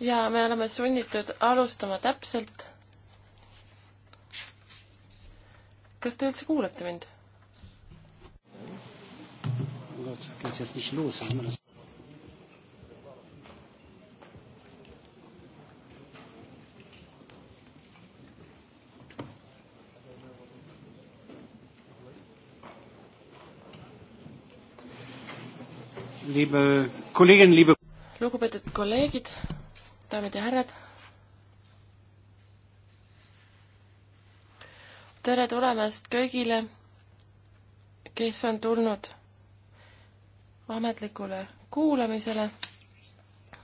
ja me oleme sunnitud alustama täpselt. kas te üldse kuulete mind? Gott, geht's jetzt nicht los? Haben wir das liebe Kolleginnen, liebe lugupeetud kolleegid, daamid ja härrad. tere tulemast kõigile, kes on tulnud ametlikule kuulamisele,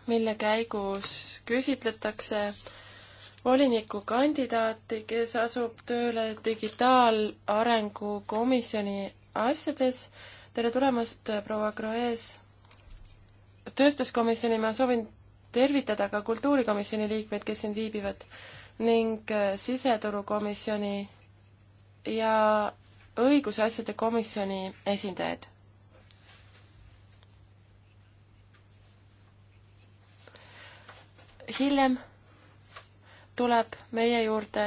mille käigus küsitletakse volinikukandidaati, kes asub tööle digitaalarengu komisjoni asjades. tere tulemast, proua Kroes. tööstuskomisjoni ma soovin tervitada ka kultuurikomisjoni liikmeid, kes siin viibivad ning äh, siseturukomisjoni ja õigusasjade komisjoni esindajaid. hiljem tuleb meie juurde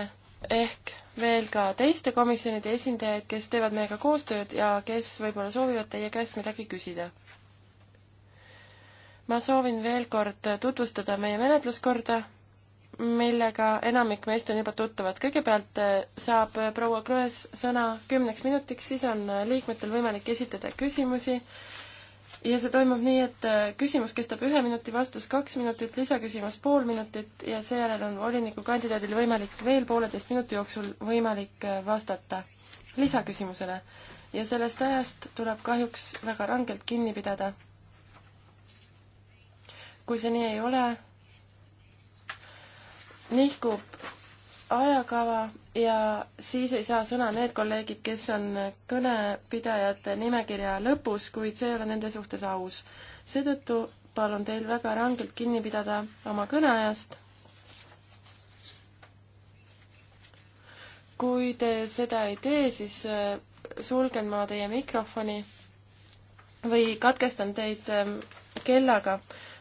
ehk veel ka teiste komisjonide esindajaid, kes teevad meiega koostööd ja kes võib-olla soovivad teie käest midagi küsida ma soovin veel kord tutvustada meie menetluskorda, millega enamik meist on juba tuttavad. kõigepealt eh, saab eh, proua Kroes sõna kümneks minutiks, siis on eh, liikmetel võimalik esitada küsimusi ja see toimub nii, et küsimus kestab ühe minuti, vastus kaks minutit, lisaküsimus pool minutit ja seejärel on volinikukandidaadil võimalik veel pooleteist minuti jooksul võimalik vastata lisaküsimusele. ja sellest ajast tuleb kahjuks väga rangelt kinni pidada kui see nii ei ole, nihkub ajakava ja siis ei saa sõna need kolleegid, kes on kõnepidajate nimekirja lõpus, kuid see ei ole nende suhtes aus. seetõttu palun teil väga rangelt kinni pidada oma kõneajast. kui te seda ei tee, siis äh, sulgen ma teie mikrofoni või katkestan teid ähm, kellaga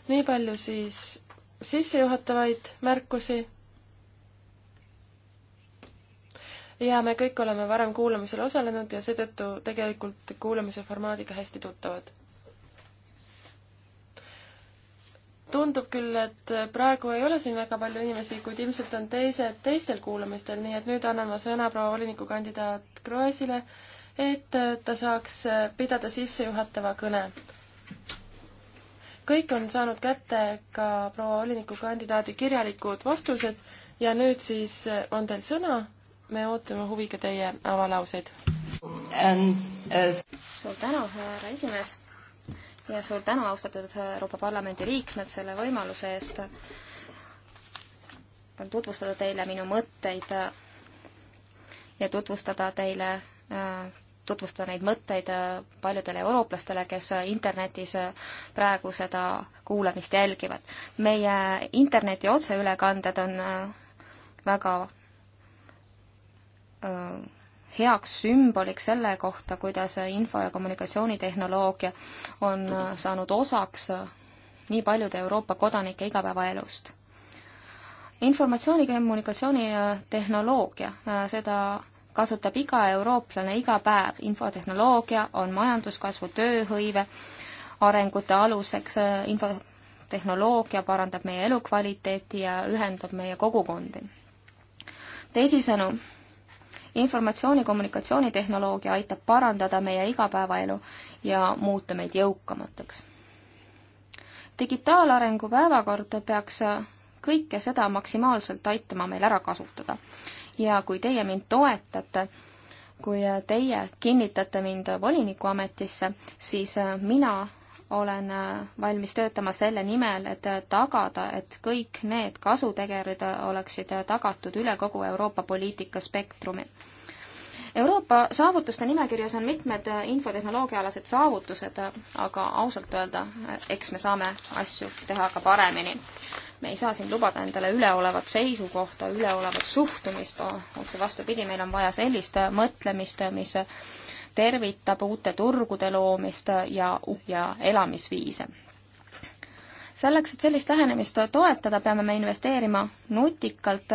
nii palju siis sissejuhatavaid märkusi. ja me kõik oleme varem kuulamisel osalenud ja seetõttu tegelikult kuulamise formaadiga hästi tuttavad. tundub küll, et praegu ei ole siin väga palju inimesi, kuid ilmselt on teised teistel kuulamistel, nii et nüüd annan ma sõna proua volinikukandidaat Kroesile, et ta saaks pidada sissejuhatava kõne kõik on saanud kätte ka proua volinikukandidaadi kirjalikud vastused ja nüüd siis on teil sõna, me ootame huviga teie avalauseid. Uh, suur tänu, härra esimees ja suur tänu, austatud Euroopa Parlamendi liikmed, selle võimaluse eest tutvustada teile minu mõtteid ja tutvustada teile uh, tutvustada neid mõtteid äh, paljudele eurooplastele, kes äh, internetis äh, praegu seda kuulamist jälgivad. meie interneti otseülekanded on väga heaks sümboliks selle kohta, kuidas info- ja kommunikatsioonitehnoloogia on saanud osaks nii paljude Euroopa kodanike igapäevaelust informatsiooni- ja kommunikatsioonitehnoloogia, seda kasutab iga eurooplane iga päev. infotehnoloogia on majanduskasvu, tööhõive, arengute aluseks, infotehnoloogia parandab meie elukvaliteeti ja ühendab meie kogukondi. teisisõnu, informatsiooni- kommunikatsioonitehnoloogia aitab parandada meie igapäevaelu ja muuta meid jõukamateks. digitaalarengu päevakord peaks kõike seda maksimaalselt aitama meil ära kasutada ja kui teie mind toetate, kui teie kinnitate mind volinikuametisse, siis äh, mina olen äh, valmis töötama selle nimel, et äh, tagada, et kõik need kasutegerid oleksid tagatud üle kogu Euroopa poliitika spektrumi. Euroopa saavutuste nimekirjas on mitmed infotehnoloogiaalased saavutused, aga ausalt öelda, eks me saame asju teha ka paremini me ei saa siin lubada endale üleolevat seisukohta, üleolevat suhtumist, otse vastupidi, meil on vaja sellist mõtlemist, mis tervitab uute turgude loomist ja, ja elamisviise. selleks, et sellist lähenemist toetada, peame me investeerima nutikalt,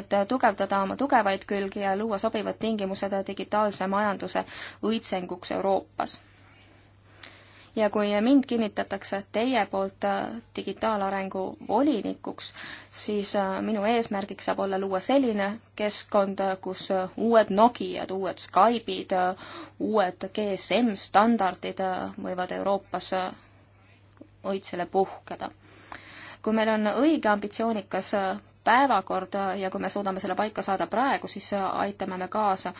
et tugevdada oma tugevaid külgi ja luua sobivad tingimused digitaalse majanduse õitsenguks Euroopas ja kui mind kinnitatakse teie poolt äh, digitaalarengu volinikuks, siis äh, minu eesmärgiks saab olla luua selline keskkond, äh, kus uued Nokiad, uued Skype'id, uued GSM-standardid võivad Euroopas õitsele puhkeda. kui meil on õige ambitsioonikas päevakord ja kui me suudame selle paika saada praegu, siis aitame me kaasa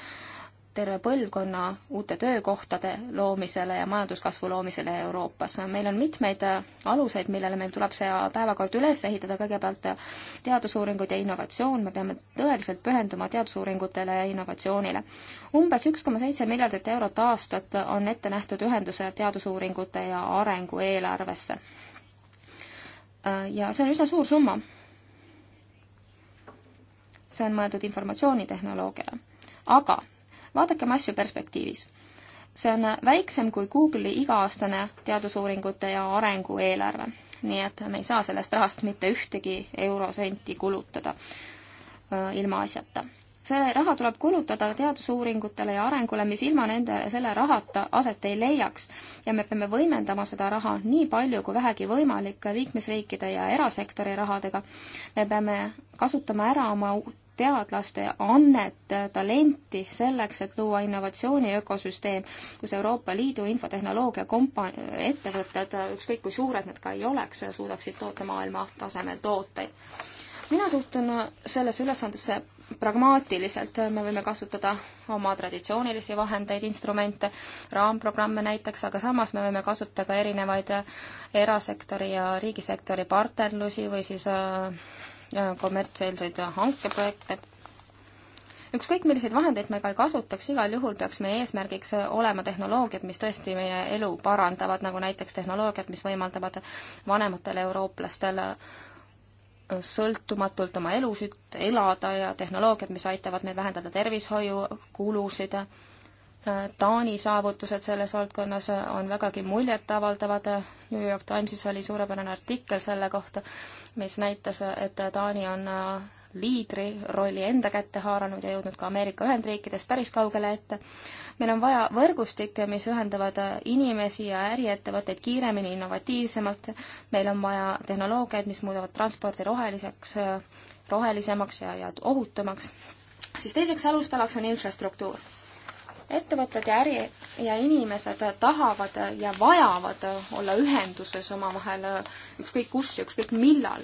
terve põlvkonna uute töökohtade loomisele ja majanduskasvu loomisele Euroopas. meil on mitmeid äh, aluseid, millele meil tuleb see päevakord üles ehitada, kõigepealt äh, teadusuuringud ja innovatsioon, me peame tõeliselt pühenduma teadusuuringutele ja innovatsioonile. umbes üks koma seitse miljardit eurot aastat on ette nähtud ühenduse teadusuuringute ja arengu eelarvesse. Äh, ja see on üsna suur summa. see on mõeldud informatsioonitehnoloogiale. aga vaadakem asju perspektiivis. see on väiksem kui Google'i iga-aastane teadusuuringute ja arengu eelarve, nii et me ei saa sellest rahast mitte ühtegi eurosenti kulutada ilmaasjata see raha tuleb kulutada teadusuuringutele ja arengule, mis ilma nende, selle rahata aset ei leiaks. ja me peame võimendama seda raha nii palju kui vähegi võimalik liikmesriikide ja erasektori rahadega. me peame kasutama ära oma teadlaste annet, talenti selleks, et luua innovatsiooni ökosüsteem, kus Euroopa Liidu infotehnoloogia kompa-, ettevõtted, ükskõik kui suured nad ka ei oleks, suudaksid toota maailma tasemel tooteid. mina suhtun sellesse ülesandesse pragmaatiliselt, me võime kasutada oma traditsioonilisi vahendeid, instrumente, raamprogramme näiteks, aga samas me võime kasutada ka erinevaid erasektori ja riigisektori partnerlusi või siis äh, Äh, kommertseelseid hankeprojekte. ükskõik, milliseid vahendeid me ka ei kasutaks, igal juhul peaks meie eesmärgiks äh, olema tehnoloogiad, mis tõesti meie elu parandavad, nagu näiteks tehnoloogiad, mis võimaldavad vanematel eurooplastel äh, sõltumatult oma elusid elada ja tehnoloogiad, mis aitavad meil vähendada tervishoiukulusid Taani saavutused selles valdkonnas on vägagi muljetavaldavad. New York Timesis oli suurepärane artikkel selle kohta, mis näitas, et Taani on liidri rolli enda kätte haaranud ja jõudnud ka Ameerika Ühendriikidest päris kaugele ette. meil on vaja võrgustikke, mis ühendavad inimesi ja äriettevõtteid kiiremini, innovatiivsemalt. meil on vaja tehnoloogiaid, mis muudavad transpordi roheliseks, rohelisemaks ja, ja ohutumaks. siis teiseks alustalaks on infrastruktuur ettevõtted ja äri ja inimesed tahavad ja vajavad olla ühenduses omavahel ükskõik kus ja ükskõik millal.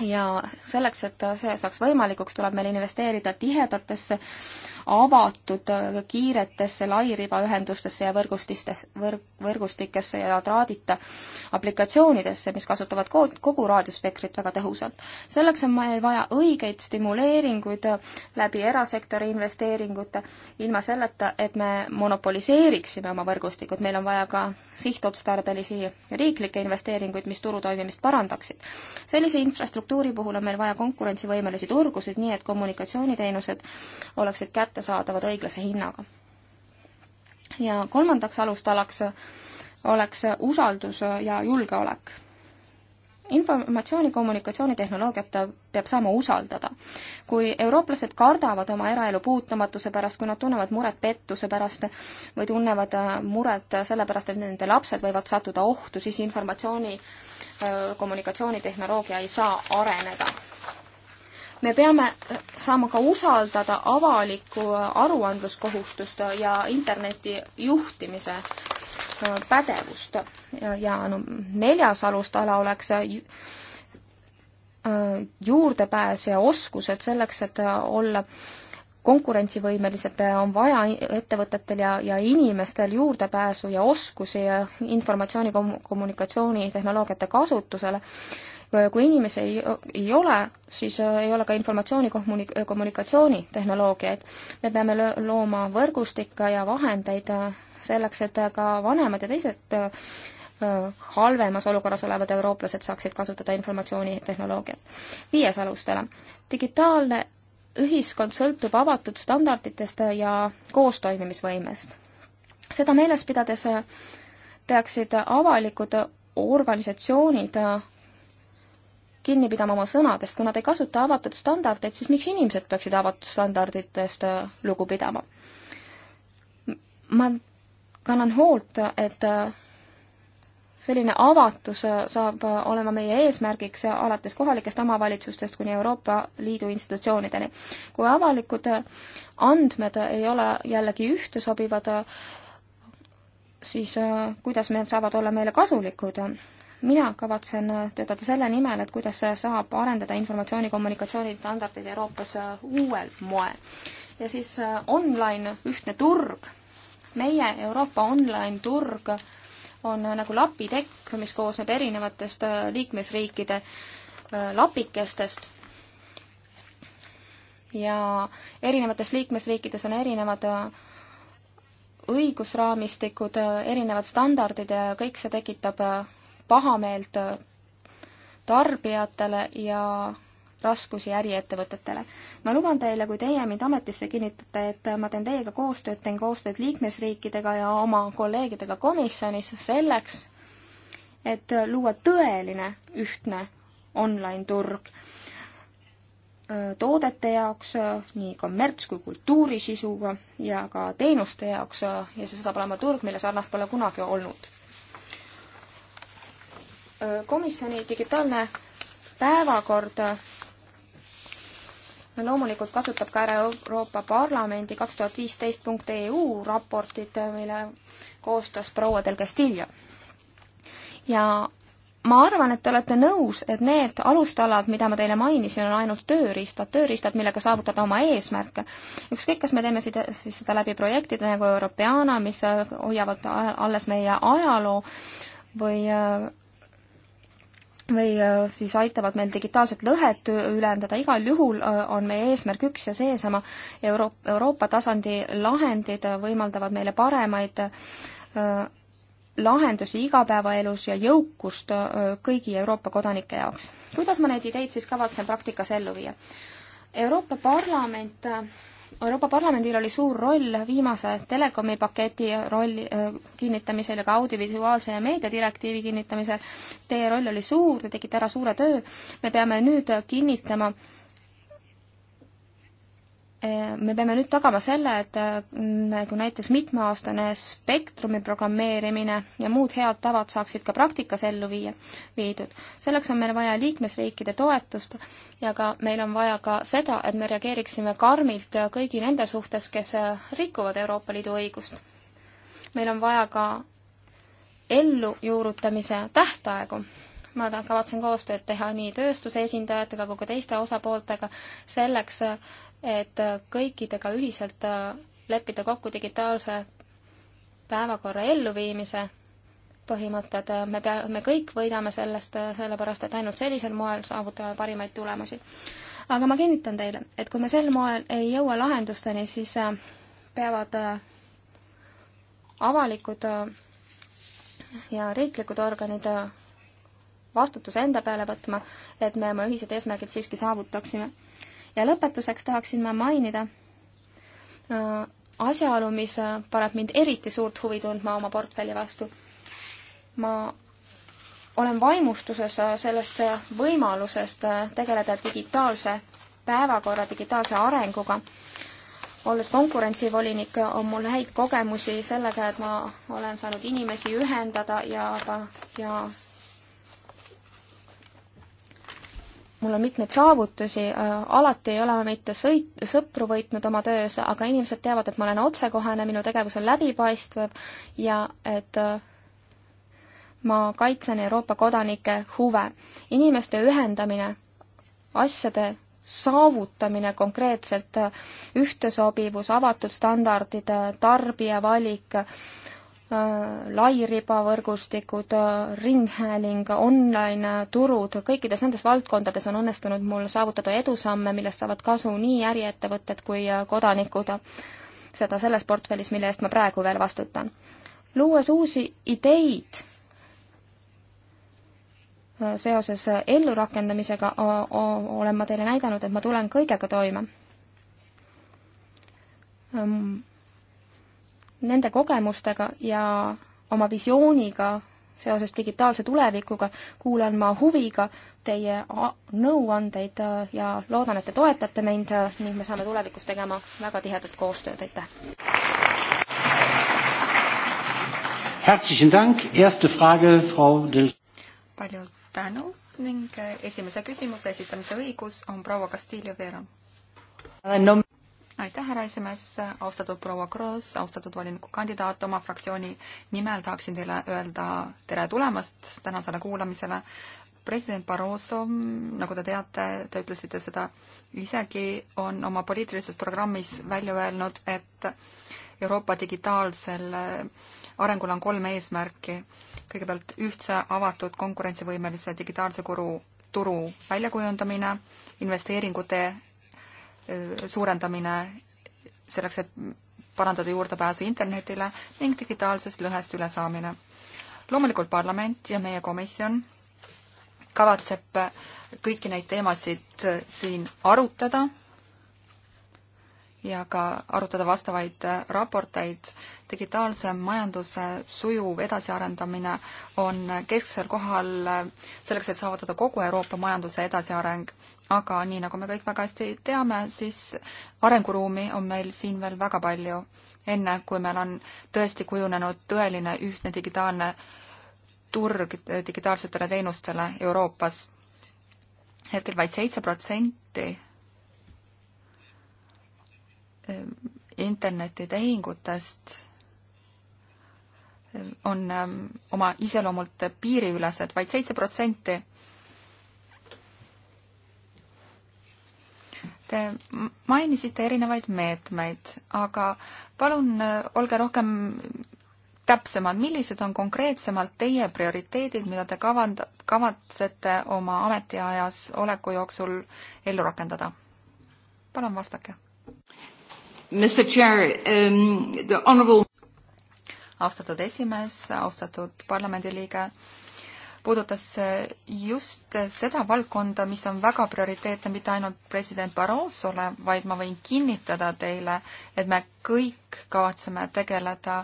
ja selleks, et see saaks võimalikuks, tuleb meil investeerida tihedatesse avatud kiiretesse lairibaühendustesse ja võrgustistesse, võrg, võrgustikesse ja traadita aplikatsioonidesse, mis kasutavad kogu raadiospektrit väga tõhusalt. selleks on meil vaja õigeid stimuleeringuid läbi erasektori investeeringute, ilma selleta, et me monopoliseeriksime oma võrgustikud, meil on vaja ka sihtotstarbelisi riiklikke investeeringuid, mis turu toimimist parandaksid. sellise infrastruktuuri puhul on meil vaja konkurentsivõimelisi turgusid, nii et kommunikatsiooniteenused oleksid kätte kättesaadavad õiglase hinnaga. ja kolmandaks alustalaks oleks usaldus ja julgeolek informatsiooni kommunikatsioonitehnoloogiat peab saama usaldada. kui eurooplased kardavad oma eraelu puutumatuse pärast, kui nad tunnevad muret pettuse pärast või tunnevad äh, muret selle pärast, et nende lapsed võivad sattuda ohtu, siis informatsiooni äh, kommunikatsioonitehnoloogia ei saa areneda me peame äh, saama ka usaldada avalikku äh, aruandluskohustust ja interneti juhtimise äh, pädevust. ja no neljas alustala oleks juurdepääs ja oskused selleks, et olla konkurentsivõimelised, on vaja ettevõtetel ja, ja inimestel juurdepääsu ja oskusi ja informatsiooni kom-, kommunikatsioonitehnoloogiate kasutusele kui inimesi ei, ei ole, siis äh, ei ole ka informatsiooni kommunik-, kommunikatsioonitehnoloogiaid. me peame looma võrgustikke ja vahendeid äh, selleks, et äh, ka vanemad ja teised halvemas olukorras olevad eurooplased saaksid kasutada informatsioonitehnoloogiat. viies alustala. digitaalne ühiskond sõltub avatud standarditest ja koostoimimisvõimest. seda meeles pidades peaksid avalikud organisatsioonid kinni pidama oma sõnadest, kui nad ei kasuta avatud standardeid, siis miks inimesed peaksid avatud standarditest äh, lugu pidama? ma kannan hoolt, et äh, selline avatus äh, saab olema meie eesmärgiks alates kohalikest omavalitsustest kuni Euroopa Liidu institutsioonideni. kui avalikud andmed ei ole jällegi ühte sobivad, siis kuidas need saavad olla meile kasulikud? mina kavatsen töötada selle nimel, et kuidas saab arendada informatsiooni-kommunikatsioonistandardeid Euroopas äh, uuel moel. ja siis äh, online ühtne turg. meie Euroopa online turg on äh, nagu lapitekk, mis koosneb erinevatest liikmesriikide lapikestest ja erinevates liikmesriikides on erinevad õigusraamistikud, erinevad standardid ja kõik see tekitab pahameelt äh, tarbijatele ja raskusi äriettevõtetele. ma luban teile, kui teie mind ametisse kinnitate, et ma teen teiega koostööd, teen koostööd liikmesriikidega ja oma kolleegidega komisjonis selleks, et luua tõeline ühtne online-turg toodete jaoks, nii kommerts- kui kultuurisisuga ja ka teenuste jaoks ja see saab olema turg, mille sarnast pole kunagi olnud komisjoni digitaalne päevakord loomulikult kasutab ka ära Euroopa Parlamendi kaks tuhat viisteist punkt EU raportit, mille koostas proua Del Castillo. ja ma arvan, et te olete nõus, et need alustalad, mida ma teile mainisin, on ainult tööriistad, tööriistad, millega saavutada oma eesmärke. ükskõik, kas me teeme seda, siis seda läbi projektide nagu Europeana, mis hoiavad alles meie ajaloo, või äh, või äh, siis aitavad meil digitaalset lõhet ülendada, igal juhul äh, on meie eesmärk üks ja seesama, Euro-, Euroopa tasandi lahendid äh, võimaldavad meile paremaid lahendusi igapäevaelus ja jõukust kõigi Euroopa kodanike jaoks. kuidas ma neid ideid siis kavatsen praktikas ellu viia? Euroopa Parlament Euroopa Parlamendil oli suur roll viimase telekomi paketi rolli äh, kinnitamisel ja ka audiovisuaalse ja meediadirektiivi kinnitamisel. Teie roll oli suur, te tegite ära suure töö. me peame nüüd kinnitama äh, Ehm, me peame nüüd tagama selle, et mm, nagu näiteks mitmeaastane spektrumi programmeerimine ja muud head tavad saaksid ka praktikas ellu viia, viidud. selleks on meil vaja liikmesriikide toetust ja ka meil on vaja ka seda, et me reageeriksime karmilt kõigi nende suhtes, kes eh, rikuvad Euroopa Liidu õigust. meil on vaja ka ellujuurutamise tähtaegu ma kavatsen koostööd teha nii tööstuse esindajatega kui ka teiste osapooltega selleks, eh, et kõikidega ühiselt äh, leppida kokku digitaalse päevakorra elluviimise põhimõtted, me pea-, me kõik võidame sellest, äh, sellepärast et ainult sellisel moel saavutame parimaid tulemusi. aga ma kinnitan teile, et kui me sel moel ei jõua lahendusteni, siis äh, peavad avalikud ja riiklikud organid vastutuse enda peale võtma, et me oma ühised eesmärgid siiski saavutaksime ja lõpetuseks tahaksin ma mainida äh, asjaolu, mis äh, paneb mind eriti suurt huvi tundma oma portfelli vastu. ma olen vaimustuses äh, sellest võimalusest tegeleda digitaalse päevakorra, digitaalse arenguga. olles konkurentsivolinik, on mul häid kogemusi sellega, et ma olen saanud inimesi ühendada ja, ja mul on mitmeid saavutusi, äh, alati ei ole ma mitte sõit, sõpru võitnud oma töös, aga inimesed teavad, et ma olen otsekohene, minu tegevus on läbipaistv ja et äh, ma kaitsen Euroopa kodanike huve. inimeste ühendamine, asjade saavutamine konkreetselt, äh, ühtesobivus, avatud standardid, tarbija valik, Äh, lairibavõrgustikud, äh, ringhääling, online-turud, kõikides nendes valdkondades on õnnestunud mul saavutada edusamme, millest saavad kasu nii äriettevõtted kui äh, kodanikud, seda selles portfellis, mille eest ma praegu veel vastutan. luues uusi ideid seoses ellurakendamisega, olen ma teile näidanud, et ma tulen kõigega toime ehm, nende kogemustega ja oma visiooniga seoses digitaalse tulevikuga kuulan ma huviga teie nõuandeid äh, ja loodan, et te toetate mind äh, ning me saame tulevikus tegema väga tihedat koostööd, aitäh! palju tänu ning äh, esimese küsimuse esitamise õigus on proua Castillo Vera no aitäh, härra esimees, austatud proua Kross, austatud volinikukandidaat, oma fraktsiooni nimel tahaksin teile öelda tere tulemast tänasele kuulamisele. president Barroso, nagu te teate, te ütlesite seda isegi, on oma poliitilises programmis välja öelnud, et Euroopa digitaalsel arengul on kolm eesmärki. kõigepealt ühtse, avatud, konkurentsivõimelise digitaalse kuru, turu väljakujundamine, investeeringute Äh, suurendamine selleks, et parandada juurdepääsu internetile ning digitaalsest lõhest ülesaamine. loomulikult parlament ja meie komisjon kavatseb kõiki neid teemasid siin arutada ja ka arutada vastavaid äh, raporteid. digitaalse majanduse sujuv edasiarendamine on äh, kesksel kohal äh, selleks, et saavutada kogu Euroopa majanduse edasiareng. aga nii, nagu me kõik väga hästi teame, siis arenguruumi on meil siin veel väga palju, enne kui meil on tõesti kujunenud tõeline ühtne digitaalne turg digitaalsetele teenustele Euroopas. hetkel vaid seitse protsenti Äh, internetitehingutest äh, on ähm, oma iseloomult piiriülesed vaid seitse protsenti. Te mainisite erinevaid meetmeid, aga palun äh, olge rohkem täpsemad, millised on konkreetsemalt teie prioriteedid, mida te kavand-, kavatsete oma ametiajas oleku jooksul ellu rakendada? palun vastake. Mr Chair um,, the honourable austatud esimees, austatud parlamendiliige, puudutas just seda valdkonda, mis on väga prioriteetne mitte ainult president Barrosole, vaid ma võin kinnitada teile, et me kõik kavatseme tegeleda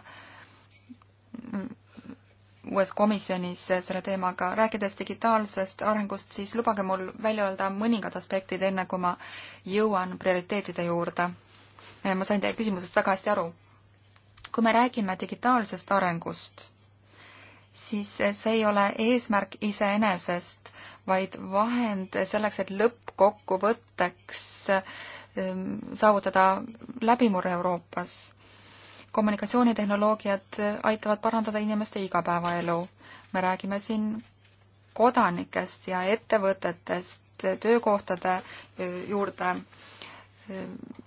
uues komisjonis selle teemaga. rääkides digitaalsest arengust, siis lubage mul välja öelda mõningad aspektid, enne kui ma jõuan prioriteetide juurde Äh, ma sain teie küsimusest väga hästi aru. kui me räägime digitaalsest arengust, siis äh, see ei ole eesmärk iseenesest, vaid vahend selleks, et lõppkokkuvõtteks ähm, saavutada läbimurre Euroopas. kommunikatsioonitehnoloogiad äh, aitavad parandada inimeste igapäevaelu. me räägime siin kodanikest ja ettevõtetest, töökohtade juurde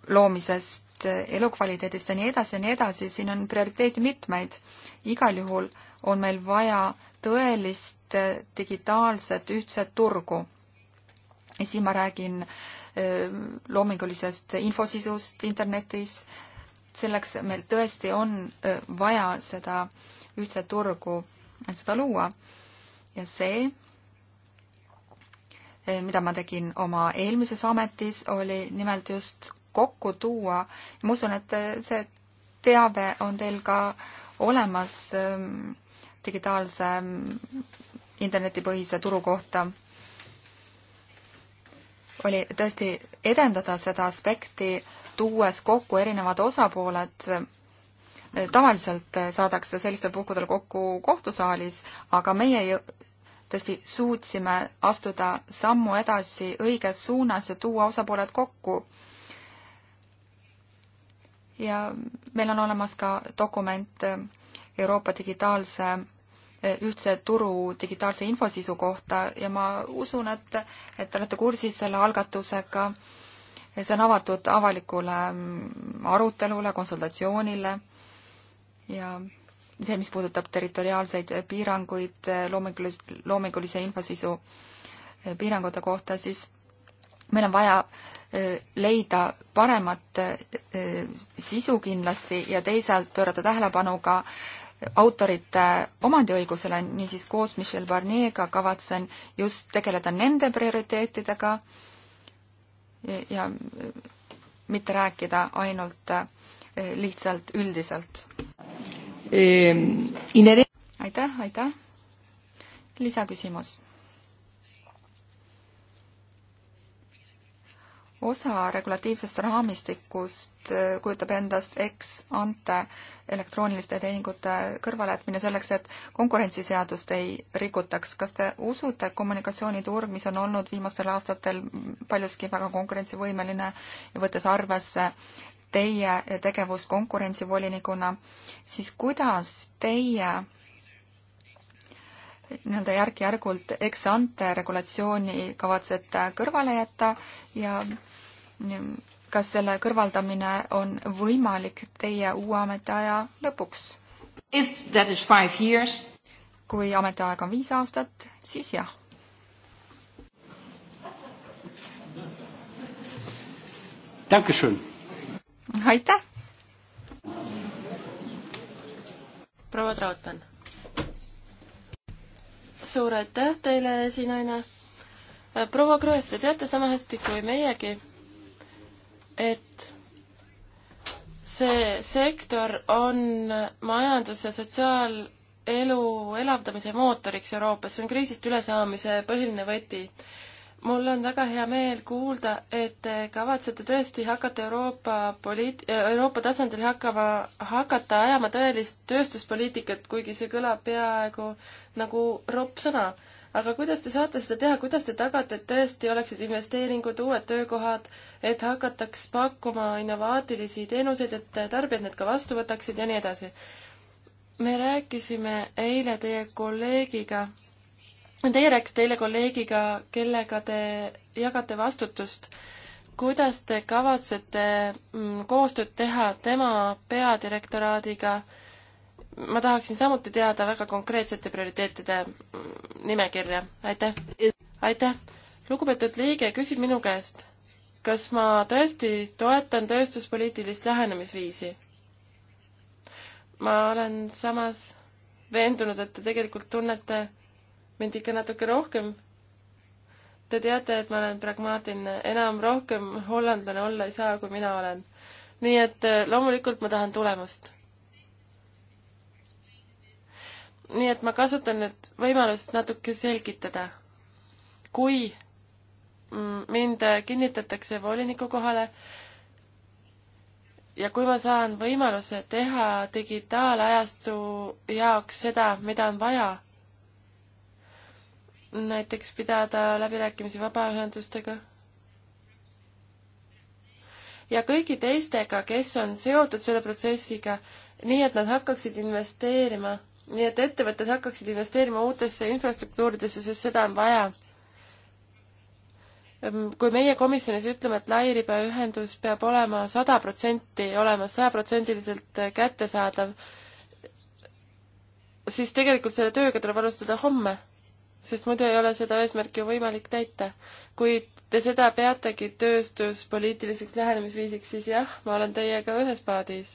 loomisest, elukvaliteedist ja nii edasi ja nii edasi, siin on prioriteete mitmeid. igal juhul on meil vaja tõelist äh, digitaalset ühtset turgu. ja siin ma räägin äh, loomingulisest infosisust internetis, selleks meil tõesti on äh, vaja seda ühtset turgu, seda luua ja see, mida ma tegin oma eelmises ametis, oli nimelt just kokku tuua. ma usun, et see teave on teil ka olemas ähm, digitaalse ähm, internetipõhise turu kohta. oli tõesti edendada seda aspekti, tuues kokku erinevad osapooled äh, tavaliselt saadakse sellistel puhkudel kokku kohtusaalis, aga meie tõesti suutsime astuda sammu edasi õiges suunas ja tuua osapooled kokku ja meil on olemas ka dokument äh, Euroopa digitaalse äh, ühtse turu digitaalse infosisu kohta ja ma usun, et, et te olete kursis selle algatusega. see on avatud avalikule mm, arutelule, konsultatsioonile ja see, mis puudutab territoriaalseid äh, piiranguid loomingulis-, loomingulise infosisu piirangute kohta, siis meil on vaja Äh, leida paremat äh, sisu kindlasti ja teisalt pöörata tähelepanu ka äh, autorite omandiõigusele, niisiis koos Michel Barnier'ga kavatsen just tegeleda nende prioriteetidega ja mitte rääkida ainult lihtsalt üldiselt. aitäh, aitäh! lisaküsimus osa regulatiivsest raamistikust eh, kujutab endast ex ante elektrooniliste tehingute kõrvalejätmine selleks, et konkurentsiseadust ei rikutaks. kas te usute, et kommunikatsiooniturg, mis on olnud viimastel aastatel paljuski väga konkurentsivõimeline ja võttes arvesse teie tegevust konkurentsivolinikuna, siis kuidas teie nii-öelda järk-järgult ex-ante regulatsiooni kavatsete kõrvale jätta ja kas selle kõrvaldamine on võimalik teie uue ametiaja lõpuks? kui ametiaeg on viis aastat, siis jah. aitäh! proua Trautmann suur aitäh teile, esinaine. proua Kroes, te teate sama hästi kui meiegi, et see sektor on majandus- ja sotsiaalelu elavdamise mootoriks Euroopas, see on kriisist ülesaamise põhiline võti mul on väga hea meel kuulda, et te kavatsete tõesti hakata Euroopa poliit-, Euroopa tasandil hakkama, hakata ajama tõelist tööstuspoliitikat, kuigi see kõlab peaaegu nagu ropp sõna. aga kuidas te saate seda teha, kuidas te tagate, et tõesti oleksid investeeringud, uued töökohad, et hakataks pakkuma innovaatilisi teenuseid, et tarbijad need ka vastu võtaksid ja nii edasi? me rääkisime eile teie kolleegiga Teie rääkisite eile kolleegiga, kellega te jagate vastutust. kuidas te kavatsete mm, koostööd teha tema peadirektoraadiga? ma tahaksin samuti teada väga konkreetsete prioriteetide mm, nimekirja. aitäh! aitäh! lugupeetud liige küsib minu käest, kas ma tõesti toetan tööstuspoliitilist lähenemisviisi? ma olen samas veendunud, et te tegelikult tunnete mind ikka natuke rohkem. Te teate, et ma olen pragmaatiline, enam rohkem hollandlane olla ei saa, kui mina olen. nii et äh, loomulikult ma tahan tulemust. nii et ma kasutan nüüd võimalust natuke selgitada. kui mm, mind kinnitatakse voliniku kohale, ja kui ma saan võimaluse teha digitaalajastu jaoks seda, mida on vaja, näiteks pidada läbirääkimisi vabaühendustega ja kõigi teistega, kes on seotud selle protsessiga, nii et nad hakkaksid investeerima, nii et ettevõtted hakkaksid investeerima uutesse infrastruktuuridesse, sest seda on vaja. Ehm, kui meie komisjonis ütleme, et lairibaühendus peab olema sada protsenti olemas, sajaprotsendiliselt kättesaadav, siis tegelikult selle tööga tuleb alustada homme sest muidu ei ole seda eesmärki ju võimalik täita. kui te seda peategi tööstuspoliitiliseks lähenemisviisiks, siis jah, ma olen teiega ühes paadis.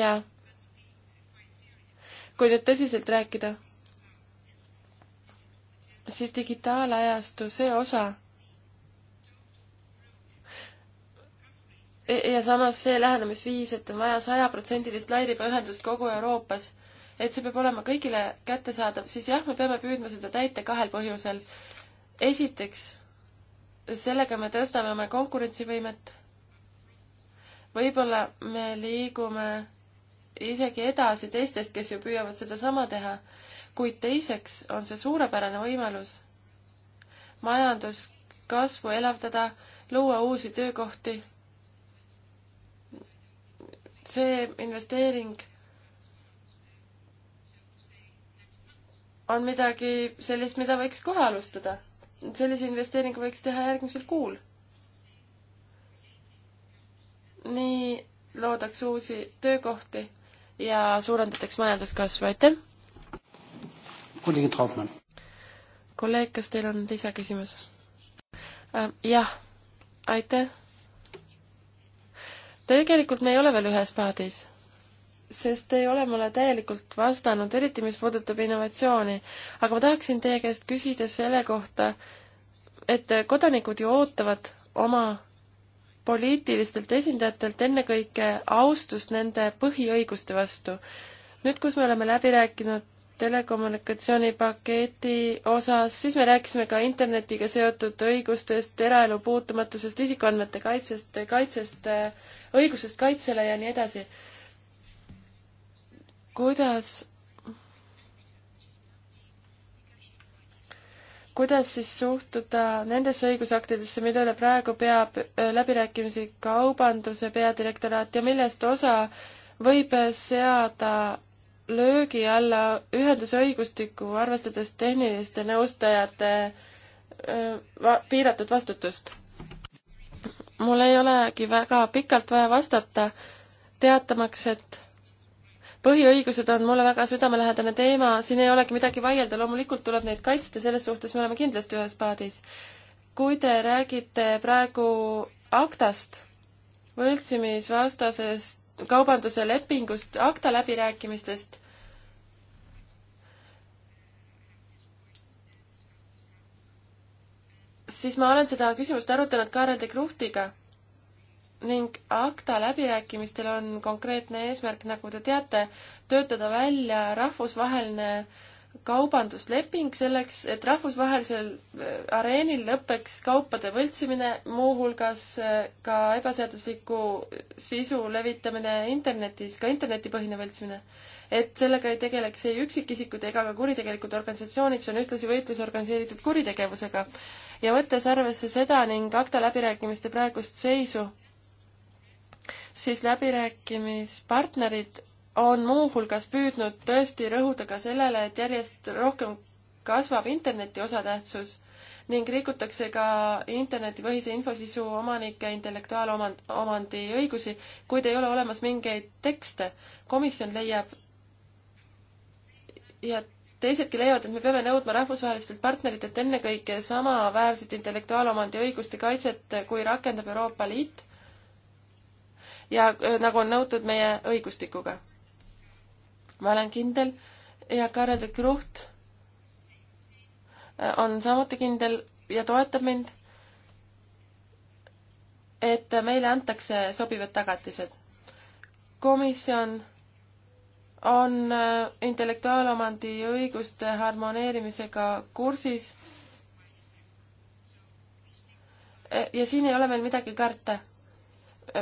jaa. kui nüüd tõsiselt rääkida, siis digitaalajastu see osa, ja samas see lähenemisviis, et on vaja sajaprotsendilist lairibaühendust kogu Euroopas, et see peab olema kõigile kättesaadav, siis jah, me peame püüdma seda täita kahel põhjusel. esiteks, sellega me tõstame oma konkurentsivõimet. võib-olla me liigume isegi edasi teistest, kes ju püüavad sedasama teha, kuid teiseks on see suurepärane võimalus majanduskasvu elavdada, luua uusi töökohti see investeering on midagi sellist, mida võiks kohe alustada. sellise investeeringu võiks teha järgmisel kuul. nii loodaks uusi töökohti ja suurendataks majanduskasvu, aitäh! kolleeg Trautmann. kolleeg, kas teil on lisaküsimus äh,? jah, aitäh tegelikult me ei ole veel ühes paadis, sest ei ole mulle täielikult vastanud, eriti mis puudutab innovatsiooni. aga ma tahaksin teie käest küsida selle kohta, et kodanikud ju ootavad oma poliitilistelt esindajatelt ennekõike austust nende põhiõiguste vastu. nüüd, kus me oleme läbi rääkinud telekommunikatsioonipaketi osas, siis me rääkisime ka internetiga seotud õigustest, eraelu puutumatusest, isikuandmete kaitsest, kaitsest, õigusest kaitsele ja nii edasi. kuidas, kuidas siis suhtuda nendesse õigusaktidesse, mille üle praegu peab äh, läbirääkimisi kaubanduse peadirektoraat ja millest osa võib seada löögi alla ühendusõigustikku, arvestades tehniliste nõustajate va-, piiratud vastutust? mul ei olegi väga pikalt vaja vastata, teatamaks, et põhiõigused on mulle väga südamelähedane teema, siin ei olegi midagi vaielda, loomulikult tuleb neid kaitsta, selles suhtes me oleme kindlasti ühes paadis. kui te räägite praegu aktast, võltsimisvastasest kaubanduse lepingust, akta läbirääkimistest siis ma olen seda küsimust arutanud Kaarel de Kruhtiga ning akta läbirääkimistel on konkreetne eesmärk, nagu te teate, töötada välja rahvusvaheline kaubandusleping selleks, et rahvusvahelisel äh, areenil lõpeks kaupade võltsimine, muuhulgas äh, ka ebaseadusliku sisu levitamine internetis, ka internetipõhine võltsimine. et sellega ei tegeleks ei üksikisikud ega ka kuritegelikud organisatsioonid, see on ühtlasi võitlus organiseeritud kuritegevusega. ja võttes arvesse seda ning akta läbirääkimiste praegust seisu, siis läbirääkimispartnerid on muuhulgas püüdnud tõesti rõhuda ka sellele, et järjest rohkem kasvab interneti osatähtsus ning rikutakse ka internetipõhise infosisu omanike intellektuaalomandi õigusi, kuid ei ole olemas mingeid tekste. komisjon leiab ja teisedki leiavad, et me peame nõudma rahvusvahelistelt partneritelt ennekõike samaväärset intellektuaalomandi õiguste kaitset, kui rakendab Euroopa Liit ja nagu on nõutud meie õigustikuga ma olen kindel ja Karel de Kruht äh, on samuti kindel ja toetab mind, et meile antakse sobivad tagatised. komisjon on äh, intellektuaalomandi õiguste harmoneerimisega kursis äh, ja siin ei ole meil midagi karta.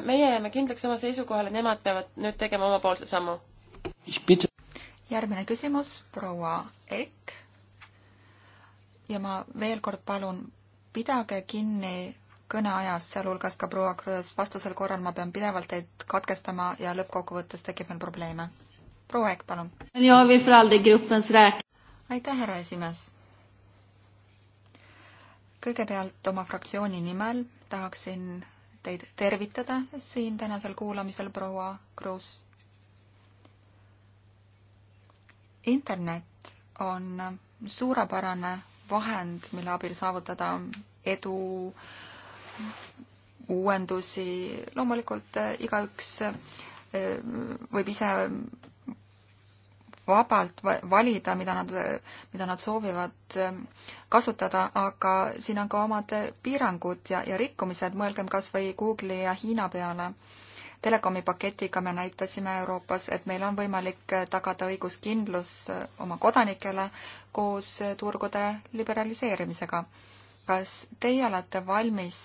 meie jääme kindlaks oma seisukohale, nemad peavad nüüd tegema omapoolse sammu järgmine küsimus, proua Ekk. ja ma veel kord palun, pidage kinni kõneajast, sealhulgas ka proua Krõõs, vastasel korral ma pean pidevalt teid katkestama ja lõppkokkuvõttes tekib meil probleeme. proua Ekk, palun. aitäh, härra esimees. kõigepealt oma fraktsiooni nimel tahaksin teid tervitada siin tänasel kuulamisel, proua Kruus internet on suurepärane vahend, mille abil saavutada edu, uuendusi, loomulikult eh, igaüks eh, võib ise vabalt valida, mida nad, mida nad soovivad eh, kasutada, aga siin on ka omad piirangud ja, ja rikkumised, mõelgem kas või Google'i ja Hiina peale telekomi paketiga me näitasime Euroopas, et meil on võimalik tagada õiguskindlus äh, oma kodanikele koos äh, turgude liberaliseerimisega. kas teie olete valmis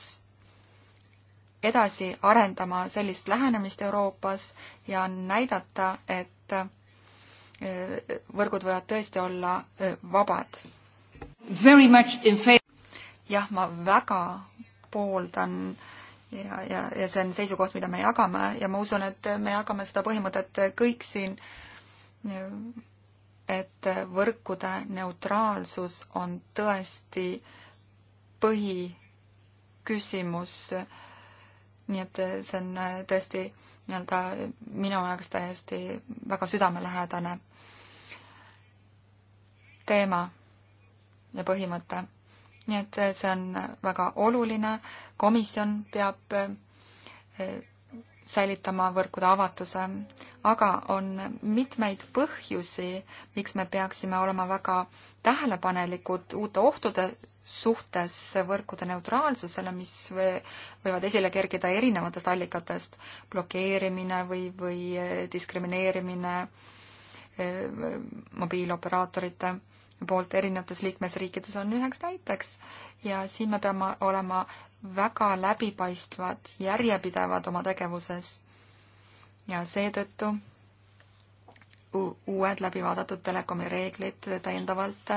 edasi arendama sellist lähenemist Euroopas ja näidata, et äh, võrgud võivad tõesti olla vabad? jah, ma väga pooldan äh, ja, ja, ja see on seisukoht, mida me jagame ja ma usun, et me jagame seda põhimõtet kõik siin, et võrkude neutraalsus on tõesti põhiküsimus. nii et see on tõesti nii-öelda minu jaoks täiesti väga südamelähedane teema ja põhimõte nii et äh, see on äh, väga oluline, komisjon peab äh, säilitama võrkude avatuse, aga on mitmeid põhjusi, miks me peaksime olema väga tähelepanelikud uute ohtude suhtes võrkude neutraalsusele, mis võivad esile kerkida erinevatest allikatest, blokeerimine või, või diskrimineerimine mobiilioperaatorite poolt erinevates liikmesriikides on üheks näiteks ja siin me peame olema väga läbipaistvad, järjepidevad oma tegevuses. ja seetõttu uued läbivaadatud telekomi reeglid täiendavalt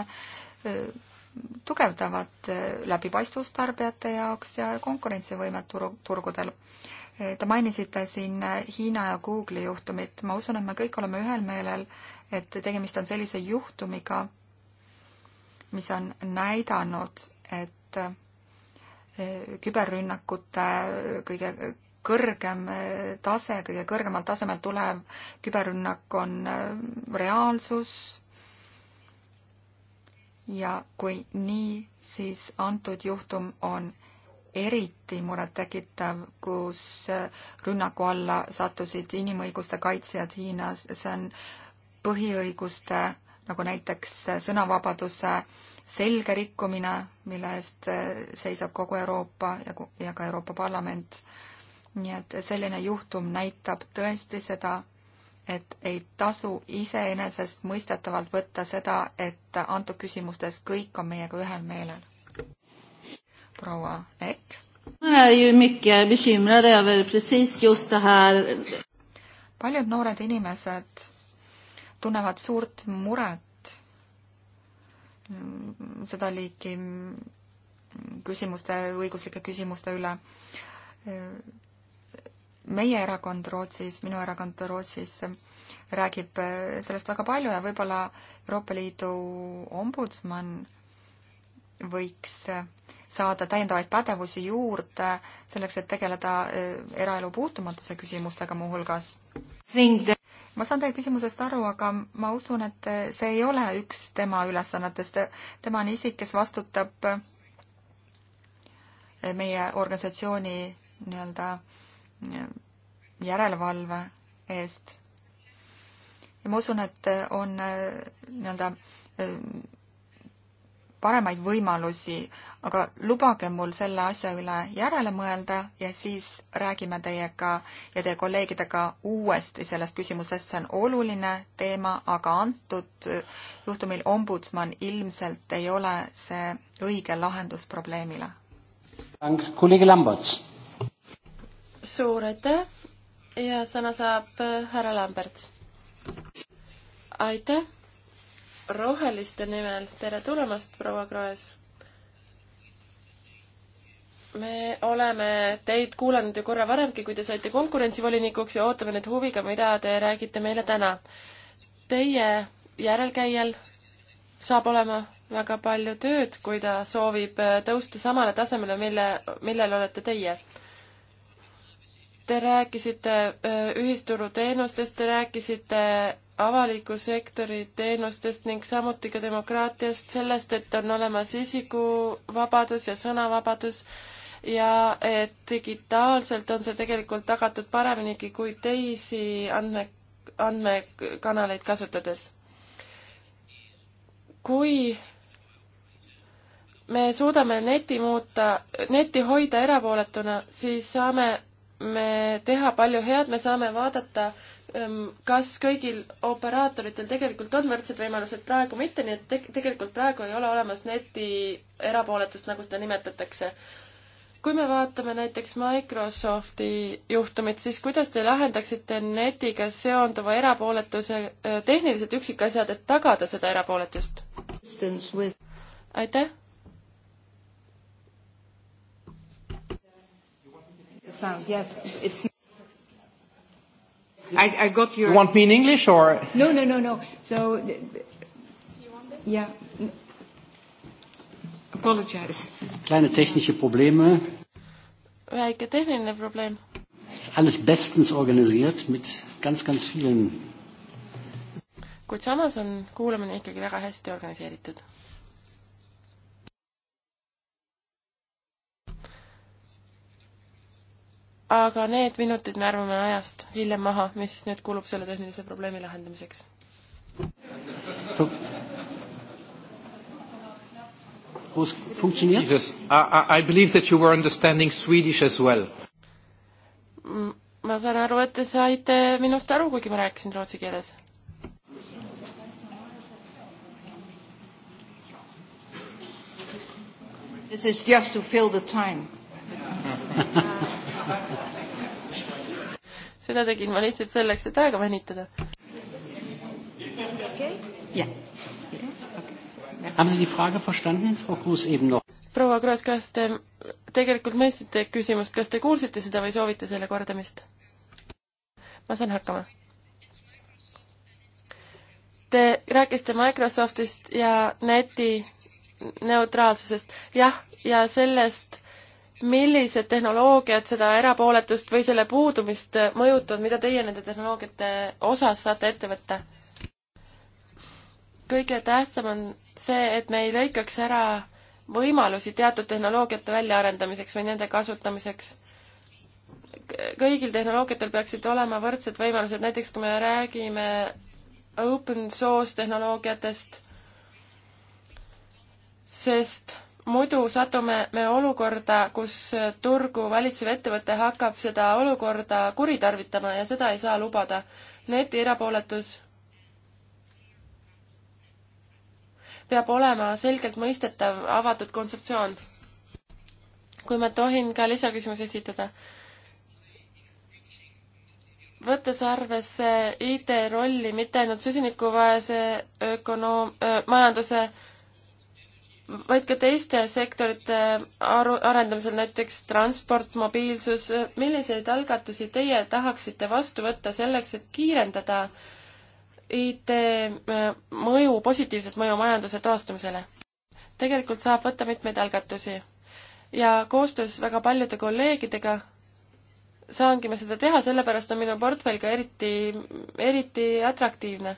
tugevdavad läbipaistvust tarbijate jaoks ja konkurentsivõimet turu, turgudel. Te mainisite siin Hiina ja Google'i juhtumit. ma usun, et me kõik oleme ühel meelel, et tegemist on sellise juhtumiga, mis on näidanud, et eh, küberrünnakute kõige kõrgem eh, tase, kõige kõrgemal tasemel tulev küberrünnak on eh, reaalsus ja kui nii, siis antud juhtum on eriti murettekitav, kus rünnaku alla sattusid inimõiguste kaitsjad Hiinas, see on põhiõiguste nagu näiteks sõnavabaduse selge rikkumine, mille eest seisab kogu Euroopa ja, ja ka Euroopa Parlament. nii et selline juhtum näitab tõesti seda, et ei tasu iseenesestmõistetavalt võtta seda, et antud küsimustes kõik on meiega ühel meelel. proua Ekk. paljud noored inimesed tunnevad suurt muret seda liiki küsimuste, õiguslike küsimuste üle. meie erakond Rootsis, minu erakond Rootsis räägib sellest väga palju ja võib-olla Euroopa Liidu ombudsman võiks saada täiendavaid pädevusi juurde selleks, et tegeleda eraelu puutumatuse küsimustega muuhulgas ma saan teie küsimusest aru, aga ma usun, et see ei ole üks tema ülesannetest. tema on isik, kes vastutab eh, meie organisatsiooni nii-öelda eh, järelevalve eest. ja ma usun, et on eh, nii-öelda paremaid võimalusi, aga lubage mul selle asja üle järele mõelda ja siis räägime teiega ja teie kolleegidega uuesti sellest küsimusest, see on oluline teema, aga antud äh, juhtumil ombudsman ilmselt ei ole see õige lahendus probleemile. kolleeg Lamberts. suur aitäh ja sõna saab äh, härra Lambert. aitäh roheliste nimel, tere tulemast, proua Kroes! me oleme teid kuulanud ju korra varemgi, kui te saite konkurentsivolinikuks ja ootame nüüd huviga, mida te räägite meile täna. Teie järelkäijal saab olema väga palju tööd, kui ta soovib tõusta samale tasemele, mille, millel olete teie. Te rääkisite äh, ühisturuteenustest, te rääkisite avaliku sektori teenustest ning samuti ka demokraatiast, sellest, et on olemas isikuvabadus ja sõnavabadus ja et digitaalselt on see tegelikult tagatud pareminigi kui teisi andme, andmekanaleid kasutades. kui me suudame neti muuta, neti hoida erapooletuna, siis saame me teha palju head, me saame vaadata äh, kas kõigil operaatoritel tegelikult on võrdsed võimalused, praegu mitte, nii et te tegelikult praegu ei ole olemas neti erapooletust, nagu seda nimetatakse. kui me vaatame näiteks Microsofti juhtumit, siis kuidas te lahendaksite netiga seonduva erapooletuse tehnilised üksikasjad, et tagada seda erapooletust? aitäh! Sound, yes, it's I, I got your... You want me in English or... No, no, no, no. So... Yeah. Apologize. Kleine technische Probleme. Väike tehniline probleem. Alles bestens organisiert mit ganz, ganz vielen. kuid samas on kuulamine ikkagi väga hästi organiseeritud aga need minutid me arvame ajast hiljem maha, mis nüüd kulub selle tehnilise probleemi lahendamiseks. I believe that you were understanding Swedish as well. ma saan aru, et te saite minust aru, kuigi ma rääkisin rootsi keeles This is just to fill the time. seda tegin ma lihtsalt selleks, et aega venitada. proua Kroos, kas te tegelikult mõistsite küsimust, kas te kuulsite seda või soovite selle kordamist? ma saan hakkama. Te rääkisite Microsoftist ja neti neutraalsusest, jah, ja sellest, millised tehnoloogiad seda erapooletust või selle puudumist mõjutavad, mida teie nende tehnoloogiate osas saate ette võtta? kõige tähtsam on see, et me ei lõikaks ära võimalusi teatud tehnoloogiate väljaarendamiseks või nende kasutamiseks. kõigil tehnoloogiatel peaksid olema võrdsed võimalused, näiteks kui me räägime open source tehnoloogiatest, sest muidu satume me olukorda, kus turgu valitsev ettevõte hakkab seda olukorda kuritarvitama ja seda ei saa lubada. neti erapooletus peab olema selgelt mõistetav avatud kontseptsioon. kui ma tohin ka lisaküsimuse esitada. võttes arvesse IT rolli mitte ainult süsinikuvaese ökonoom-, majanduse vaid ka teiste sektorite aru, arendamisel, näiteks transport, mobiilsus, milliseid algatusi teie tahaksite vastu võtta selleks, et kiirendada IT äh, mõju, positiivset mõju majanduse taastumisele? tegelikult saab võtta mitmeid algatusi ja koostöös väga paljude kolleegidega saangi ma seda teha, sellepärast on minu portfell ka eriti, eriti atraktiivne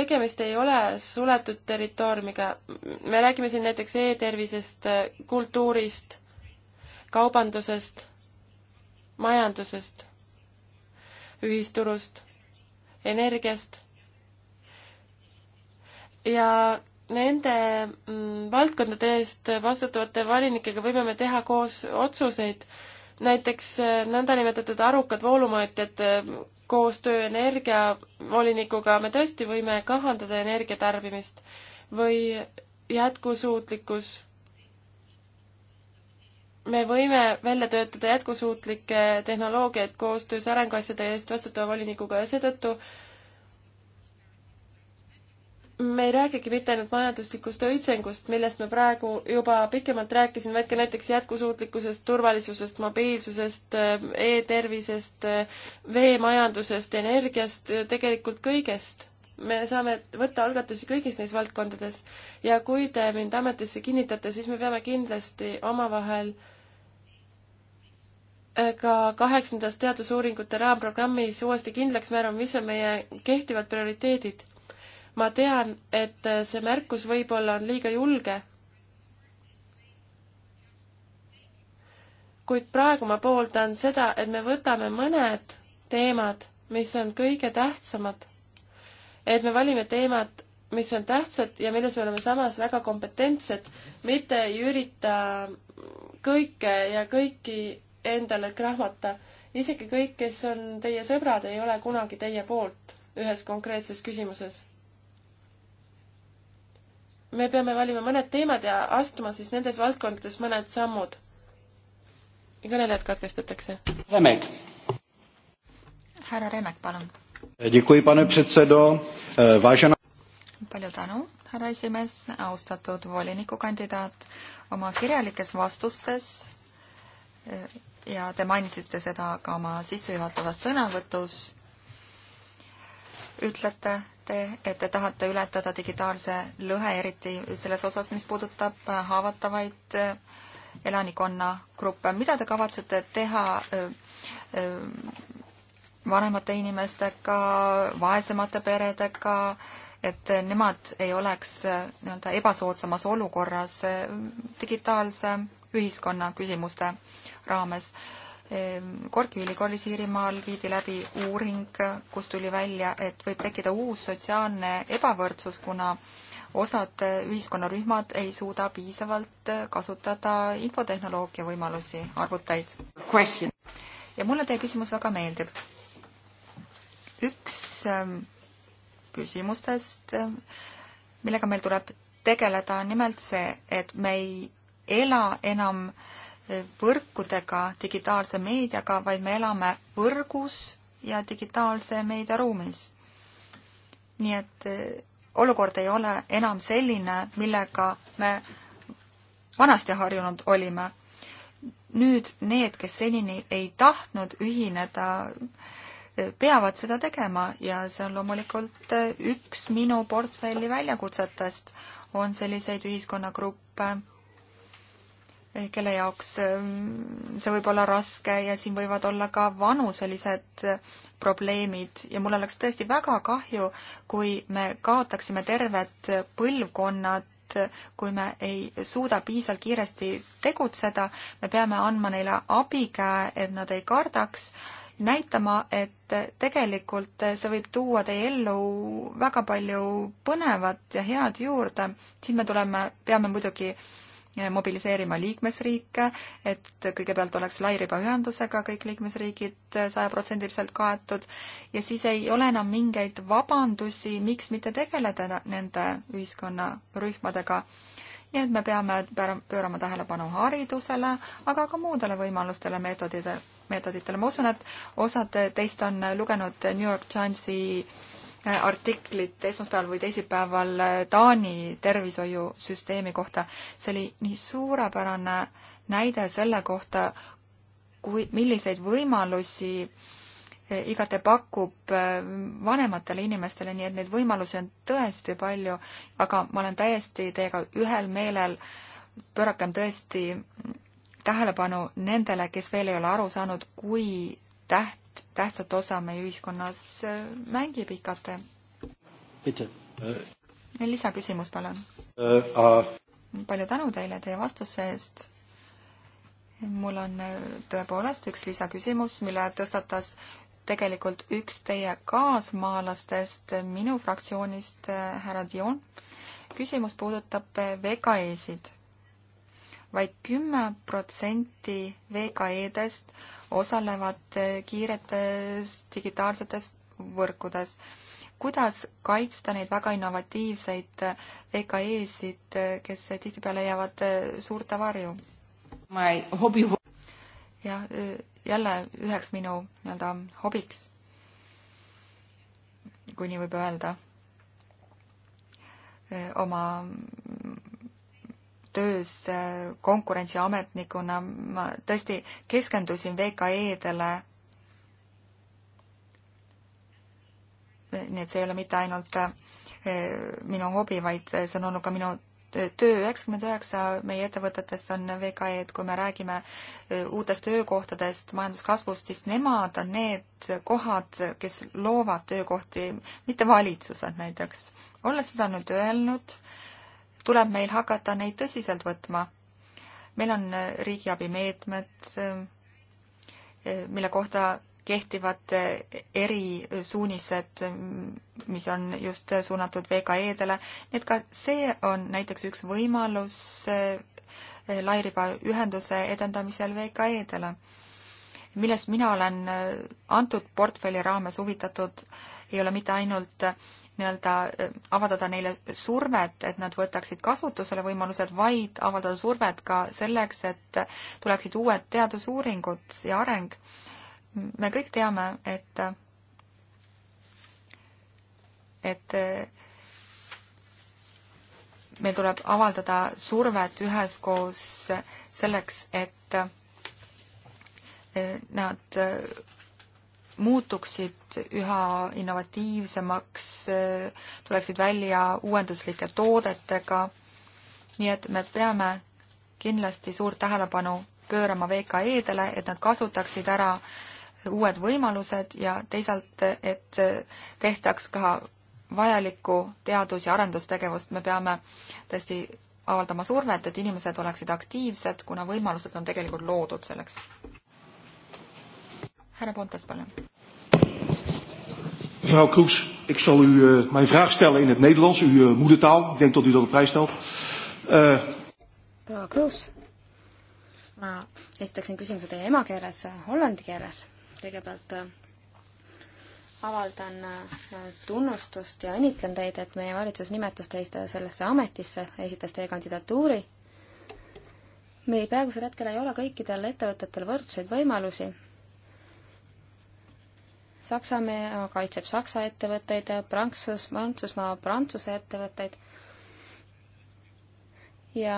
tegemist ei ole suletud territooriumiga. me räägime siin näiteks e-tervisest, kultuurist, kaubandusest, majandusest, ühisturust, energiast ja nende mm, valdkondade eest vastutavate volinikega võime me teha koos otsuseid, näiteks äh, nõndanimetatud arukad voolumõõtjad, äh, koostöö energiavolinikuga me tõesti võime kahandada energiatarbimist või jätkusuutlikkus. me võime välja töötada jätkusuutlikke tehnoloogiaid koostöös arenguasjade eest vastutava volinikuga ja seetõttu me ei räägigi mitte ainult majanduslikust õitsengust, millest me praegu juba pikemalt rääkisin, vaid ka näiteks jätkusuutlikkusest, turvalisusest, mobiilsusest e, e-tervisest, veemajandusest, energiast, tegelikult kõigest. me saame võtta algatusi kõigis neis valdkondades ja kui te mind ametisse kinnitate, siis me peame kindlasti omavahel äh, ka kaheksandas teadusuuringute raamprogrammis uuesti kindlaks määrama, mis on meie kehtivad prioriteedid ma tean, et see märkus võib-olla on liiga julge, kuid praegu ma pooldan seda, et me võtame mõned teemad, mis on kõige tähtsamad. et me valime teemad, mis on tähtsad ja milles me oleme samas väga kompetentsed, mitte ei ürita kõike ja kõiki endale krahmata. isegi kõik, kes on teie sõbrad, ei ole kunagi teie poolt ühes konkreetses küsimuses me peame valima mõned teemad ja astuma siis nendes valdkondades mõned sammud. kõnelejad katkestatakse. Remek. härra Remek, palun. Eh, palju tänu, härra esimees, austatud volinikukandidaat. oma kirjalikes vastustes eh, ja te mainisite seda ka oma sissejuhatavas sõnavõtus, ütlete, ütlesite, et te tahate ületada digitaalse lõhe, eriti selles osas, mis puudutab äh, haavatavaid äh, elanikkonnagruppe. mida te kavatsete teha äh, vanemate inimestega, vaesemate peredega, et nemad ei oleks nii-öelda ebasoodsamas olukorras digitaalse ühiskonna küsimuste raames? Korgi ehm, ülikoolis Iirimaal viidi läbi uuring, kus tuli välja, et võib tekkida uus sotsiaalne ebavõrdsus, kuna osad ühiskonnarühmad ei suuda piisavalt kasutada infotehnoloogia võimalusi, arvuteid. ja mulle teie küsimus väga meeldib. üks ehm, küsimustest, ehm, millega meil tuleb tegeleda, on nimelt see, et me ei ela enam äh, võrkudega, digitaalse meediaga, vaid me elame võrgus ja digitaalse meediaruumis. nii et eh, olukord ei ole enam selline, millega me vanasti harjunud olime. nüüd need, kes senini ei tahtnud ühineda, eh, peavad seda tegema ja see on loomulikult eh, üks minu portfelli väljakutsetest, on selliseid ühiskonnagruppe Eh, kelle jaoks ehm, see võib olla raske ja siin võivad olla ka vanuselised eh, probleemid ja mul oleks tõesti väga kahju, kui me kaotaksime terved eh, põlvkonnad, kui me ei suuda piisavalt kiiresti tegutseda, me peame andma neile abikäe, et nad ei kardaks, näitama, et tegelikult see võib tuua teie ellu väga palju põnevat ja head juurde, siis me tuleme, peame muidugi äh, mobiliseerima liikmesriike, et kõigepealt oleks lairibaühendusega kõik liikmesriigid sajaprotsendiliselt kaetud ja siis ei ole enam mingeid vabandusi, miks mitte tegeleda nende ühiskonnarühmadega. nii et me peame pöörama tähelepanu haridusele, aga ka muudele võimalustele, meetodidele, meetoditele. ma usun, et osad teist on lugenud New York Timesi Äh, artiklit esmaspäeval või teisipäeval äh, Taani tervishoiusüsteemi kohta. see oli nii suurepärane näide selle kohta, kui, milliseid võimalusi äh, IGT pakub vanematele inimestele, nii et neid võimalusi on tõesti palju, aga ma olen täiesti teiega ühel meelel, pöörakem tõesti tähelepanu nendele, kes veel ei ole aru saanud, kui täht, tähtsat osa meie ühiskonnas äh, mängib IKT. Äh, lisaküsimus, palun uh,. Uh. palju tänu teile teie vastuse eest. mul on tõepoolest üks lisaküsimus, mille tõstatas tegelikult üks teie kaasmaalastest minu fraktsioonist, härra Dion. küsimus puudutab VKE-sid vaid kümme protsenti VKE-dest osalevad eh, kiiretes digitaalsetes võrkudes. kuidas kaitsta neid väga innovatiivseid eh, VKE-sid, eh, kes tihtipeale jäävad suurte varju? jah, jälle üheks minu nii-öelda hobiks, kui nii võib öelda, oma töös äh, konkurentsiametnikuna ma tõesti keskendusin VKE-dele. nii et see ei ole mitte ainult äh, minu hobi, vaid see on olnud ka minu töö, üheksakümmend üheksa meie ettevõtetest on VKE-d, kui me räägime äh, uutest töökohtadest, majanduskasvust, siis nemad on need kohad, kes loovad töökohti, mitte valitsused näiteks. olles seda nüüd öelnud, tuleb meil hakata neid tõsiselt võtma. meil on äh, riigiabimeetmed, äh, äh, mille kohta kehtivad erisuunised, mm, mis on just suunatud VKE-dele, nii et ka see on näiteks üks võimalus lairibaühenduse edendamisel VKE-dele, millest mina olen antud portfelli raames huvitatud, ei ole mitte ainult nii-öelda äh, avaldada neile survet, et nad võtaksid kasutusele võimalused, vaid avaldada survet ka selleks, et tuleksid uued teadusuuringud ja areng. me kõik teame, et et äh, meil tuleb avaldada survet üheskoos selleks, et äh, nad muutuksid üha innovatiivsemaks, tuleksid välja uuenduslike toodetega, nii et me peame kindlasti suurt tähelepanu pöörama VKE-dele, et nad kasutaksid ära uued võimalused ja teisalt, et tehtaks ka vajalikku teadus- ja arendustegevust, me peame tõesti avaldama survet, et inimesed oleksid aktiivsed, kuna võimalused on tegelikult loodud selleks härra Pontas, palun. Mevrouw Kroeks, ik zal u uh, mijn vraag stellen in het Nederlands, uw uh, moedertaal. Ik denk dat u dat op prijs stelt. Uh... Eh, proua Kroeks, ma esitaksin küsimuse teie emakeeles, hollandi keeles. kõigepealt uh, avaldan tunnustust ja õnnitlen teid, et meie valitsus nimetas teid sellesse ametisse, esitas teie kandidatuuri. meil praegusel hetkel ei ole kõikidel ettevõtetel võrdseid võimalusi Saksamaa kaitseb Saksa ettevõtteid, Prantsus, Prantsusmaa Prantsuse ettevõtteid ja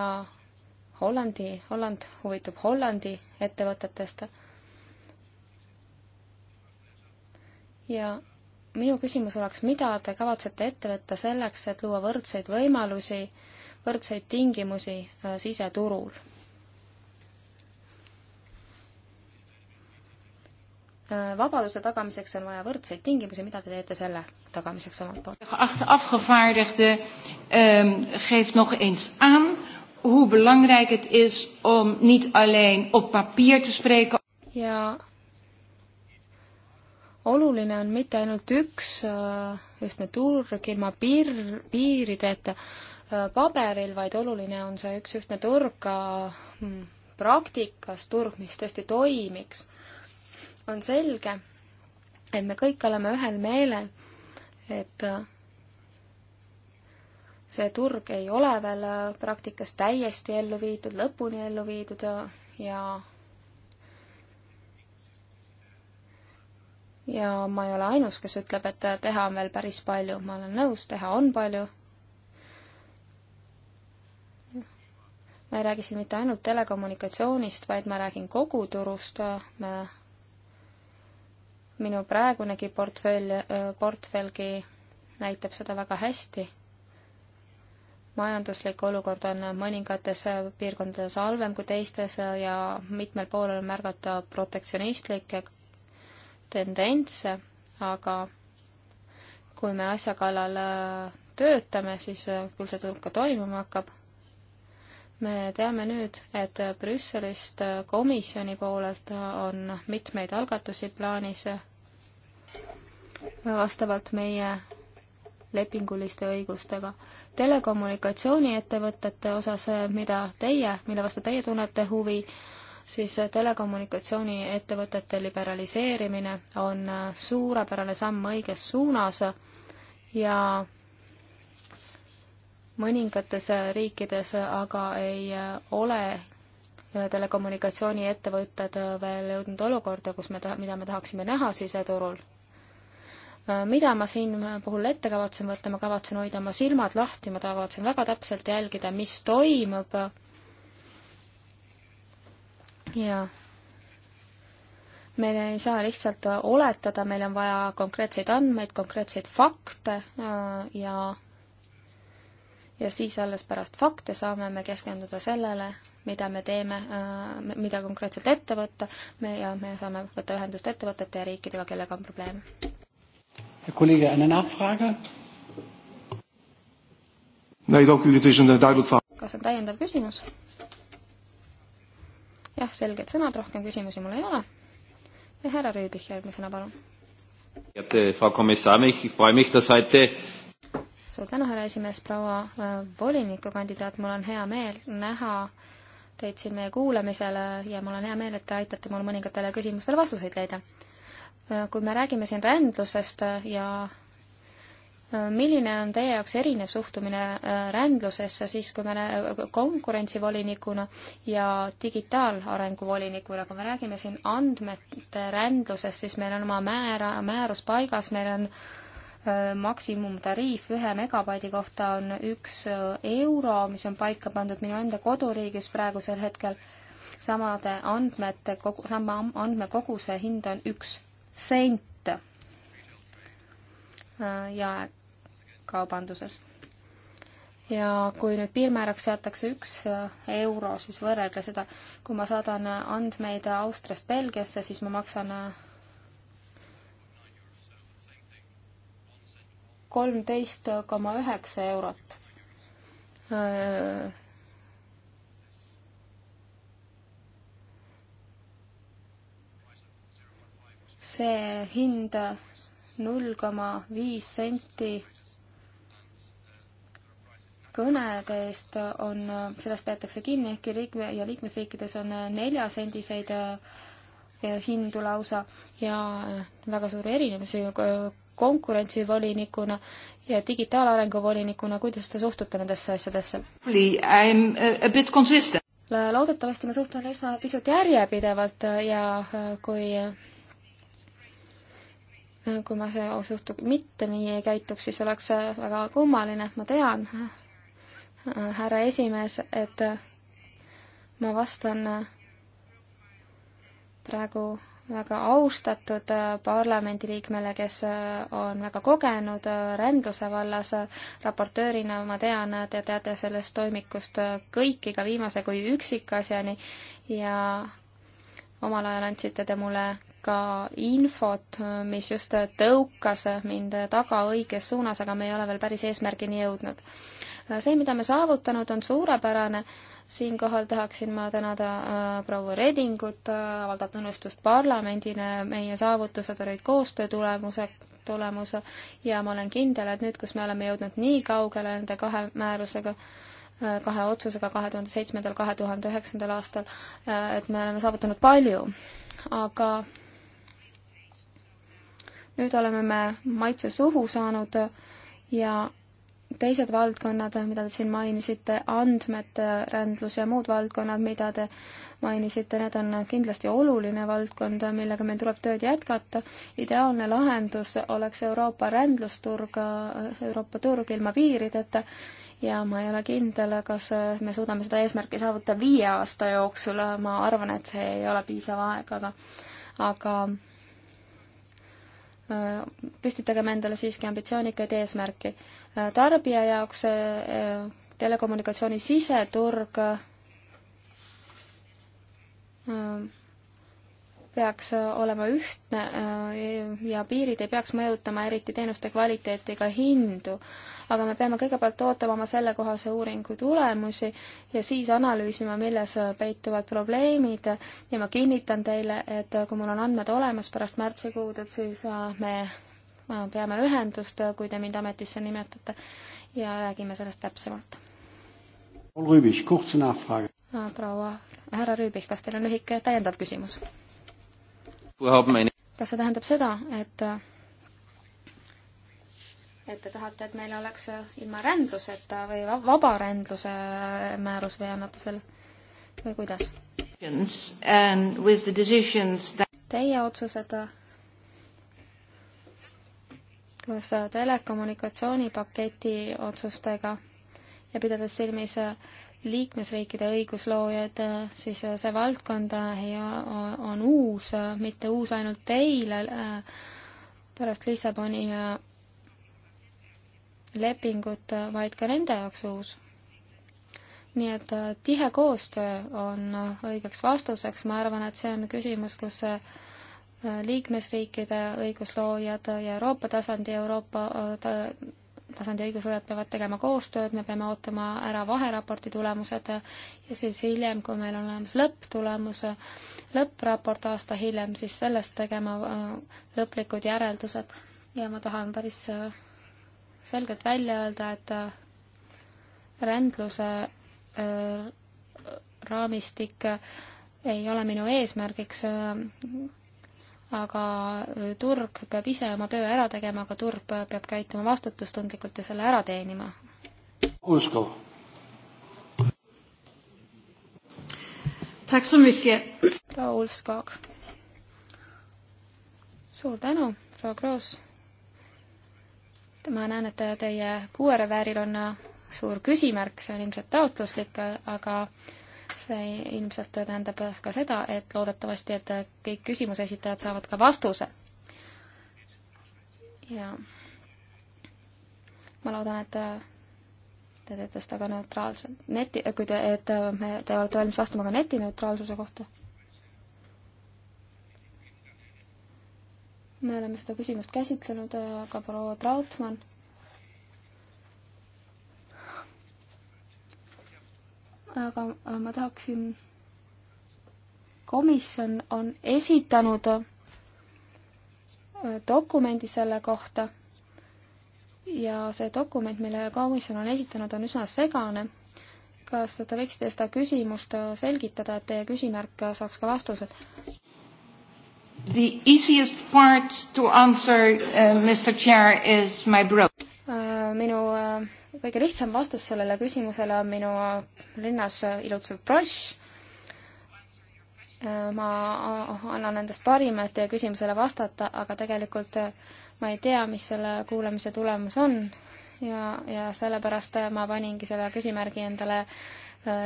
Hollandi, Holland huvitub Hollandi ettevõtetest. ja minu küsimus oleks, mida te kavatsete ette võtta selleks, et luua võrdseid võimalusi, võrdseid tingimusi äh, siseturul? Äh, vabaduse tagamiseks on vaja võrdseid tingimusi, mida te teete selle tagamiseks omalt poolt? afgevaardigde ähm, geeft nog eens aan hoe belangrijk het is om niet alleen op papier te spreken. ja oluline on mitte ainult üks äh, ühtne turg ilma piir, piirideta äh, paberil, vaid oluline on see üks ühtne turg ka mm, praktikas, turg, mis tõesti toimiks on selge, et me kõik oleme ühel meelel, et see turg ei ole veel praktikas täiesti ellu viidud, lõpuni ellu viidud ja ja ma ei ole ainus, kes ütleb, et teha on veel päris palju, ma olen nõus, teha on palju. ma ei räägi siin mitte ainult telekommunikatsioonist, vaid ma räägin kogu turust, me minu praegunegi portfell, portfellgi näitab seda väga hästi. majanduslik olukord on mõningates piirkondades halvem kui teistes ja mitmel pool on märgata protektsionistlikke tendentse, aga kui me asja kallal töötame, siis küll see turg ka toimima hakkab me teame nüüd, et Brüsselist komisjoni poolelt on mitmeid algatusi plaanis vastavalt meie lepinguliste õigustega. telekommunikatsiooniettevõtete osas, mida teie, mille vastu teie tunnete huvi, siis telekommunikatsiooniettevõtete liberaliseerimine on suurepärane samm õiges suunas ja mõningates riikides aga ei ole telekommunikatsiooniettevõtted veel jõudnud olukorda, kus me taha, mida me tahaksime näha siseturul. mida ma siin puhul ette kavatsen võtta, ma kavatsen hoida oma silmad lahti, ma kavatsen väga täpselt jälgida, mis toimub jaa. me ei saa lihtsalt oletada, meil on vaja konkreetseid andmeid, konkreetseid fakte äh, ja ja siis alles pärast fakte saame me keskenduda sellele, mida me teeme, äh, mida konkreetselt ette võtta, me ja me saame võtta ühendust ettevõtete ja riikidega, kellega on probleeme. kolleeg, eine Nachfrage? kas on täiendav küsimus? jah, selged sõnad, rohkem küsimusi mul ei ole. ja härra Rüübich järgmisena, palun. Frau Kommissar, ich freue mich, dass heute suur tänu, härra esimees, proua äh, volinikukandidaat, mul on hea meel näha teid siin meie kuulamisele ja mul on hea meel, et te aitate mul mõningatele küsimustele vastuseid leida. Äh, kui me räägime siin rändlusest äh, ja milline on teie jaoks erinev suhtumine rändlusesse siis, kui me konkurentsivolinikuna ja digitaalarengu volinikuna, kui me räägime siin andmete rändlusest, siis meil on oma määra, määrus paigas, meil on äh, maksimumtariif ühe megabaidi kohta on üks äh, euro, mis on paika pandud minu enda koduriigis praegusel hetkel. samade andmete kogu, sama andmekoguse hind on üks sent äh, jaekaubanduses. ja kui nüüd piirmääraks seatakse üks äh, euro, siis võrrelge seda, kui ma saadan andmeid Austriast Belgiasse, siis ma maksan kolmteist koma üheksa eurot. see hind null koma viis senti kõnede eest on, sellest peetakse kinni, ehkki liikme ja liikmesriikides on neljasendiseid eh, hindu lausa ja väga suuri erinevusi konkurentsivolinikuna ja digitaalarengu volinikuna, kuidas te suhtute nendesse asjadesse? loodetavasti ma suhtun üsna pisut järjepidevalt ja äh, kui äh, kui ma see suhtu-, mitte nii ei käituks, siis oleks see väga kummaline, ma tean, äh, härra esimees, et ma vastan praegu väga austatud äh, parlamendiliikmele, kes äh, on väga kogenud äh, rändluse vallas raportöörina, ma tean, te teate sellest toimikust kõik, iga viimase kui üksikasjani ja omal ajal andsite te mulle ka infot, mis just tõukas mind taga õiges suunas, aga me ei ole veel päris eesmärgini jõudnud. see, mida me saavutanud, on suurepärane siinkohal tahaksin ma tänada äh, proua Redingut äh,, avaldan tunnustust parlamendile, meie saavutused olid koostöö tulemuse, tulemus ja ma olen kindel, et nüüd, kus me oleme jõudnud nii kaugele nende kahe määrusega, äh, kahe otsusega kahe tuhande seitsmendal, kahe tuhande üheksandal aastal, äh, et me oleme saavutanud palju, aga nüüd oleme me maitse suhu saanud ja teised valdkonnad, mida te siin mainisite, andmete rändlus ja muud valdkonnad, mida te mainisite, need on kindlasti oluline valdkond, millega meil tuleb tööd jätkata. ideaalne lahendus oleks Euroopa rändlusturg, Euroopa turg ilma piirideta ja ma ei ole kindel, kas me suudame seda eesmärki saavutada viie aasta jooksul, ma arvan, et see ei ole piisav aeg, aga aga püstitagem endale siiski ambitsioonikaid eesmärki. Äh, tarbija jaoks äh, äh, telekommunikatsiooni siseturg peaks olema ühtne ja piirid ei peaks mõjutama eriti teenuste kvaliteeti ega hindu aga me peame kõigepealt ootama oma sellekohase uuringu tulemusi ja siis analüüsima, milles peituvad probleemid ja ma kinnitan teile, et kui mul on andmed olemas pärast märtsikuud, et siis äh, me äh, peame ühendust, äh, kui te mind ametisse nimetate ja räägime sellest täpsemalt. proua härra Rüübich, kas teil on lühike täiendav küsimus? kas see tähendab seda, et et te tahate, et meil oleks ilma rändluseta või vaba rändluse määrus või annate selle või kuidas? Teie otsused, koos telekommunikatsioonipaketi otsustega ja pidades silmis liikmesriikide õigusloojad, siis see valdkond on uus, mitte uus ainult teile pärast Lissaboni lepingut, vaid ka nende jaoks uus. nii et äh, tihe koostöö on äh, õigeks vastuseks, ma arvan, et see on küsimus, kus äh, liikmesriikide õigusloojad ja Euroopa tasandi, Euroopa tasandi õigusloojad peavad tegema koostööd, me peame ootama ära vaheraporti tulemused ja siis hiljem, kui meil on olemas lõpptulemus, lõppraport aasta hiljem, siis sellest tegema lõplikud järeldused. ja ma tahan päris selgelt välja öelda, et äh, rändluse äh, raamistik äh, ei ole minu eesmärgiks, aga turg peab ise oma töö ära tegema, aga turg peab käituma vastutustundlikult ja selle ära teenima. Uskov. proua Ulfskog. suur tänu, proua Kroos ma näen, et teie kuuerevääril on suur küsimärk, see on ilmselt taotluslik, aga see ilmselt tähendab ka seda, et loodetavasti, et kõik küsimuse esitajad saavad ka vastuse. ja ma loodan, et te teete seda ka neutraalselt. neti, kui te, et me, te olete valmis vastama ka netineutraalsuse kohta me oleme seda küsimust käsitlenud ka proua Trautmann. aga ma tahaksin, komisjon on esitanud äh, dokumendi selle kohta ja see dokument, mille komisjon on esitanud, on üsna segane. kas te võiksite seda küsimust äh, selgitada, et teie küsimärk saaks ka vastused? The easiest part to answer uh,, Mr Chair, is my bro- uh,. minu uh, kõige lihtsam vastus sellele küsimusele on minu uh, linnas uh, ilutsev brošš. Uh, ma annan endast parima, et teie küsimusele vastata, aga tegelikult ma ei tea, mis selle kuulamise tulemus on ja, ja sellepärast ma paningi selle küsimärgi endale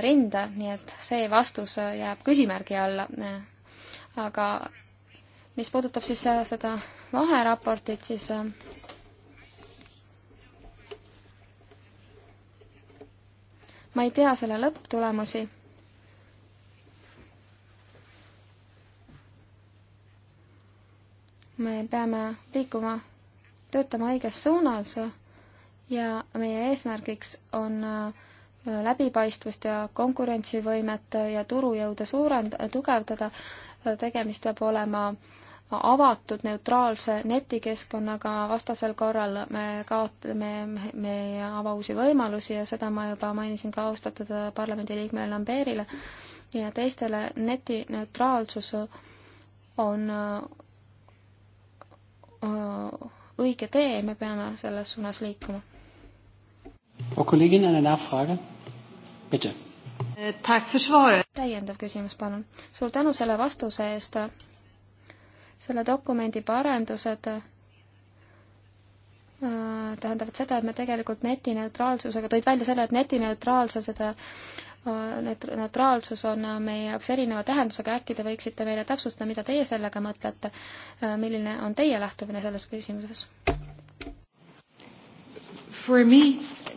rinda, nii et see vastus jääb küsimärgi alla. aga mis puudutab siis äh, seda vaheraportit, siis äh, ma ei tea selle lõpptulemusi. me peame liikuma, töötama õiges suunas ja meie eesmärgiks on äh, läbipaistvust ja konkurentsivõimet ja turujõude suurend-, tugevdada, tegemist peab olema äh, avatud neutraalse netikeskkonnaga, vastasel korral me kaotame, me, me ei ava uusi võimalusi ja seda ma juba mainisin ka austatud parlamendiliikmele Lamberile ja teistele, neti neutraalsus on õige tee, me peame selles suunas liikuma. Äh, täiendav küsimus, palun. suur tänu selle vastuse eest selle dokumendi parendused äh, tähendavad seda, et me tegelikult netineutraalsusega, tõid välja selle, et netineutraalsused, äh, neutraalsus on äh, meie jaoks erineva tähendusega, äkki te võiksite meile täpsustada, mida teie sellega mõtlete, milline on teie lähtumine selles küsimuses? For me,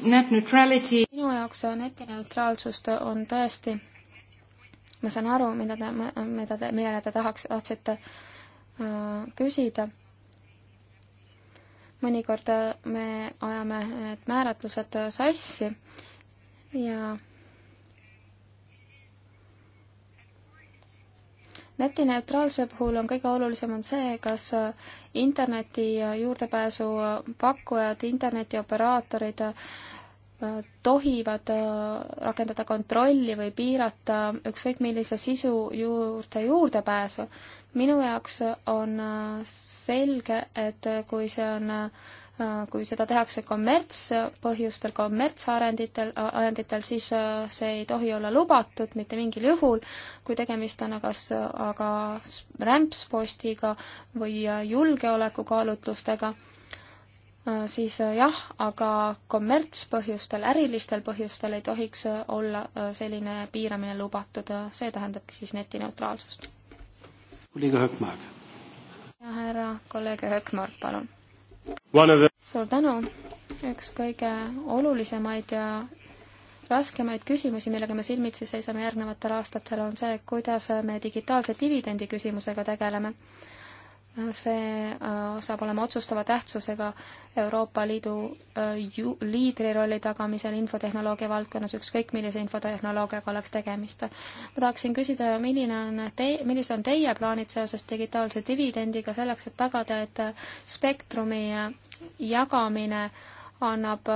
net neutrality minu jaoks netineutraalsust on tõesti, ma saan aru, mida te, mida te, millele te tahaks, tahtsite Äh, küsida. mõnikord äh, me ajame need määratlused äh, sassi ja netineutraalsuse puhul on kõige olulisem on see, kas interneti juurdepääsu pakkujad, internetioperaatorid tohivad rakendada kontrolli või piirata ükskõik millise sisu juurde juurdepääsu minu jaoks on äh, selge, et äh, kui see on äh, kui seda tehakse kommertspõhjustel, kommertsarenditel, arenditel, siis see ei tohi olla lubatud mitte mingil juhul. kui tegemist on aga, aga rämpspostiga või julgeolekukaalutlustega, siis jah, aga kommertspõhjustel, ärilistel põhjustel ei tohiks olla selline piiramine lubatud, see tähendabki siis netineutraalsust ja härra kolleeg Hökmark, palun. The... suur tänu. üks kõige olulisemaid ja raskemaid küsimusi, millega me silmitsi seisame järgnevatel aastatel, on see, kuidas me digitaalse dividendi küsimusega tegeleme see äh, saab olema otsustava tähtsusega Euroopa Liidu äh, ju, liidrirolli tagamisel infotehnoloogia valdkonnas, ükskõik millise infotehnoloogiaga oleks tegemist. ma tahaksin küsida, milline on te-, millised on teie plaanid seoses digitaalse dividendiga selleks, et tagada, et äh, spektrumi jagamine annab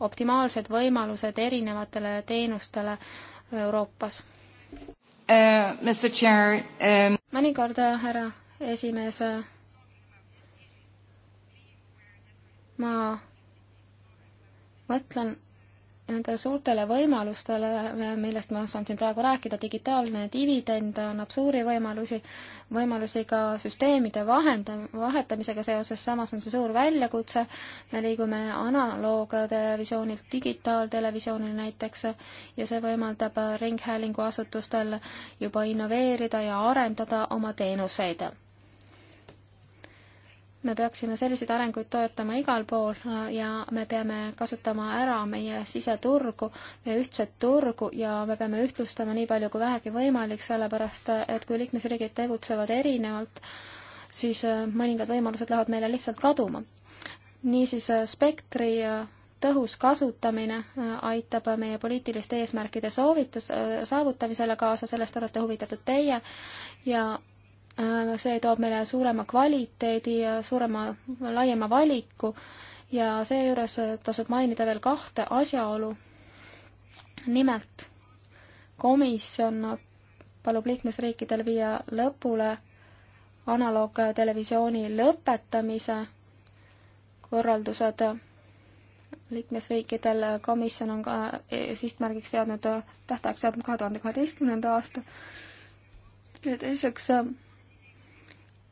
optimaalsed võimalused erinevatele teenustele Euroopas uh,? Mr Chair um... mõnikord, härra esimees. ma mõtlen nendele suurtele võimalustele, millest ma saan siin praegu rääkida, digitaalne dividend annab suuri võimalusi, võimalusi ka süsteemide vahenda-, vahetamisega seoses, samas on see suur väljakutse, me liigume analoogtelevisioonilt digitaaltelevisioonile näiteks ja see võimaldab ringhäälinguasutustel juba innoveerida ja arendada oma teenuseid me peaksime selliseid arenguid toetama igal pool äh, ja me peame kasutama ära meie siseturgu, meie ühtset turgu ja me peame ühtlustama nii palju kui vähegi võimalik, sellepärast äh, et kui liikmesriigid tegutsevad erinevalt, siis äh, mõningad võimalused lähevad meile lihtsalt kaduma. niisiis spektri tõhus kasutamine aitab meie poliitiliste eesmärkide soovitus, saavutamisele kaasa, sellest olete huvitatud teie ja Äh, see toob meile suurema kvaliteedi ja suurema, laiema valiku ja seejuures tasub mainida veel kahte asjaolu. nimelt, komisjon palub liikmesriikidel viia lõpule analoogtelevisiooni lõpetamise korraldused. liikmesriikidel komisjon on ka e, sihtmärgiks seadnud, tähtajaks seadnud kahe tuhande kaheteistkümnenda aasta ja teiseks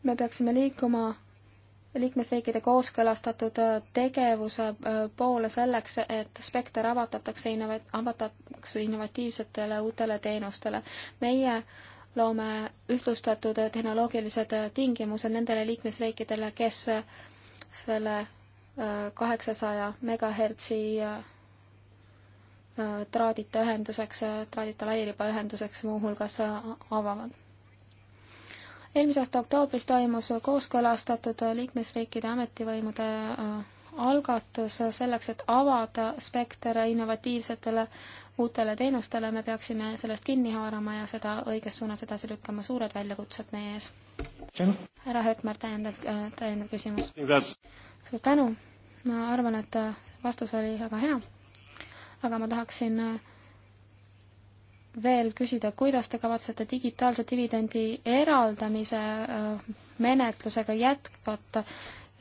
me peaksime liikuma liikmesriikide kooskõlastatud äh, tegevuse äh, poole selleks, et spekter avatatakse innova-, avatakse innovatiivsetele uutele teenustele. meie loome ühtlustatud äh, tehnoloogilised tingimused nendele liikmesriikidele, kes selle kaheksasaja megahertsi traadita ühenduseks, traadita lairibaühenduseks muuhulgas avavad eelmise aasta oktoobris toimus kooskõlastatud liikmesriikide ametivõimude äh, algatus selleks, et avada spekter innovatiivsetele uutele teenustele, me peaksime sellest kinni haarama ja seda õiges suunas edasi lükkama, suured väljakutsed meie ees. härra Hökmar, täiendav, äh, täiendav küsimus. suur tänu, ma arvan, et vastus oli väga hea, aga ma tahaksin äh, veel küsida, kuidas te kavatsete digitaalse dividendi eraldamise äh, menetlusega jätkata,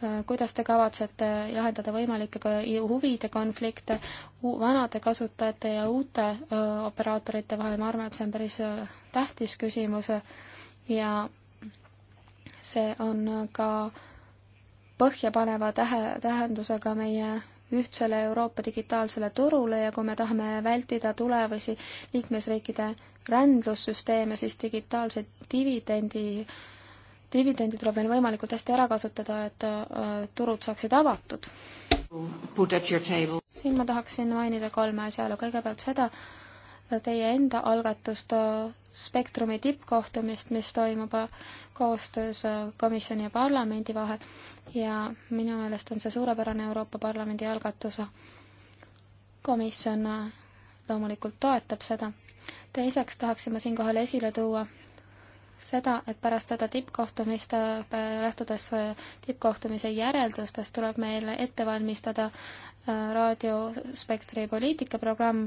äh, kuidas te kavatsete lahendada võimalikke huvide konflikte vanade kasutajate ja uute äh, operaatorite vahel, ma arvan, et see on päris tähtis küsimus ja see on ka põhjapaneva tähe, tähendusega meie ühtsele Euroopa digitaalsele turule ja kui me tahame vältida tulevasi liikmesriikide rändlussüsteeme, siis digitaalse dividendi, dividendi tuleb meil võimalikult hästi ära kasutada, et äh, turud saaksid avatud. siin ma tahaksin mainida kolme asjaolu, kõigepealt seda, teie enda algatust äh, Spektrumi tippkohtumist, mis toimub äh, koostöös äh, komisjoni ja parlamendi vahel ja minu meelest on see suurepärane Euroopa Parlamendi algatus. komisjon äh, loomulikult toetab seda. teiseks tahaksime siinkohal esile tuua seda, et pärast seda tippkohtumist, äh, lähtudes tippkohtumise järeldustest, tuleb meil ette valmistada raadiospektri poliitikaprogramm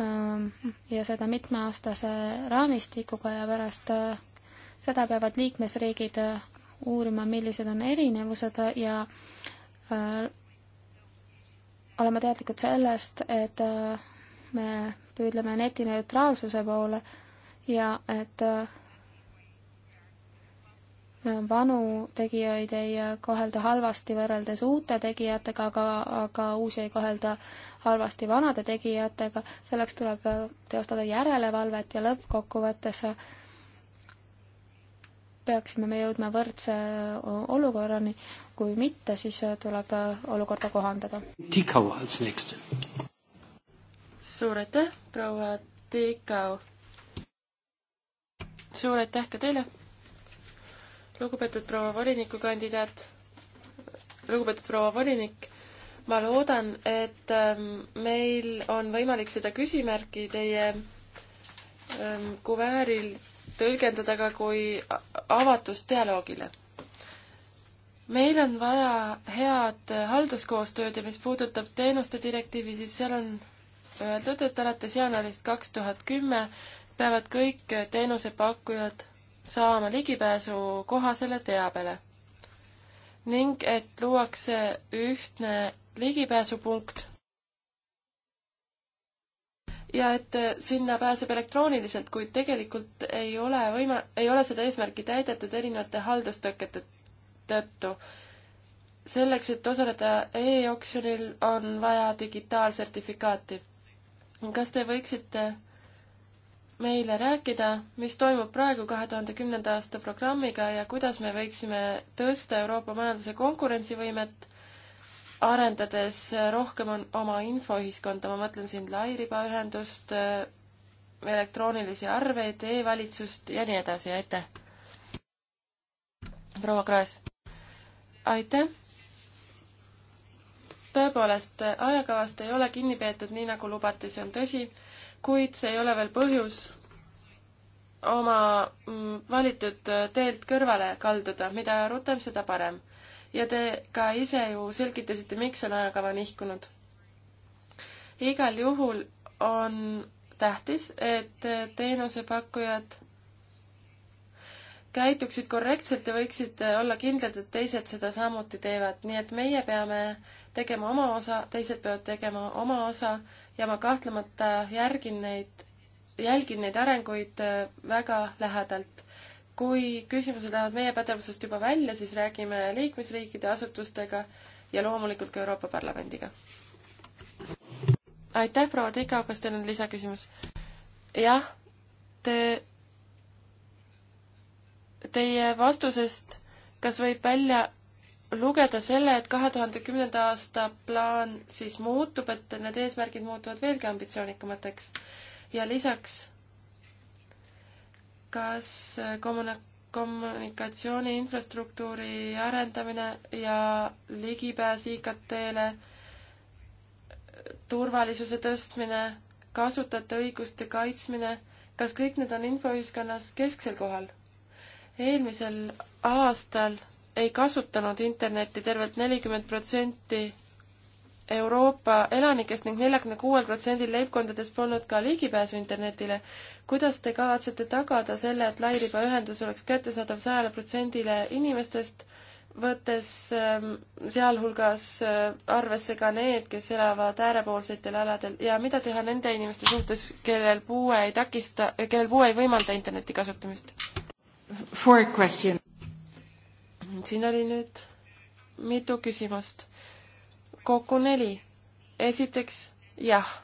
ähm, ja seda mitmeaastase raamistikuga ja pärast seda peavad liikmesriigid äh, uurima, millised on erinevused ja äh, olema teadlikud sellest, et äh, me püüdleme netineutraalsuse poole ja et vanu tegijaid ei kohelda halvasti võrreldes uute tegijatega, aga, aga uusi ei kohelda halvasti vanade tegijatega, selleks tuleb teostada järelevalvet ja lõppkokkuvõttes peaksime me jõudma võrdse olukorrani, kui mitte, siis tuleb olukorda kohandada. suur aitäh, proua Tiikau! suur aitäh ka teile, lugupeetud proua volinikukandidaat, lugupeetud proua volinik ma loodan, et ähm, meil on võimalik seda küsimärki teie ähm, kuvääril tõlgendada ka kui avatust dialoogile. meil on vaja head halduskoostööd ja mis puudutab teenuste direktiivi, siis seal on öeldud, et alates jaanuarist kaks tuhat kümme peavad kõik teenusepakkujad saama ligipääsu kohasele teabele ning et luuakse ühtne ligipääsupunkt ja et sinna pääseb elektrooniliselt, kuid tegelikult ei ole võima-, ei ole seda eesmärki täidetud erinevate haldustõkete tõttu. selleks, et osaleda e-oksjonil, on vaja digitaalsertifikaati. kas te võiksite meile rääkida, mis toimub praegu kahe tuhande kümnenda aasta programmiga ja kuidas me võiksime tõsta Euroopa majanduse konkurentsivõimet arendades rohkem on oma infoühiskonda, ma mõtlen siin lairibaühendust, elektroonilisi arveid e, e-valitsust ja nii edasi, aitäh! proua Kraes. aitäh! tõepoolest, ajakavast ei ole kinni peetud nii, nagu lubati, see on tõsi, kuid see ei ole veel põhjus oma mm, valitud teelt kõrvale kalduda, mida rutem, seda parem ja te ka ise ju selgitasite, miks on ajakava nihkunud. igal juhul on tähtis, et teenusepakkujad käituksid korrektselt ja võiksid olla kindlad, et teised seda samuti teevad, nii et meie peame tegema oma osa, teised peavad tegema oma osa ja ma kahtlemata järgin neid, jälgin neid arenguid äh, väga lähedalt kui küsimused lähevad meie pädevusest juba välja, siis räägime liikmesriikide asutustega ja loomulikult ka Euroopa Parlamendiga. aitäh, proua Tikau, kas teil on lisaküsimus? jah, te, teie vastusest, kas võib välja lugeda selle, et kahe tuhande kümnenda aasta plaan siis muutub, et need eesmärgid muutuvad veelgi ambitsioonikamateks ja lisaks kas kommunik-, kommunikatsiooni infrastruktuuri arendamine ja ligipääs IKT-le, turvalisuse tõstmine, kasutajate õiguste kaitsmine, kas kõik need on infoühiskonnas kesksel kohal? eelmisel aastal ei kasutanud Internetti tervelt nelikümmend protsenti Euroopa elanikest ning neljakümne kuuel protsendil leibkondadest polnud ka ligipääsu internetile. kuidas te kavatsete tagada selle, et lairibaühendus oleks kättesaadav sajale protsendile inimestest, võttes ähm, sealhulgas äh, arvesse ka need, kes elavad äärepoolsetel aladel ja mida teha nende inimeste suhtes, kellel puue ei takista, kellel puue ei võimalda interneti kasutamist? Siin oli nüüd mitu küsimust kokku neli. esiteks, jah,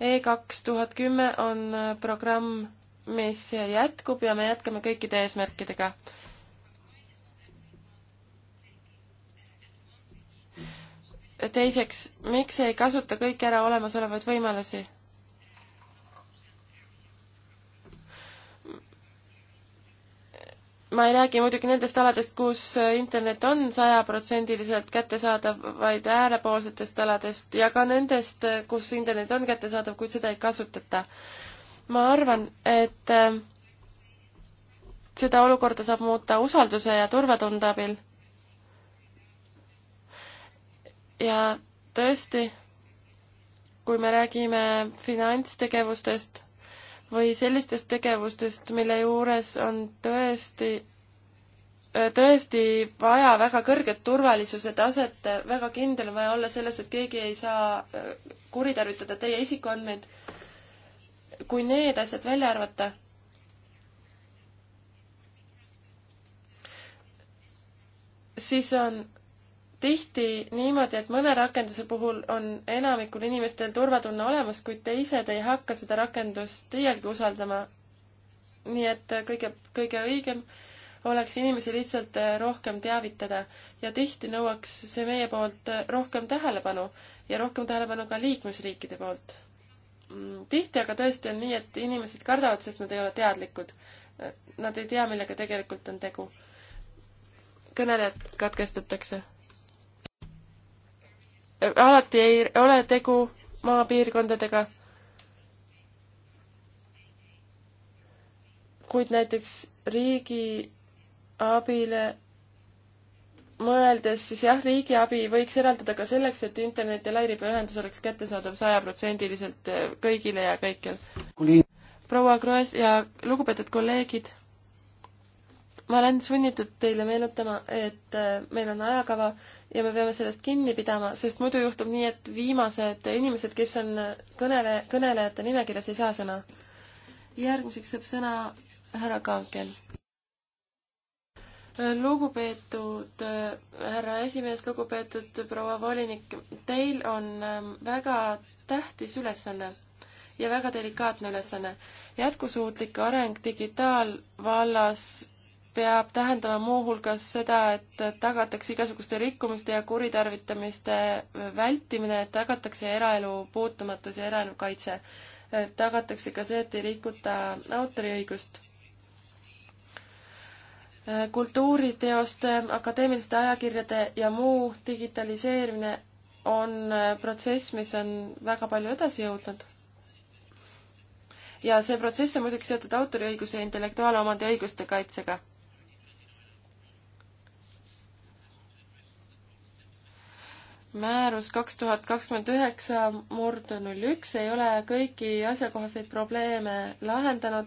E kaks tuhat kümme on äh, programm, mis jätkub ja me jätkame kõikide eesmärkidega teiseks, miks ei kasuta kõik ära olemasolevaid võimalusi? ma ei räägi muidugi nendest aladest, kus internet on sajaprotsendiliselt kättesaadav, vaid äärepoolsetest aladest ja ka nendest, kus internet on kättesaadav, kuid seda ei kasutata. ma arvan, et äh, seda olukorda saab muuta usalduse ja turvatunde abil. ja tõesti, kui me räägime finantstegevustest või sellistest tegevustest, mille juures on tõesti äh, tõesti vaja väga kõrget turvalisuse taset, väga kindel on vaja olla selles, et keegi ei saa äh, kuritarvitada teie isikuandmeid. kui need asjad välja arvata, siis on tihti niimoodi, et mõne rakenduse puhul on enamikul inimestel turvatunne olemas, kuid teised ei hakka seda rakendust iialgi usaldama. nii et kõige, kõige õigem oleks inimesi lihtsalt äh, rohkem teavitada ja tihti nõuaks see meie poolt äh, rohkem tähelepanu ja rohkem tähelepanu ka liikmesriikide poolt. Mm, tihti aga tõesti on nii, et inimesed kardavad, sest nad ei ole teadlikud. Äh, nad ei tea, millega tegelikult on tegu. kõnelejad katkestatakse alati ei ole tegu maapiirkondadega, kuid näiteks riigi abile mõeldes, siis jah, riigiabi võiks eraldada ka selleks, et internet ja lairibaühendus oleks kättesaadav sajaprotsendiliselt eh, kõigile ja kõikjal. proua Kroes ja lugupeetud kolleegid, ma olen sunnitud teile meenutama, et eh, meil on ajakava ja me peame sellest kinni pidama, sest muidu juhtub nii, et viimased inimesed, kes on kõnele, kõnelejate nimekirjas, ei saa sõna. järgmiseks saab sõna härra Kanken. lugupeetud äh, härra esimees, lugupeetud proua volinik, teil on ähm, väga tähtis ülesanne ja väga delikaatne ülesanne. jätkusuutlik areng digitaalvallas peab tähendama muuhulgas seda, et tagatakse igasuguste rikkumiste ja kuritarvitamiste vältimine, et tagatakse eraelu puutumatus ja eraelu kaitse. tagatakse ka see, et ei rikuta autoriõigust. kultuuriteoste, akadeemiliste ajakirjade ja muu digitaliseerimine on protsess, mis on väga palju edasi jõudnud ja see protsess on muidugi seotud autoriõiguse ja intellektuaalomandi õiguste kaitsega. määrus kaks tuhat kakskümmend üheksa murd null üks ei ole kõiki asjakohaseid probleeme lahendanud.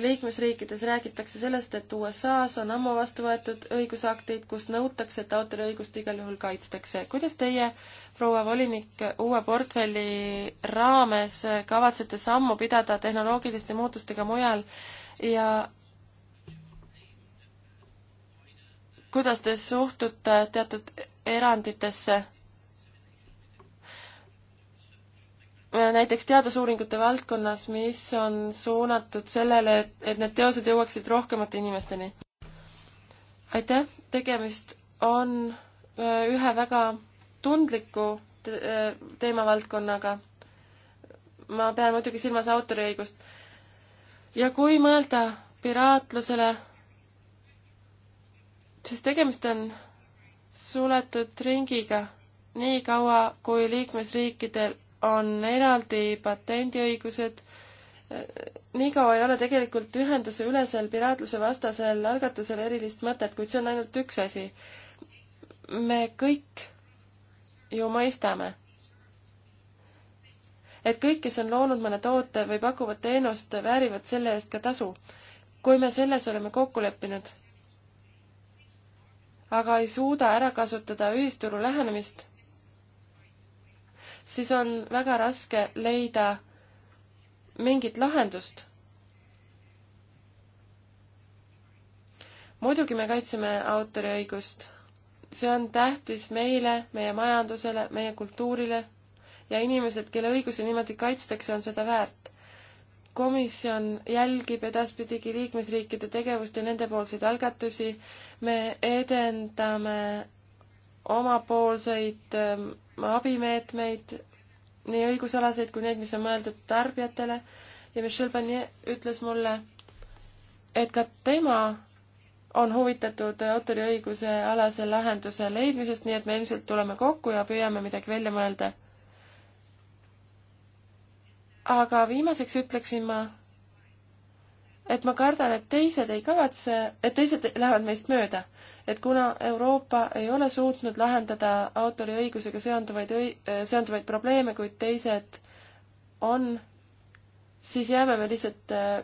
liikmesriikides räägitakse sellest, et USA-s on ammu vastu võetud õigusaktid, kus nõutakse, et autoriõigust igal juhul kaitstakse. kuidas teie, proua volinik, uue portfelli raames kavatsete sammu pidada tehnoloogiliste muutustega mujal ja kuidas te suhtute teatud eranditesse Äh, näiteks teadusuuringute valdkonnas, mis on suunatud sellele, et, et need teosed jõuaksid rohkemate inimesteni. aitäh, tegemist on äh, ühe väga tundliku te äh, teemavaldkonnaga. ma pean muidugi silmas autoriõigust. ja kui mõelda piraatlusele, siis tegemist on suletud ringiga, niikaua kui liikmesriikidel on eraldi patendiõigused. nii kaua ei ole tegelikult ühenduseülesel piraatluse vastasel algatusel erilist mõtet, kuid see on ainult üks asi. me kõik ju mõistame, et kõik, kes on loonud mõne toote või pakuvad teenust, väärivad selle eest ka tasu. kui me selles oleme kokku leppinud, aga ei suuda ära kasutada ühisturu lähenemist siis on väga raske leida mingit lahendust. muidugi me kaitseme autoriõigust. see on tähtis meile, meie majandusele, meie kultuurile ja inimesed, kelle õigusi niimoodi kaitstakse, on seda väärt. komisjon jälgib edaspidigi liikmesriikide tegevust ja nendepoolseid algatusi. me edendame omapoolseid ähm, abimeetmeid, nii õigusalaseid kui neid, mis on mõeldud tarbijatele ja Michel Barnier ütles mulle, et ka tema on huvitatud autoriõiguse alase lahenduse leidmisest, nii et me ilmselt tuleme kokku ja püüame midagi välja mõelda. aga viimaseks ütleksin ma, et ma kardan, et teised ei kavatse, et teised lähevad meist mööda. et kuna Euroopa ei ole suutnud lahendada autoriõigusega seonduvaid õi-, äh, seonduvaid probleeme, kuid teised on, siis jääme me lihtsalt äh,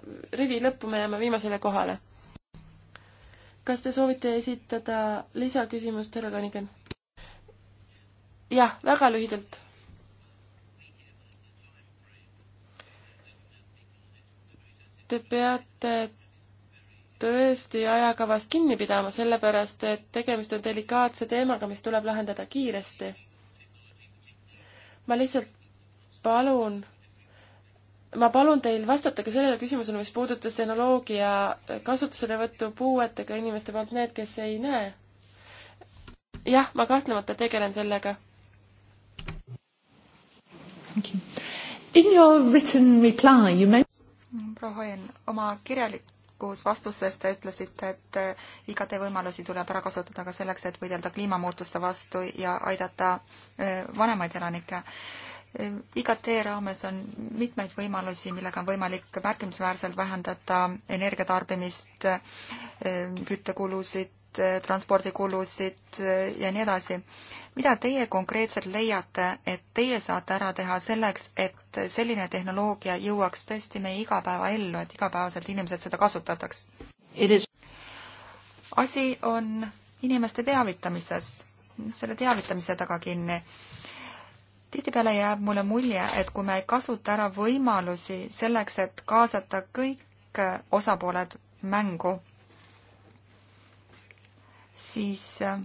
rivi lõppu, me jääme viimasele kohale. kas te soovite esitada lisaküsimust, härra Kanigen? jah, väga lühidalt Te peate tõesti ajakavast kinni pidama, sellepärast et tegemist on delikaatse teemaga, mis tuleb lahendada kiiresti. ma lihtsalt palun, ma palun teil vastata ka sellele küsimusele, mis puudutas tehnoloogia kasutuselevõttu puuetega inimeste poolt, need, kes ei näe. jah, ma kahtlemata tegelen sellega. In your written reply you mentioned proua Hoien, oma kirjalikus vastuses te ütlesite, et äh, IKT võimalusi tuleb ära kasutada ka selleks, et võidelda kliimamuutuste vastu ja aidata äh, vanemaid elanikke. Äh, IKT raames on mitmeid võimalusi, millega on võimalik märkimisväärselt vähendada energiatarbimist, küttekulusid, Eh, transpordikulusid eh, ja nii edasi. mida teie konkreetselt leiate, et teie saate ära teha selleks, et selline tehnoloogia jõuaks tõesti meie igapäevaellu, et igapäevaselt inimesed seda kasutataks? asi on inimeste teavitamises, selle teavitamise taga kinni tihtipeale jääb mulle mulje, et kui me ei kasuta ära võimalusi selleks, et kaasata kõik eh, osapooled mängu, siis äh,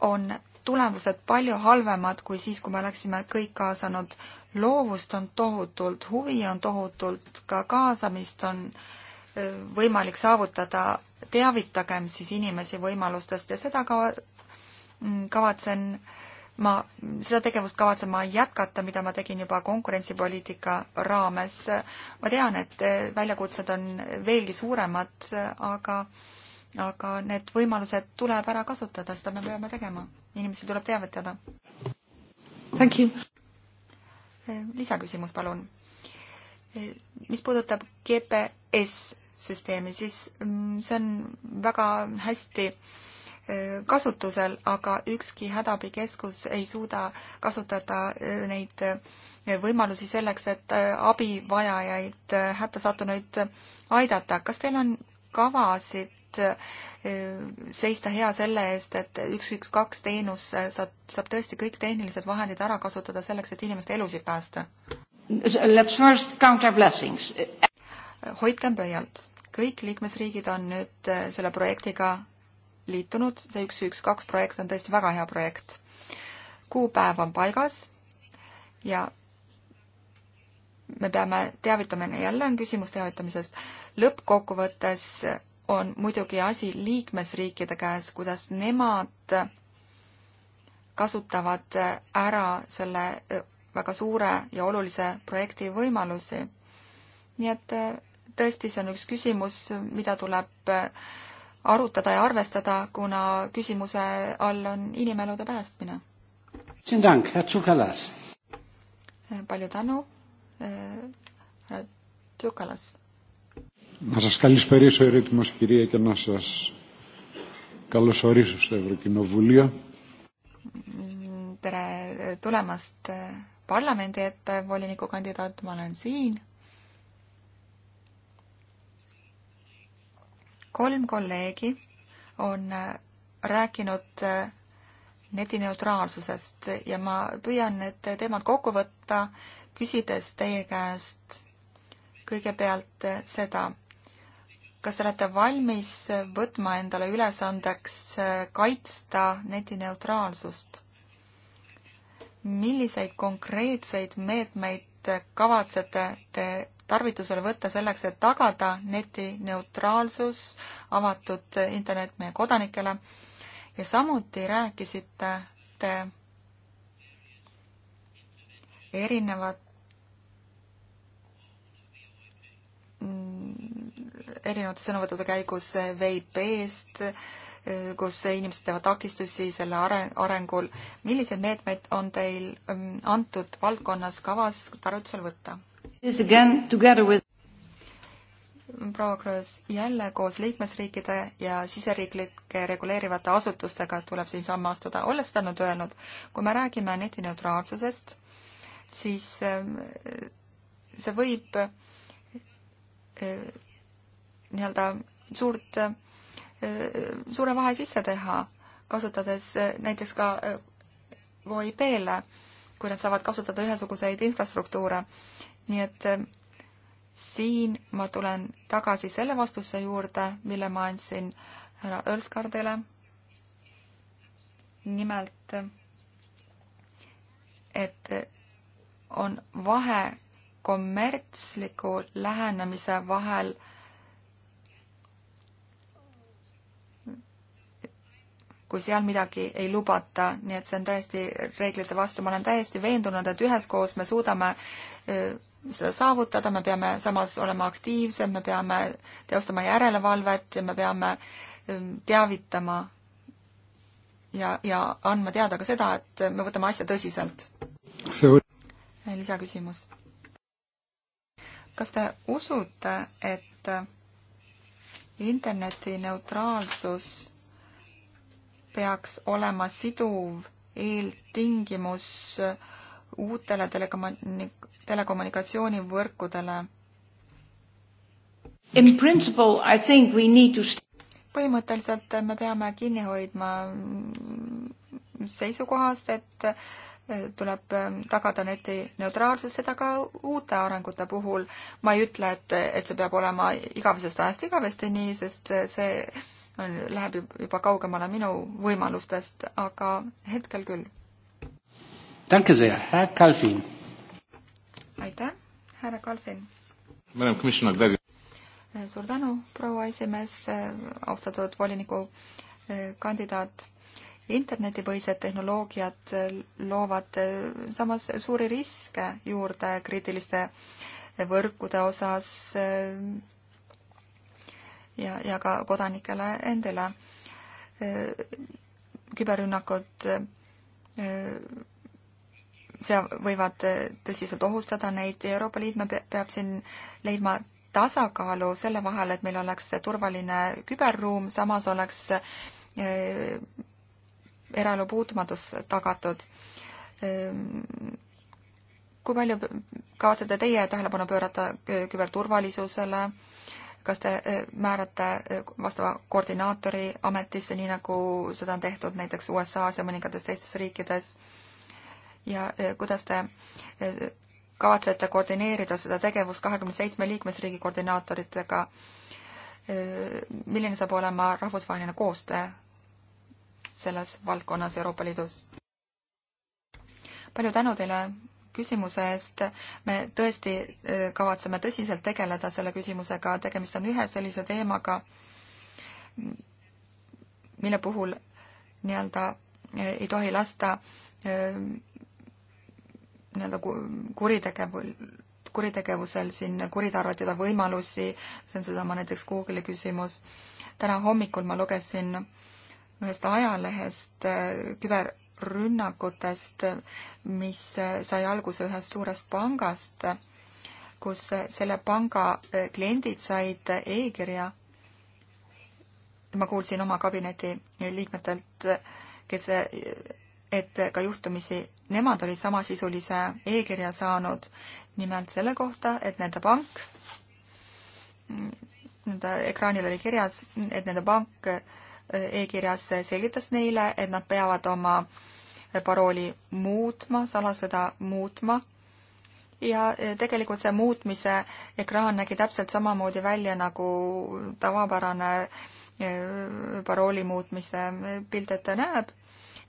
on tulemused palju halvemad kui siis, kui me oleksime kõik kaasanud. loovust on tohutult, huvi on tohutult, ka kaasamist on äh, võimalik saavutada. teavitagem siis inimesi võimalustest ja seda ka mm, kavatsen ma, seda tegevust kavatsen ma jätkata, mida ma tegin juba konkurentsipoliitika raames. ma tean, et äh, väljakutsed on veelgi suuremad, aga äh, aga need võimalused tuleb ära kasutada, seda me peame tegema. inimesi tuleb teavitada. E, lisaküsimus, palun. E, mis puudutab GPS-süsteemi, siis mm, see on väga hästi e, kasutusel, aga ükski hädaabikeskus ei suuda kasutada neid võimalusi selleks, et abivajajaid, hätta sattunuid aidata. kas teil on kavasid eh, seista hea selle eest, et üks, üks, kaks teenus saab, saab tõesti kõik tehnilised vahendid ära kasutada selleks, et inimeste elusid päästa. Let's first count our blessings. hoidkem pöialt. kõik liikmesriigid on nüüd eh, selle projektiga liitunud, see üks, üks, kaks projekt on tõesti väga hea projekt. kuupäev on paigas ja me peame teavitamine, jälle on küsimus teavitamisest, lõppkokkuvõttes on muidugi asi liikmesriikide käes, kuidas nemad kasutavad ära selle äh, väga suure ja olulise projekti võimalusi. nii et äh, tõesti, see on üks küsimus, mida tuleb äh, arutada ja arvestada, kuna küsimuse all on inimelude päästmine. palju tänu Τιούκαλας. Äh, να σας καλησπέρισω ερήτημος κυρία και να σας καλωσορίσω στο Ευρωκοινοβουλίο. Tere tulemast parlamendi ette, volinikukandidaat, ma olen siin. kolm kolleegi on rääkinud netineutraalsusest ja ma püüan need teemad kokku võtta äh, küsides teie käest kõigepealt seda, kas te olete valmis võtma endale ülesandeks kaitsta netineutraalsust? milliseid konkreetseid meetmeid kavatsete te tarvitusele võtta selleks, et tagada netineutraalsus, avatud internet meie kodanikele ja samuti rääkisite te erinevat erinevate sõnavõttude käigus VIP-st, kus inimesed teevad takistusi selle arengul. milliseid meetmeid on teil ähm, antud valdkonnas kavas tarvitusel võtta? proua Kroos, jälle koos liikmesriikide ja siseriiklike reguleerivate asutustega tuleb siin samme astuda. olles seda nüüd öelnud, kui me räägime netineutraalsusest, siis ähm, see võib Äh, nii-öelda suurt, äh, suure vahe sisse teha, kasutades äh, näiteks ka VoIP-le, kui nad saavad kasutada ühesuguseid infrastruktuure. nii et siin ma tulen tagasi selle vastuse juurde, mille ma andsin härra Õlskardile. nimelt, et on vahe kommertsliku lähenemise vahel kui seal midagi ei lubata, nii et see on täiesti reeglite vastu, ma olen täiesti veendunud, et üheskoos me suudame e, seda saavutada, me peame samas olema aktiivsed, me peame teostama järelevalvet ja me peame e, teavitama ja, ja andma teada ka seda, et me võtame asja tõsiselt. lisaküsimus kas te usute, et interneti neutraalsus peaks olema siduv eeltingimus uutele telekommunik-, telekommunikatsioonivõrkudele? In principle I think we need to põhimõtteliselt me peame kinni hoidma seisukohast, et tuleb ähm, tagada neti neutraalsus, seda ka uute arengute puhul. ma ei ütle, et, et see peab olema igavesest ajast igavesti nii, sest see on, läheb juba kaugemale minu võimalustest, aga hetkel küll. aitäh, härra Kalvin. suur tänu, proua esimees, austatud volinikukandidaat äh, internetipõhised tehnoloogiad loovad eh, samas suuri riske juurde kriitiliste võrkude osas eh, ja, ja ka kodanikele endile. Eh, küberrünnakud sea-, võivad tõsiselt ohustada neid ja Euroopa Liit peab siin leidma tasakaalu selle vahel, et meil oleks turvaline küberruum, samas oleks eraelu puutumatus tagatud. Ehm, kui palju kavatsete teie tähelepanu pöörata e, küberturvalisusele, kas te e, määrate e, vastava koordinaatori ametisse, nii nagu seda on tehtud näiteks USA-s ja mõningates teistes riikides, ja kuidas te kavatsete koordineerida seda tegevust kahekümne seitsme liikmesriigi koordinaatoritega, milline saab olema rahvusvaheline koostöö selles valdkonnas Euroopa Liidus. palju tänu teile küsimuse eest. me tõesti e, kavatseme tõsiselt tegeleda selle küsimusega, tegemist on ühe sellise teemaga, mille puhul nii-öelda e, ei tohi lasta e, nii-öelda kuritegevul, kuritegevusel siin kuritarvitada võimalusi, see on seesama näiteks Google'i küsimus. täna hommikul ma lugesin ühest ajalehest äh, küberrünnakutest, mis äh, sai alguse ühest suurest pangast, kus äh, selle panga kliendid said e-kirja. ma kuulsin oma kabineti liikmetelt, kes, et ka juhtumisi nemad olid samasisulise e-kirja saanud nimelt selle kohta, et nende pank, mm, nende ekraanil oli kirjas, et nende pank e-kirjas selgitas neile, et nad peavad oma parooli muutma, salasõda muutma. ja e, tegelikult see muutmise ekraan nägi täpselt samamoodi välja nagu tavapärane e, parooli muutmise pilt ette näeb.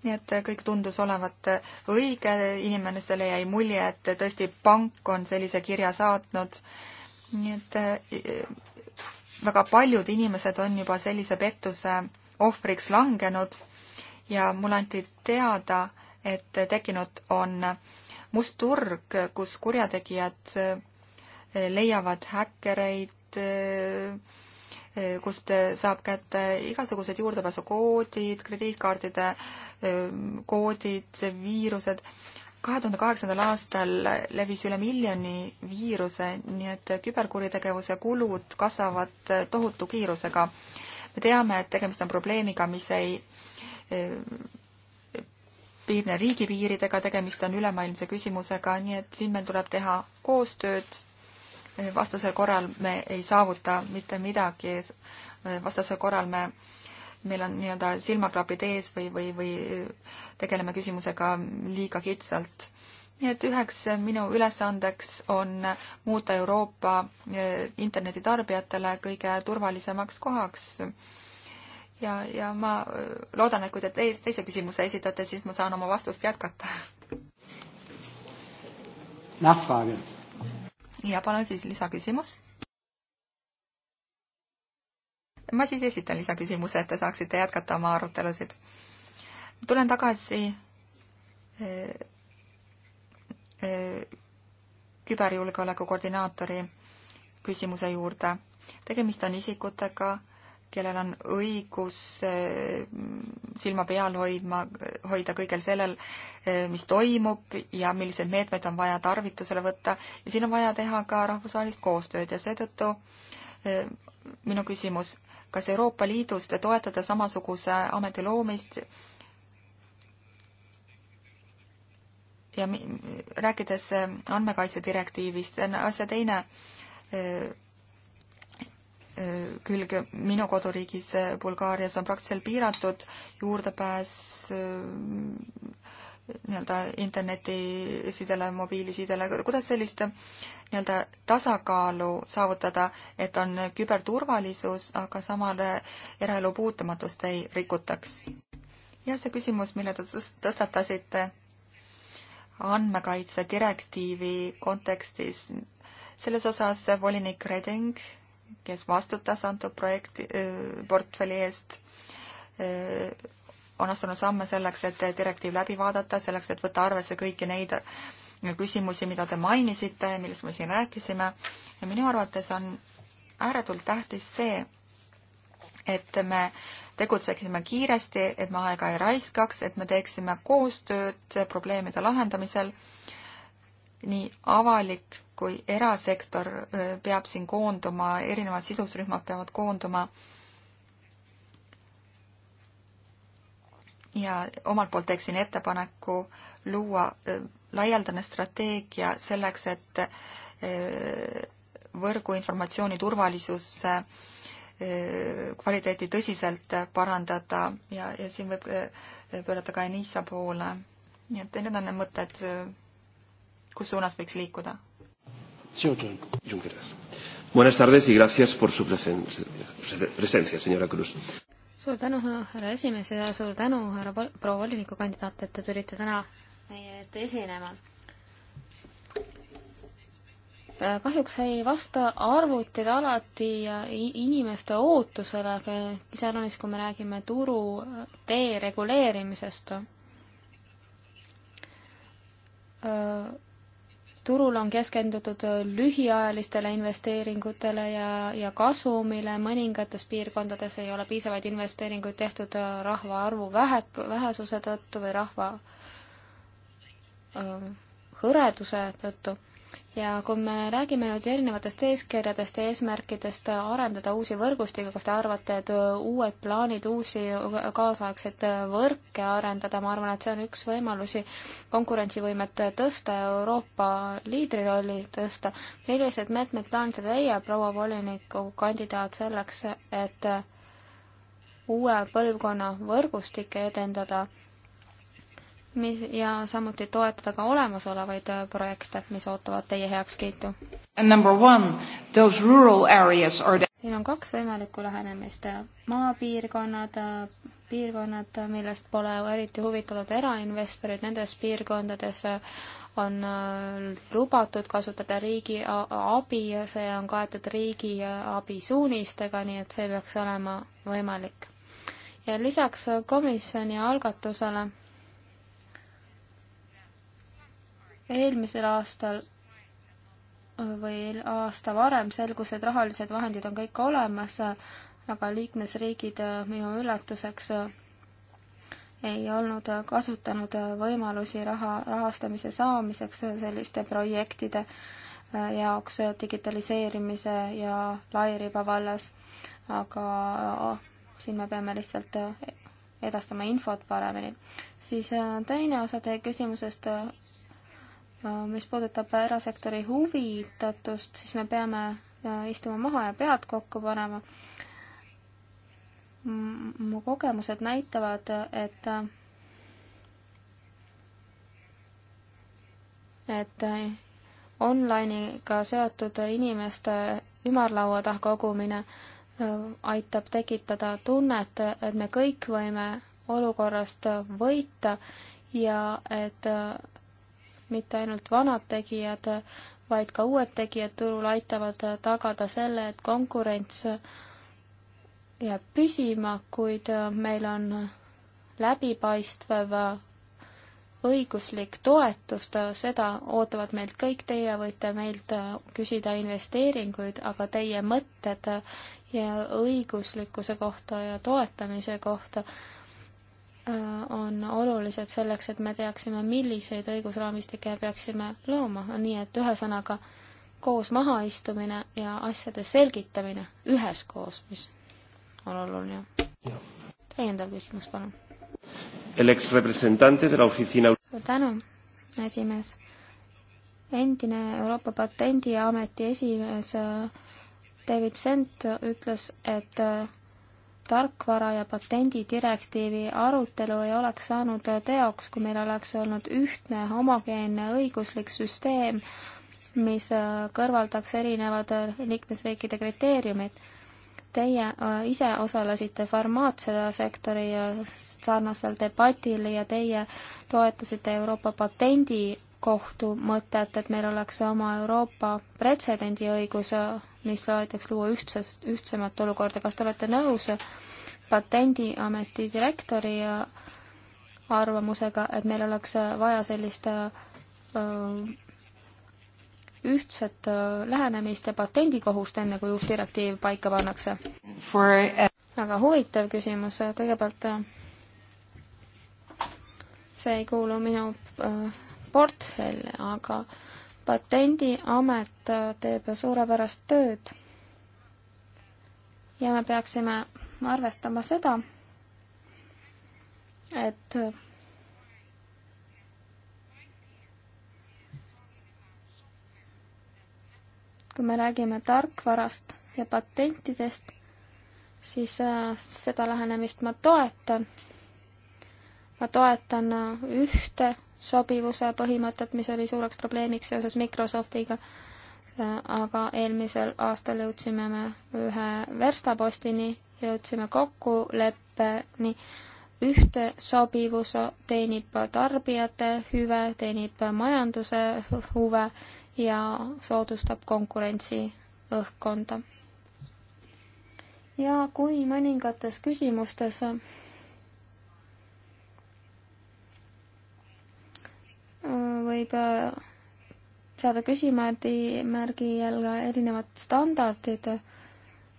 nii et kõik tundus olevat õige, inimesele jäi mulje, et tõesti pank on sellise kirja saatnud. nii et e, väga paljud inimesed on juba sellise pettuse ohvriks langenud ja mulle anti teada, et tekkinud on must turg, kus kurjategijad eh, leiavad häkkereid, eh, eh, kust saab kätte igasugused juurdepääsukoodid, krediitkaardide koodid, viirused. kahe tuhande kaheksandal aastal levis üle miljoni viiruse, nii et küberkuritegevuse kulud kasvavad tohutu kiirusega me teame, et tegemist on probleemiga, mis ei eh, piirne riigipiiridega, tegemist on ülemaailmse küsimusega, nii et siin meil tuleb teha koostööd. vastasel korral me ei saavuta mitte midagi. vastasel korral me, meil on nii-öelda silmaklapid ees või, või, või tegeleme küsimusega liiga kitsalt nii et üheks minu ülesandeks on muuta Euroopa eh, internetitarbijatele kõige turvalisemaks kohaks. ja, ja ma eh, loodan, et kui te teise küsimuse esitate, siis ma saan oma vastust jätkata. ja palun siis lisaküsimus. ma siis esitan lisaküsimuse, et te saaksite jätkata oma arutelusid. tulen tagasi eh, küberjulgeoleku koordinaatori küsimuse juurde. tegemist on isikutega, kellel on õigus eh, silma peal hoidma, hoida kõigel sellel, eh, mis toimub ja millised meetmed on vaja tarvitusele võtta ja siin on vaja teha ka rahvusvahelist koostööd ja seetõttu eh, minu küsimus, kas Euroopa Liidus te toetate samasuguse ameti loomist ja rääkides äh, andmekaitse direktiivist, see on asja teine äh, äh, külg minu koduriigis Bulgaarias on praktiliselt piiratud juurdepääs nii-öelda internetisidele, mobiilisidele, kuidas sellist nii-öelda tasakaalu saavutada, et on küberturvalisus, aga samal eraelu puutumatust ei rikutaks? jah, see küsimus, mille te tõstatasite andmekaitse direktiivi kontekstis. selles osas volinik Reding, kes vastutas antud projekti, portfelli eest, on astunud samme selleks, et direktiiv läbi vaadata, selleks, et võtta arvesse kõiki neid küsimusi, mida te mainisite, millest me siin rääkisime ja minu arvates on ääretult tähtis see, et me tegutseksime kiiresti, et me aega ei raiskaks, et me teeksime koostööd probleemide lahendamisel. nii avalik kui erasektor peab siin koonduma, erinevad sidusrühmad peavad koonduma. ja omalt poolt teeksin ettepaneku luua laialdane strateegia selleks, et võrguinformatsiooni turvalisusse äh, Eh, kvaliteeti tõsiselt parandada ja, ja siin võib eh, pöörata ka Enisa poole. nii et need on need mõtted, eh, kus suunas võiks liikuda. Buenas tardes y gracias por su presencia, señora Cruz. suur tänu, härra esimees ja suur tänu, härra proua volinikukandidaat, et te tulite täna meie ette esinema Äh, kahjuks ei vasta arvutid alati äh, inimeste ootusele, aga iseäranis, kui me räägime turu dereguleerimisest. Äh, turul on keskendutud lühiajalistele investeeringutele ja, ja kasumile, mõningates piirkondades ei ole piisavaid investeeringuid tehtud rahvaarvu vähe, vähesuse tõttu või rahva hõreduse tõttu ja kui me räägime nüüd erinevatest eeskirjadest ja eesmärkidest arendada uusi võrgustikke, kas te arvate, et uued plaanid, uusi kaasaegseid võrke arendada, ma arvan, et see on üks võimalusi konkurentsivõimet tõsta ja Euroopa liidrirolli tõsta. millised meetmed plaanite teie, proua volinikukandidaat, selleks, et uue põlvkonna võrgustikke edendada ja samuti toetada ka olemasolevaid äh, projekte, mis ootavad teie heakskiitu. siin on kaks võimalikku lähenemist, maapiirkonnad, äh, piirkonnad, millest pole eriti huvitatud erainvestorid, nendes piirkondades äh, on lubatud kasutada riigi abi ja see on kaetud riigi abisuunistega, nii et see peaks olema võimalik. ja lisaks komisjoni algatusele eelmisel aastal või aasta varem selgus, et rahalised vahendid on kõik olemas, aga liikmesriigid äh, minu üllatuseks äh, ei olnud kasutanud äh, võimalusi raha, rahastamise saamiseks selliste projektide jaoks digitaliseerimise ja lairiba vallas, aga siin me peame lihtsalt edastama infot paremini. siis teine osa teie küsimusest mis puudutab erasektori huvitatust, siis me peame istuma maha ja pead kokku panema. mu kogemused näitavad, et et online'iga seotud inimeste ümarlaua taha kogumine aitab tekitada tunnet, et me kõik võime olukorrast võita ja et mitte ainult vanad tegijad, vaid ka uued tegijad turul aitavad tagada selle, et konkurents jääb püsima, kuid meil on läbipaistv õiguslik toetus, seda ootavad meilt kõik, teie võite meilt küsida investeeringuid, aga teie mõtted ja õiguslikkuse kohta ja toetamise kohta Äh, on olulised selleks, et me teaksime, milliseid õigusraamistikke peaksime looma, nii et ühesõnaga koos mahaistumine ja asjade selgitamine üheskoos, mis on oluline. täiendav küsimus, palun. suur tänu, esimees. endine Euroopa Patendiameti esimees äh, David Sent ütles, et äh, tarkvara ja patendidirektiivi arutelu ei oleks saanud teoks, kui meil oleks olnud ühtne homogeenne õiguslik süsteem, mis äh, kõrvaldaks erinevad äh, liikmesriikide kriteeriumid teie äh, ise osalesite farmaatsiasektori sarnasel debatil ja teie toetasite Euroopa patendikohtu mõtet, et meil oleks oma Euroopa pretsedendiõigus mis aitaks luua ühtses, ühtsemat olukorda. kas te olete nõus Patendiameti direktori arvamusega, et meil oleks vaja sellist ühtset lähenemist ja patendikohust, enne kui uus direktiiv paika pannakse For...? Eh, väga huvitav küsimus, kõigepealt see ei kuulu minu portfelli, aga äh, patendiamet äh, teeb suurepärast tööd ja me peaksime arvestama seda, et kui me räägime tarkvarast ja patentidest, siis äh, seda lähenemist ma toetan. ma toetan äh, ühte sobivuse põhimõtet, mis oli suureks probleemiks seoses Microsoftiga, aga eelmisel aastal jõudsime me ühe verstapostini, jõudsime kokkuleppeni, ühte sobivus teenib tarbijate hüve, teenib majanduse huve ja soodustab konkurentsi õhkkonda. ja kui mõningates küsimustes võib äh, seada küsimärgi jälle erinevad standardid,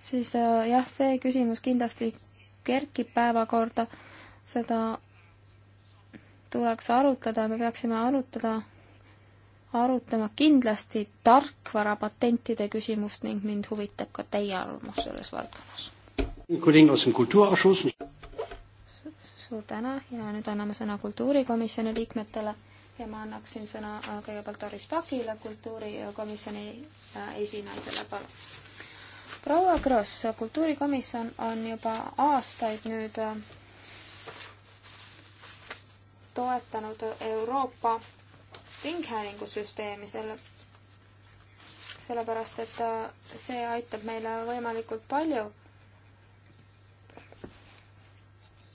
siis äh, jah, see küsimus kindlasti kerkib päevakorda, seda tuleks arutada, me peaksime arutada, arutama kindlasti tarkvarapatentide küsimust ning mind huvitab ka teie arvamus selles valdkonnas. suur tänu ja nüüd anname sõna kultuurikomisjoni liikmetele ja ma annaksin sõna äh, kõigepealt Aris Pakile, kultuurikomisjoni äh, esinaisele, palun. proua Kross, kultuurikomisjon on juba aastaid nüüd äh, toetanud Euroopa ringhäälingusüsteemi selle, sellepärast et see aitab meile võimalikult palju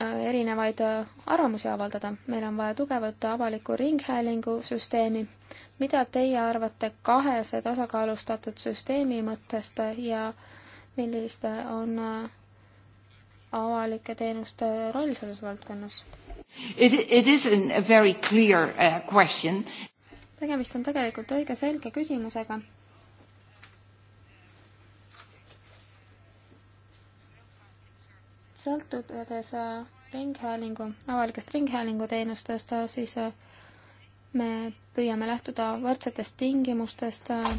Äh, erinevaid äh, arvamusi avaldada. meil on vaja tugevat avalikku ringhäälingusüsteemi. mida teie arvate kahese tasakaalustatud süsteemi mõttest ja millised on äh, avalike teenuste roll selles valdkonnas? It, it is a very clear uh, question. tegemist on tegelikult õige selge küsimusega sõltudes ringhäälingu, avalikest ringhäälinguteenustest, siis äh, me püüame lähtuda võrdsetest tingimustest äh,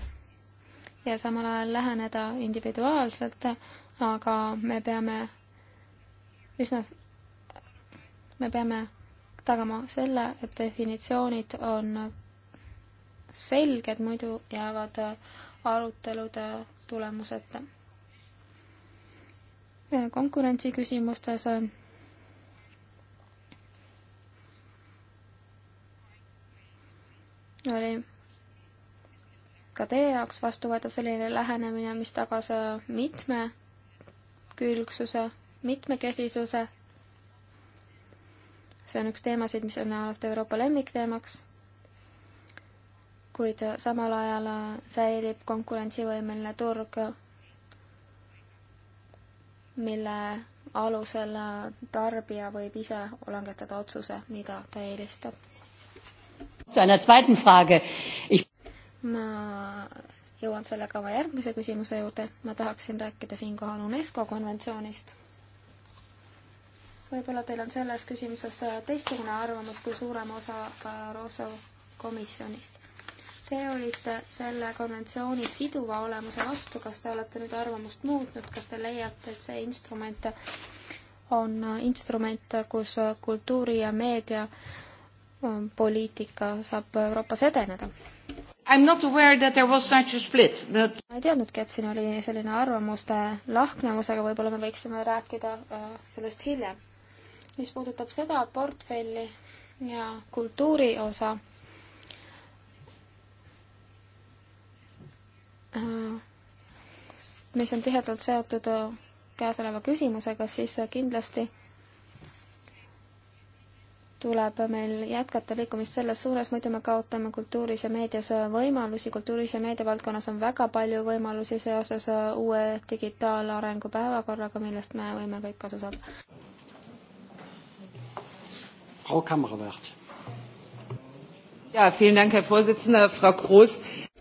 ja samal ajal läheneda individuaalselt, aga me peame üsna, me peame tagama selle, et definitsioonid on selged, muidu jäävad äh, arutelude tulemuseta konkurentsi küsimustes. oli ka teie jaoks vastuvõetav selline lähenemine, mis tagas mitmekülgsuse, mitmekesisuse. see on üks teemasid, mis on alati Euroopa lemmikteemaks. kuid samal ajal säilib konkurentsivõimeline turg mille alusel tarbija võib ise langetada otsuse, mida ta eelistab. ma jõuan sellega oma järgmise küsimuse juurde, ma tahaksin rääkida siinkohal UNESCO konventsioonist. võib-olla teil on selles küsimuses teistsugune arvamus kui suurem osa Roso komisjonist Te olite selle konventsiooni siduva olemuse vastu, kas te olete nüüd arvamust muutnud, kas te leiate, et see instrument on instrument, kus kultuuri- ja meediapoliitika um, saab Euroopas edeneda? I am not aware that there was such a split that ma ei teadnudki, et siin oli selline arvamuste lahknevus, aga võib-olla me võiksime rääkida äh, sellest hiljem. mis puudutab seda portfelli ja kultuuri osa, Äh, mis on tihedalt seotud äh, käesoleva küsimusega, siis äh, kindlasti tuleb meil jätkata liikumist selles suunas, muidu me kaotame kultuuris ja meedias võimalusi. kultuuris ja meediavaldkonnas on väga palju võimalusi seoses uue digitaalarengu päevakorraga, millest me võime kõik kasu saada. Frau Kammerwert. jaa, vielen Dank, Herr Vorsitzender, Frau Kroos.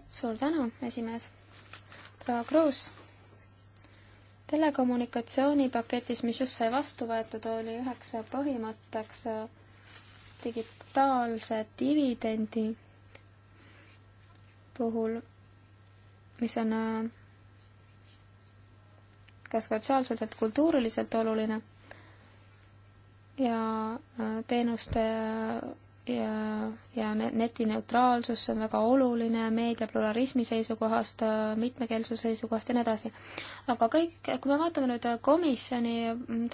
suur tänu, esimees proua Kruus, telekommunikatsioonipaketis, mis just sai vastu võetud, oli üheks põhimõtteks digitaalse dividendi puhul, mis on äh, ka sotsiaalselt, et kultuuriliselt oluline ja äh, teenuste äh, ja, ja netineutraalsus on väga oluline meedia pluralismi seisukohast, mitmekeelsuse seisukohast ja nii edasi. aga kõik, kui me vaatame nüüd komisjoni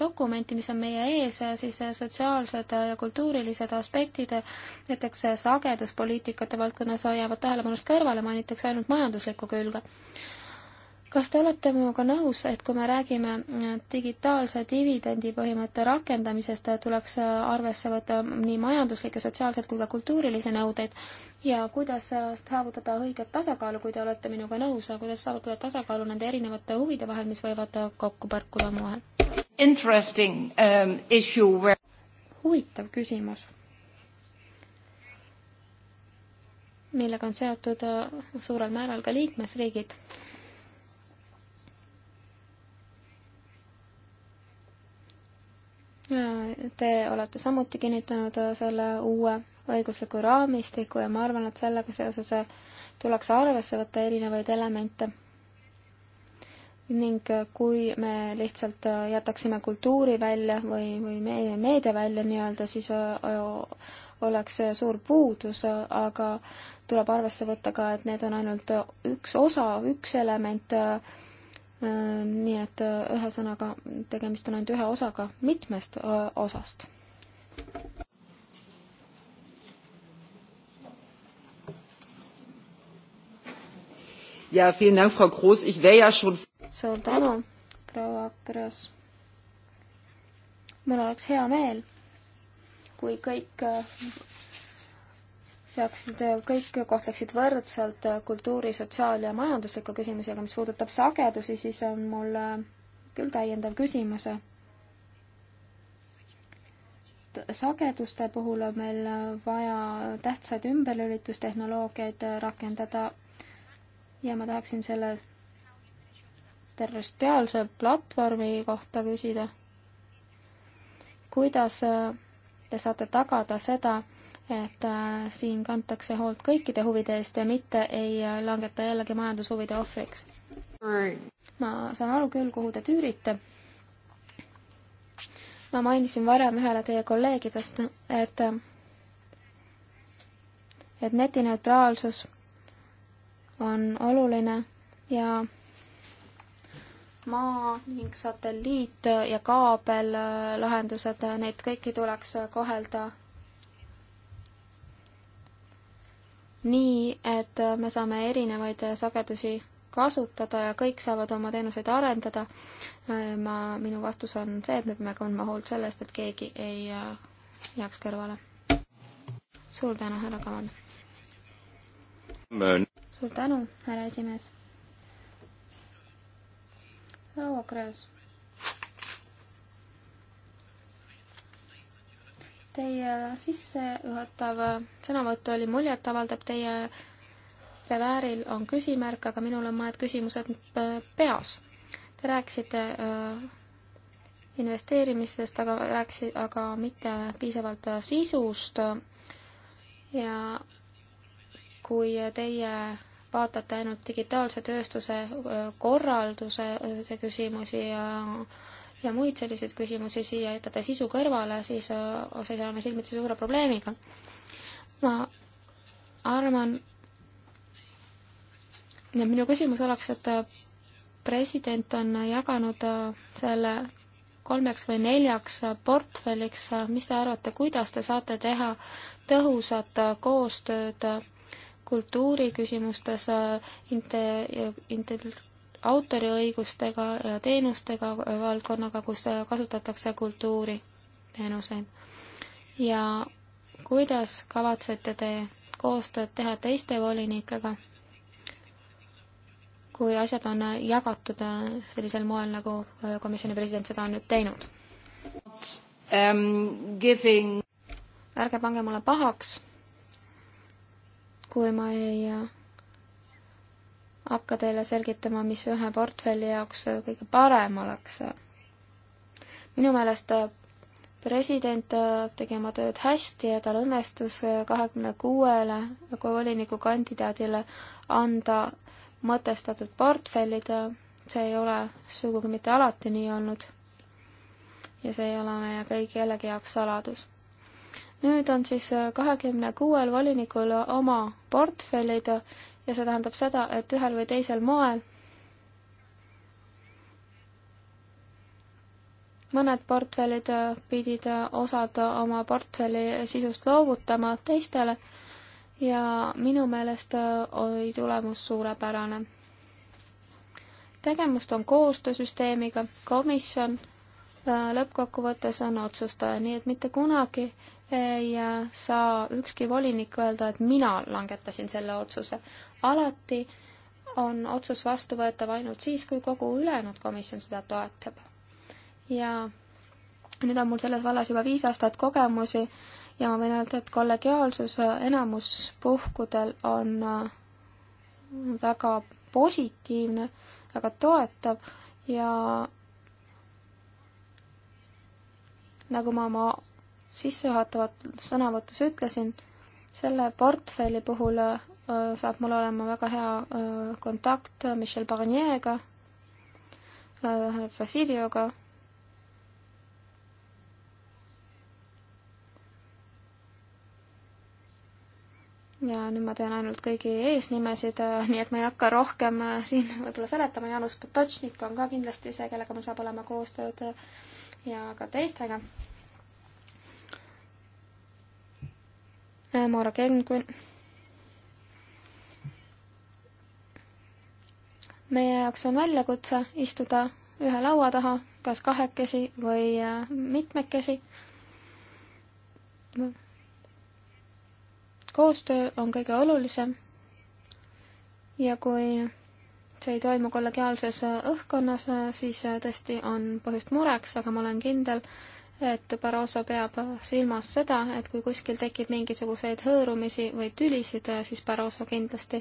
dokumenti, mis on meie ees, siis sotsiaalsed ja kultuurilised aspektid näiteks sageduspoliitikate valdkonnas hoiavad tähelepanust kõrvale, mainitakse ainult majanduslikku külge kas te olete minuga nõus, et kui me räägime äh, digitaalse dividendi põhimõtte rakendamisest, äh, tuleks äh, arvesse võtta nii majanduslikke, sotsiaalseid kui ka kultuurilisi nõudeid ja kuidas saavutada õiget tasakaalu, kui te olete minuga nõus, kuidas saavutada tasakaalu nende erinevate huvide vahel, mis võivad kokku põrkuda omavahel? Interesting um, issue where huvitav küsimus, millega on seotud suurel määral ka liikmesriigid Te olete samuti kinnitanud äh, selle uue õigusliku raamistiku ja ma arvan, et sellega seoses äh, tuleks arvesse võtta erinevaid elemente. ning äh, kui me lihtsalt jätaksime kultuuri välja või, või meie meedia välja nii-öelda, siis oleks suur puudus, aga tuleb arvesse võtta ka, et need on ainult üks osa, üks element äh, Äh, nii et äh, ühesõnaga, tegemist on ainult ühe osaga mitmest äh, osast. ja, vielen Dank, Frau Kroos, ich wäre ja schon suur tänu, proua Kroos. mul oleks hea meel, kui kõik saaksid, kõik kohtleksid võrdselt kultuuri, sotsiaal- ja majanduslikku küsimusi, aga mis puudutab sagedusi, siis on mul äh, küll täiendav küsimus. sageduste puhul on meil vaja tähtsaid ümberlülitustehnoloogiaid rakendada ja ma tahaksin selle terrestriaalse platvormi kohta küsida. kuidas te saate tagada seda, et äh, siin kantakse hoolt kõikide huvide eest ja mitte ei langeta jällegi majandushuvide ohvriks. ma saan aru küll, kuhu te tüürite. ma mainisin varem ühele teie kolleegidest, et et netineutraalsus on oluline ja maa ning satelliit ja kaabel lahendused, neid kõiki tuleks kohelda nii, et me saame erinevaid sagedusi kasutada ja kõik saavad oma teenuseid arendada. ma, minu vastus on see, et me peame kandma hoolt selle eest, et keegi ei äh, jääks kõrvale. suur tänu, härra Kavand. suur tänu, härra esimees. proua Kröös. Teie sissejuhatav sõnavõtt oli muljetavaldav, teie revääril on küsimärk, aga minul on mõned küsimused äh, peas. Te rääkisite äh, investeerimisest, aga rääkisid, aga mitte piisavalt äh, sisust ja kui teie vaatate ainult digitaalse tööstuse korralduse küsimusi ja ja muid selliseid küsimusi siia jätada sisu kõrvale, siis äh, seisame silmitsi suure probleemiga. ma arvan, ja minu küsimus oleks, et äh, president on jaganud äh, selle kolmeks või neljaks portfelliks, mis te arvate, kuidas te saate teha tõhusat koostööd kultuuriküsimustes, inte-, inte-, autoriõigustega ja teenustega valdkonnaga, kus kasutatakse kultuuriteenuseid. ja kuidas kavatsete te koostööd teha teiste volinikega, kui asjad on jagatud sellisel moel, nagu komisjoni president seda on nüüd teinud um,? Giving... ärge pange mulle pahaks, kui ma ei hakka teile selgitama, mis ühe portfelli jaoks kõige parem oleks. minu meelest president tegi oma tööd hästi ja tal õnnestus kahekümne kuuele volinikukandidaadile anda mõtestatud portfellid. see ei ole sugugi mitte alati nii olnud. ja see ei ole meie kõigi jällegi jaoks saladus. nüüd on siis kahekümne kuuel volinikul oma portfellid ja see tähendab seda, et ühel või teisel moel mõned portfellid pidid osad oma portfelli sisust loovutama teistele ja minu meelest oli tulemus suurepärane. tegemist on koostöösüsteemiga, komisjon äh, lõppkokkuvõttes on otsustaja, nii et mitte kunagi äh, ei saa ükski volinik öelda, et mina langetasin selle otsuse. alati on otsus vastuvõetav ainult siis, kui kogu ülejäänud komisjon seda toetab. ja nüüd on mul selles vallas juba viis aastat kogemusi ja ma võin öelda, et kollegiaalsus enamus puhkudel on äh, väga positiivne, väga toetav ja nagu ma oma sissejuhatavas sõnavõtus ütlesin, selle portfelli puhul äh, saab mul olema väga hea äh, kontakt Michel Barnier'ga, Brasilioga. Äh, ja nüüd ma tean ainult kõigi eesnimesid, nii et ma ei hakka rohkem siin võib-olla seletama, Jaanus Potočnik on ka kindlasti see, kellega mul saab olema koostööd ja ka teistega Äh, Moora Kelmkün. meie jaoks on väljakutse istuda ühe laua taha, kas kahekesi või äh, mitmekesi. koostöö on kõige olulisem. ja kui see ei toimu kollegiaalses äh, õhkkonnas, siis tõesti on põhjust mureks, aga ma olen kindel, et Barroso peab silmas seda, et kui kuskil tekib mingisuguseid hõõrumisi või tülisid, siis Barroso kindlasti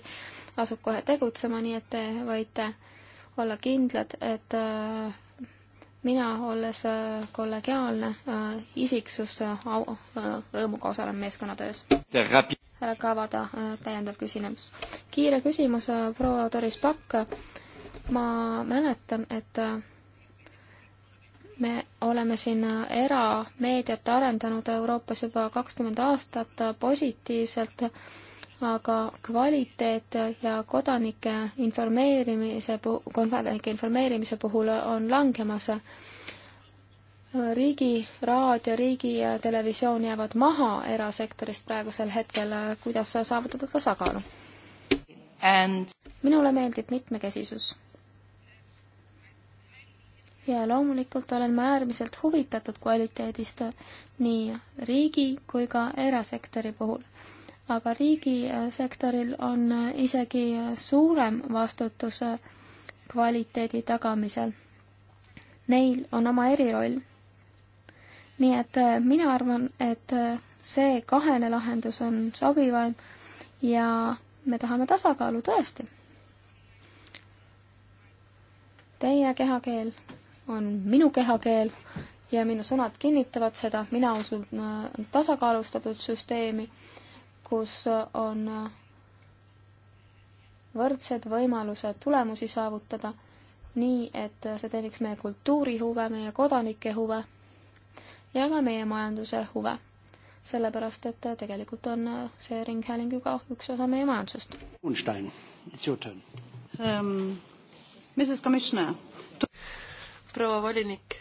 asub kohe tegutsema, nii et te võite olla kindlad, et äh, mina, olles äh, kollegiaalne äh, isiksus, rõõmuga osalen meeskonnatöös. härra Kavada, täiendav küsimus. kiire küsimus, proua Doris Pakk, ma mäletan, et me oleme siin erameediat arendanud Euroopas juba kakskümmend aastat positiivselt, aga kvaliteet ja kodanike informeerimise, kodanike informeerimise puhul on langemas. riigi raadio, riigi ja televisioon jäävad maha erasektorist praegusel hetkel, kuidas saavutada tasakaalu And...? minule meeldib mitmekesisus ja loomulikult olen ma äärmiselt huvitatud kvaliteedist nii riigi kui ka erasektori puhul. aga riigisektoril on isegi suurem vastutus kvaliteedi tagamisel. Neil on oma eriroll. nii et mina arvan, et see kahene lahendus on sobivaim ja me tahame tasakaalu tõesti. Teie kehakeel on minu kehakeel ja minu sõnad kinnitavad seda, mina usun äh, tasakaalustatud süsteemi, kus äh, on äh, võrdsed võimalused tulemusi saavutada, nii et see teeniks meie kultuuri huve, meie kodanike huve ja ka meie majanduse huve. sellepärast, et tegelikult on see ringhääling ju ka üks osa meie majandusest. Unstein, it's your turn um,. Mrs Commissioner proua volinik,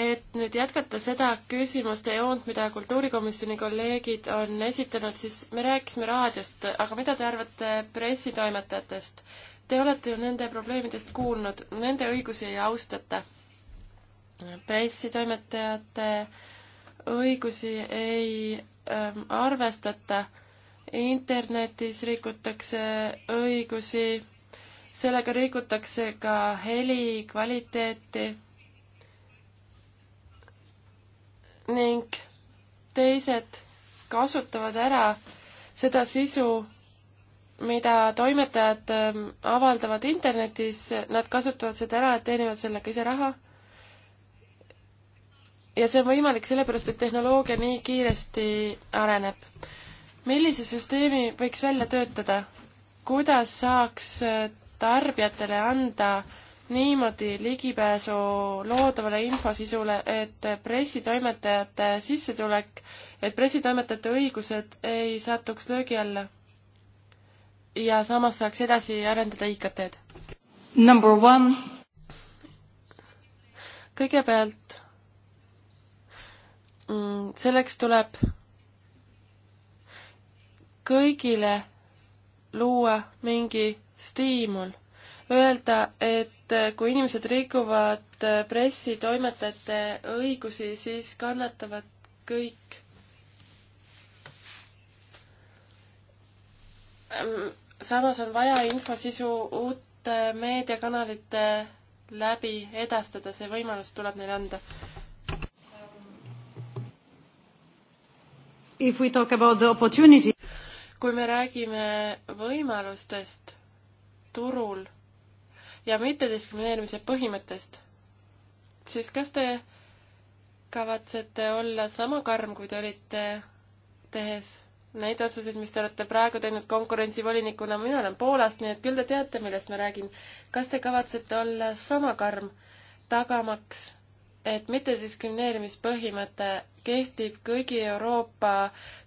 et nüüd jätkata seda küsimuste joont, mida kultuurikomisjoni kolleegid on esitanud, siis me rääkisime raadiost, aga mida te arvate pressitoimetajatest? Te olete ju nende probleemidest kuulnud, nende õigusi ei austata. pressitoimetajate õigusi ei ähm, arvestata, internetis rikutakse õigusi sellega rikutakse ka heli kvaliteeti ning teised kasutavad ära seda sisu, mida toimetajad ähm, avaldavad internetis, nad kasutavad seda ära, et teenivad sellega ise raha. ja see on võimalik sellepärast, et tehnoloogia nii kiiresti areneb. millise süsteemi võiks välja töötada? kuidas saaks äh, tarbijatele anda niimoodi ligipääsu loodavale infosisule, et pressitoimetajate sissetulek, et pressitoimetajate õigused ei satuks löögi alla. ja samas saaks edasi arendada IKT-d. Number one. kõigepealt mm, selleks tuleb kõigile luua mingi stiimul öelda, et eh, kui inimesed rikuvad eh, pressitoimetajate õigusi, siis kannatavad kõik. Ehm, samas on vaja infosisu uute meediakanalite läbi edastada, see võimalus tuleb neile anda. If we talk about the opportunity kui me räägime võimalustest turul ja mittediskrimineerimise põhimõttest, siis kas te kavatsete olla sama karm, kui te olite tehes neid otsuseid, mis te olete praegu teinud konkurentsivolinikuna, mina olen Poolast, nii et küll te teate, millest ma räägin. kas te kavatsete olla sama karm, tagamaks et mittediskrimineerimispõhimõte kehtib kõigi Euroopa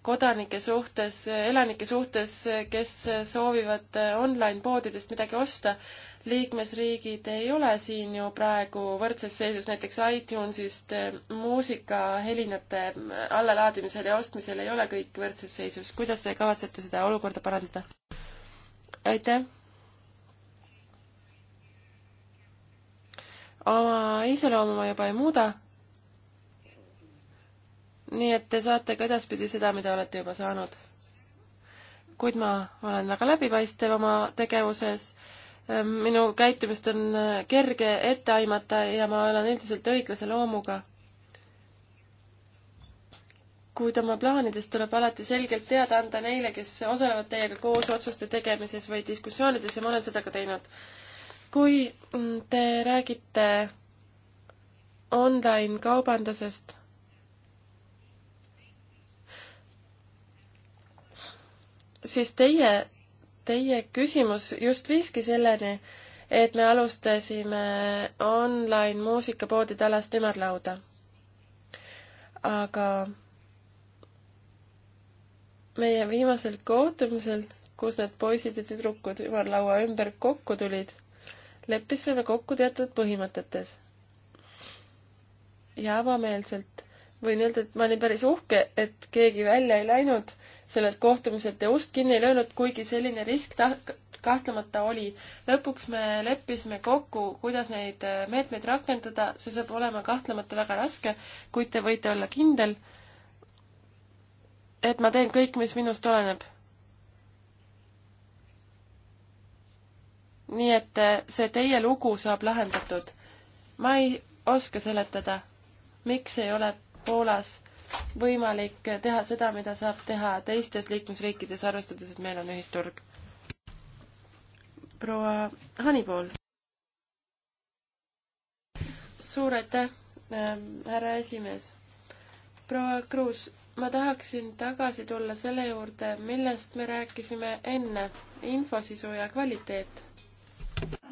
kodanike suhtes, elanike suhtes, kes soovivad online-poodidest midagi osta. liikmesriigid ei ole siin ju praegu võrdses seisus, näiteks iTunesist muusika helinate allalaadimisel ja ostmisel ei ole kõik võrdses seisus. kuidas te kavatsete seda olukorda parandada? aitäh! oma iseloomu ma juba ei muuda. nii et te saate ka edaspidi seda, mida olete juba saanud. kuid ma olen väga läbipaistev oma tegevuses, minu käitumist on kerge ette aimata ja ma olen üldiselt õiglase loomuga. kuid oma plaanidest tuleb alati selgelt teada anda neile, kes osalevad teiega koos otsuste tegemises või diskussioonides ja ma olen seda ka teinud kui mm, te räägite online-kaubandusest, siis teie, teie küsimus just viiski selleni, et me alustasime online muusikapoodide alast ümarlauda. aga meie viimasel kohtumisel, kus need poisid ja tüdrukud ümarlaua ümber kokku tulid leppisime me kokku teatud põhimõtetes. ja avameelselt võin öelda, et ma olin päris uhke, et keegi välja ei läinud sellelt kohtumiselt ja ust kinni ei löönud, kuigi selline risk ta-, kahtlemata oli. lõpuks me leppisime kokku, kuidas neid meetmeid rakendada, see saab olema kahtlemata väga raske, kuid te võite olla kindel, et ma teen kõik, mis minust oleneb nii et eh, see teie lugu saab lahendatud. ma ei oska seletada, miks ei ole Poolas võimalik eh, teha seda, mida saab teha teistes liikmesriikides, arvestades, et meil on ühisturg. proua Hanipool. suur aitäh, ehm, härra esimees. proua Kruus, ma tahaksin tagasi tulla selle juurde, millest me rääkisime enne, infosisu ja kvaliteet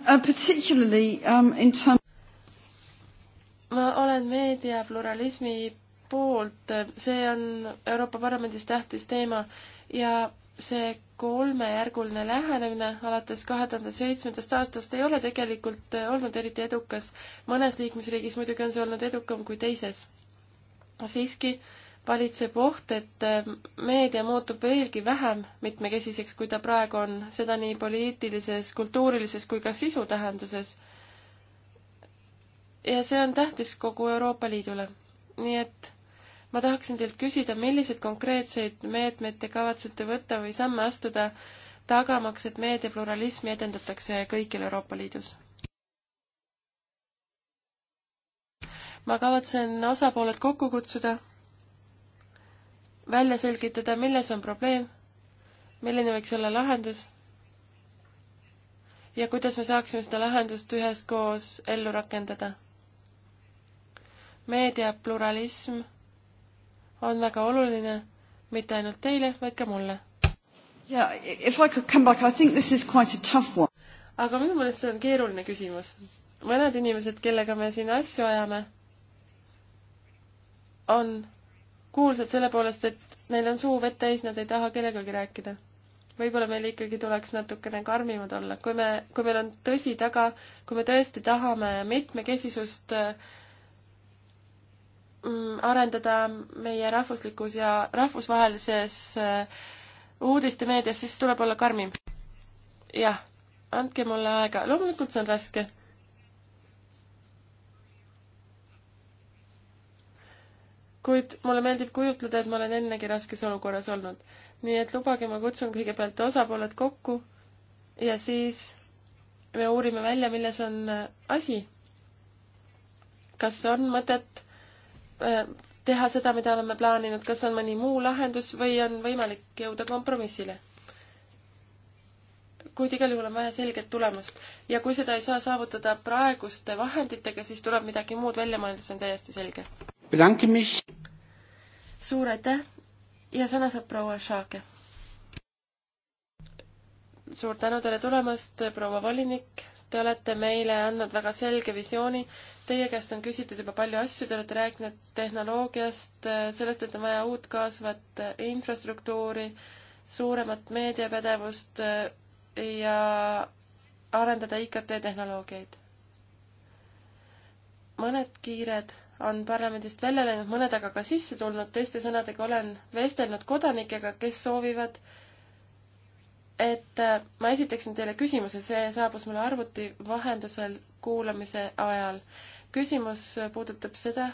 uh, particularly um, in terms ma olen meediapluralismi poolt, see on Euroopa Parlamendis tähtis teema ja see kolmejärguline lähenemine alates kahe tuhande seitsmendast aastast ei ole tegelikult olnud eriti edukas. mõnes liikmesriigis muidugi on see olnud edukam kui teises. siiski äh, valitseb oht, et äh, meedia muutub veelgi vähem mitmekesiseks, kui ta praegu on, seda nii poliitilises, kultuurilises kui ka sisu tähenduses. ja see on tähtis kogu Euroopa Liidule. nii et ma tahaksin teilt küsida, milliseid konkreetseid meetmeid te kavatsete võtta või samme astuda, tagamaks, et meediapluralismi edendatakse kõikjal Euroopa Liidus? ma kavatsen osapooled kokku kutsuda välja selgitada, milles on probleem, milline võiks olla lahendus ja kuidas me saaksime seda lahendust üheskoos ellu rakendada. meediapluralism on väga oluline mitte ainult teile, vaid ka mulle. jaa, if I could come back, I think this is quite a tough one. aga minu meelest see on keeruline küsimus. mõned inimesed, kellega me siin asju ajame, on kuulsad selle poolest, et neil on suu vett täis, nad ei taha kellegagi rääkida. võib-olla meil ikkagi tuleks natukene karmimad olla, kui me, kui meil on tõsi taga, kui me tõesti tahame mitmekesisust mm, arendada meie rahvuslikus ja rahvusvahelises äh, uudistemeedias, siis tuleb olla karmim. jah, andke mulle aega, loomulikult see on raske kuid mulle meeldib kujutleda, et ma olen ennegi raskes olukorras olnud. nii et lubage, ma kutsun kõigepealt osapooled kokku ja siis me uurime välja, milles on äh, asi. kas on mõtet äh, teha seda, mida oleme plaaninud, kas on mõni muu lahendus või on võimalik jõuda kompromissile? kuid igal juhul on vaja selget tulemust ja kui seda ei saa saavutada praeguste vahenditega, siis tuleb midagi muud välja mõelda, see on täiesti selge suur aitäh ja sõna saab proua Šaake. suur tänu teile tulemast, proua volinik. Te olete meile andnud väga selge visiooni. Teie käest on küsitud juba palju asju, te olete rääkinud tehnoloogiast, sellest, et on vaja uut kaasvat infrastruktuuri, suuremat meediapädevust ja arendada IKT tehnoloogiaid. mõned kiired on parlamendist välja läinud, mõned aga ka sisse tulnud, teiste sõnadega olen vestelnud kodanikega, kes soovivad, et äh, ma esitaksin teile küsimuse, see saabus mulle arvuti vahendusel kuulamise ajal. küsimus puudutab seda,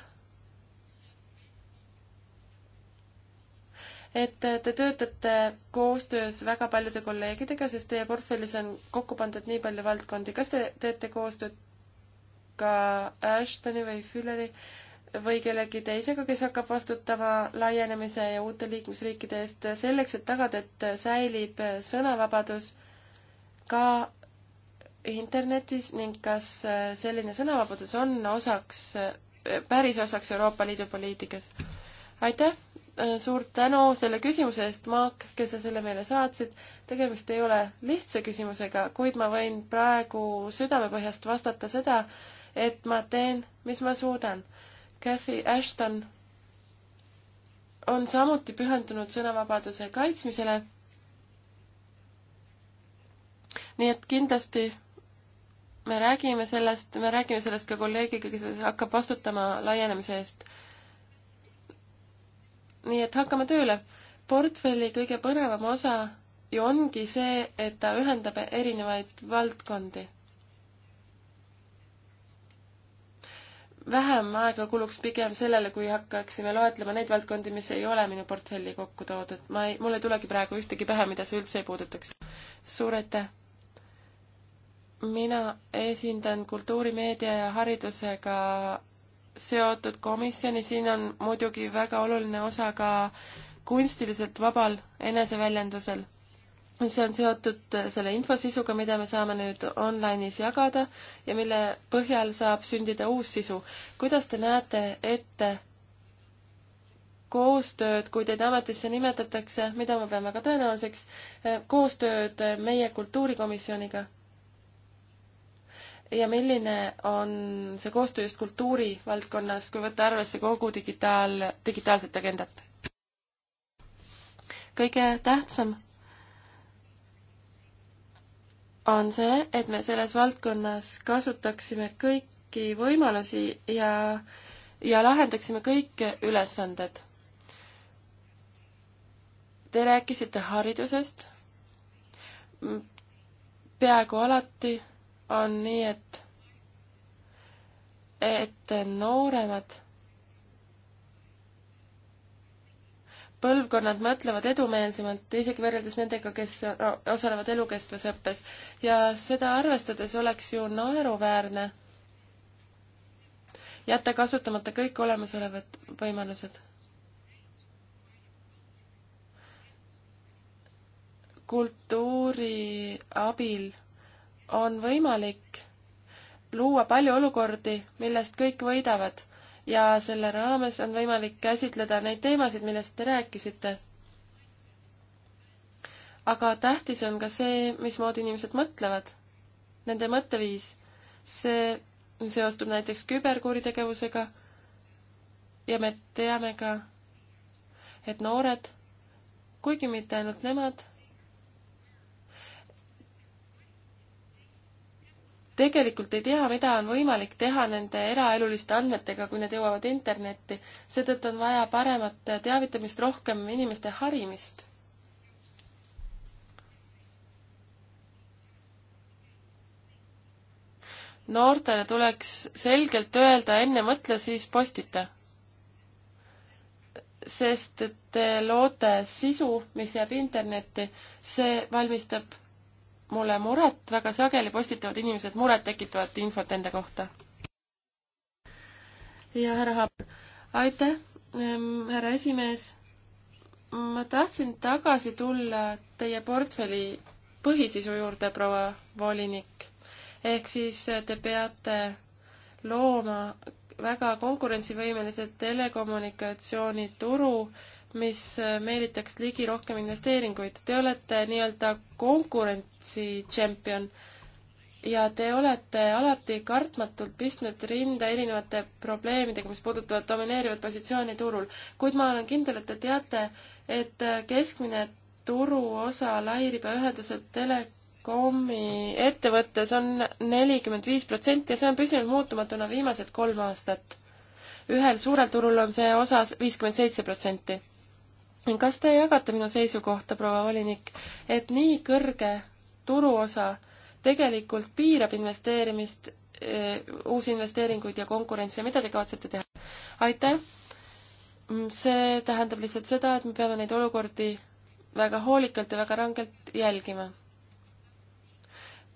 et äh, te töötate koostöös väga paljude kolleegidega, sest teie portfellis on kokku pandud nii palju valdkondi. kas te teete koostööd ka Ashtoni või Fülleri või kellegi teisega, kes hakkab vastutama laienemise ja uute liikmesriikide eest, selleks, et tagada, et säilib sõnavabadus ka internetis ning kas selline sõnavabadus on osaks, päris osaks Euroopa Liidu poliitikas? aitäh, suur tänu selle küsimuse eest, Maak, kes sa selle meile saatsid. tegemist ei ole lihtsa küsimusega, kuid ma võin praegu südamepõhjast vastata seda, et ma teen, mis ma suudan. Cathy Ashton on samuti pühendunud sõnavabaduse kaitsmisele. nii et kindlasti me räägime sellest, me räägime sellest ka kolleegiga, kes hakkab vastutama laienemise eest. nii et hakkame tööle. portfelli kõige põnevam osa ju ongi see, et ta ühendab erinevaid valdkondi vähem aega kuluks pigem sellele, kui hakkaksime loetlema neid valdkondi, mis ei ole minu portfelli kokku toodud. ma ei, mul ei tulegi praegu ühtegi pähe, mida see üldse ei puudutaks. suur aitäh! mina esindan kultuurimeedia ja haridusega seotud komisjoni, siin on muidugi väga oluline osa ka kunstiliselt vabal eneseväljendusel see on seotud äh, selle infosisuga, mida me saame nüüd online'is jagada ja mille põhjal saab sündida uus sisu. kuidas te näete ette koostööd, kui teid ametisse nimetatakse, mida ma pean väga tõenäoliseks, äh, koostööd äh, meie kultuurikomisjoniga? ja milline on see koostöö just kultuurivaldkonnas, kui võtta arvesse kogu digitaal, digitaalset agendat? kõige tähtsam on see, et me selles valdkonnas kasutaksime kõiki võimalusi ja, ja lahendaksime kõik ülesanded. Te rääkisite haridusest. peaaegu alati on nii, et, et nooremad põlvkonnad mõtlevad edumeelsemalt, isegi võrreldes nendega, kes osalevad elukestvas õppes. ja seda arvestades oleks ju naeruväärne jätta kasutamata kõik olemasolevad võimalused. kultuuri abil on võimalik luua palju olukordi, millest kõik võidavad ja selle raames on võimalik käsitleda neid teemasid, millest te rääkisite. aga tähtis on ka see, mismoodi inimesed mõtlevad, nende mõtteviis. see seostub näiteks küberkuritegevusega ja me teame ka, et noored, kuigi mitte ainult nemad tegelikult ei tea, mida on võimalik teha nende eraeluliste andmetega, kui need jõuavad internetti. seetõttu on vaja paremat teavitamist, rohkem inimeste harimist. noortele tuleks selgelt öelda enne mõtle, siis postita. sest te loote sisu, mis jääb internetti, see valmistab mulle muret, väga sageli postitavad inimesed murettekitavat infot enda kohta. ja härra Haab, aitäh, ehm, härra esimees. ma tahtsin tagasi tulla teie portfelli põhisisu juurde, proua volinik. ehk siis eh, te peate looma väga konkurentsivõimelise telekommunikatsioonituru, mis meelitaks ligi rohkem investeeringuid. Te olete nii-öelda konkurentsi tšempion ja te olete alati kartmatult pistnud rinda erinevate probleemidega, mis puudutavad domineerivat positsiooni turul. kuid ma olen kindel, et te teate, et keskmine turuosa lairibaühenduse telekomi ettevõttes on nelikümmend viis protsenti ja see on püsinud muutumatuna viimased kolm aastat. ühel suurel turul on see osas viiskümmend seitse protsenti kas te jagate minu seisukohta, proua volinik, et nii kõrge turuosa tegelikult piirab investeerimist, eh, uusi investeeringuid ja konkurentsi ja mida te kavatsete teha? aitäh! Mm, see tähendab lihtsalt seda, et me peame neid olukordi väga hoolikalt ja väga rangelt jälgima.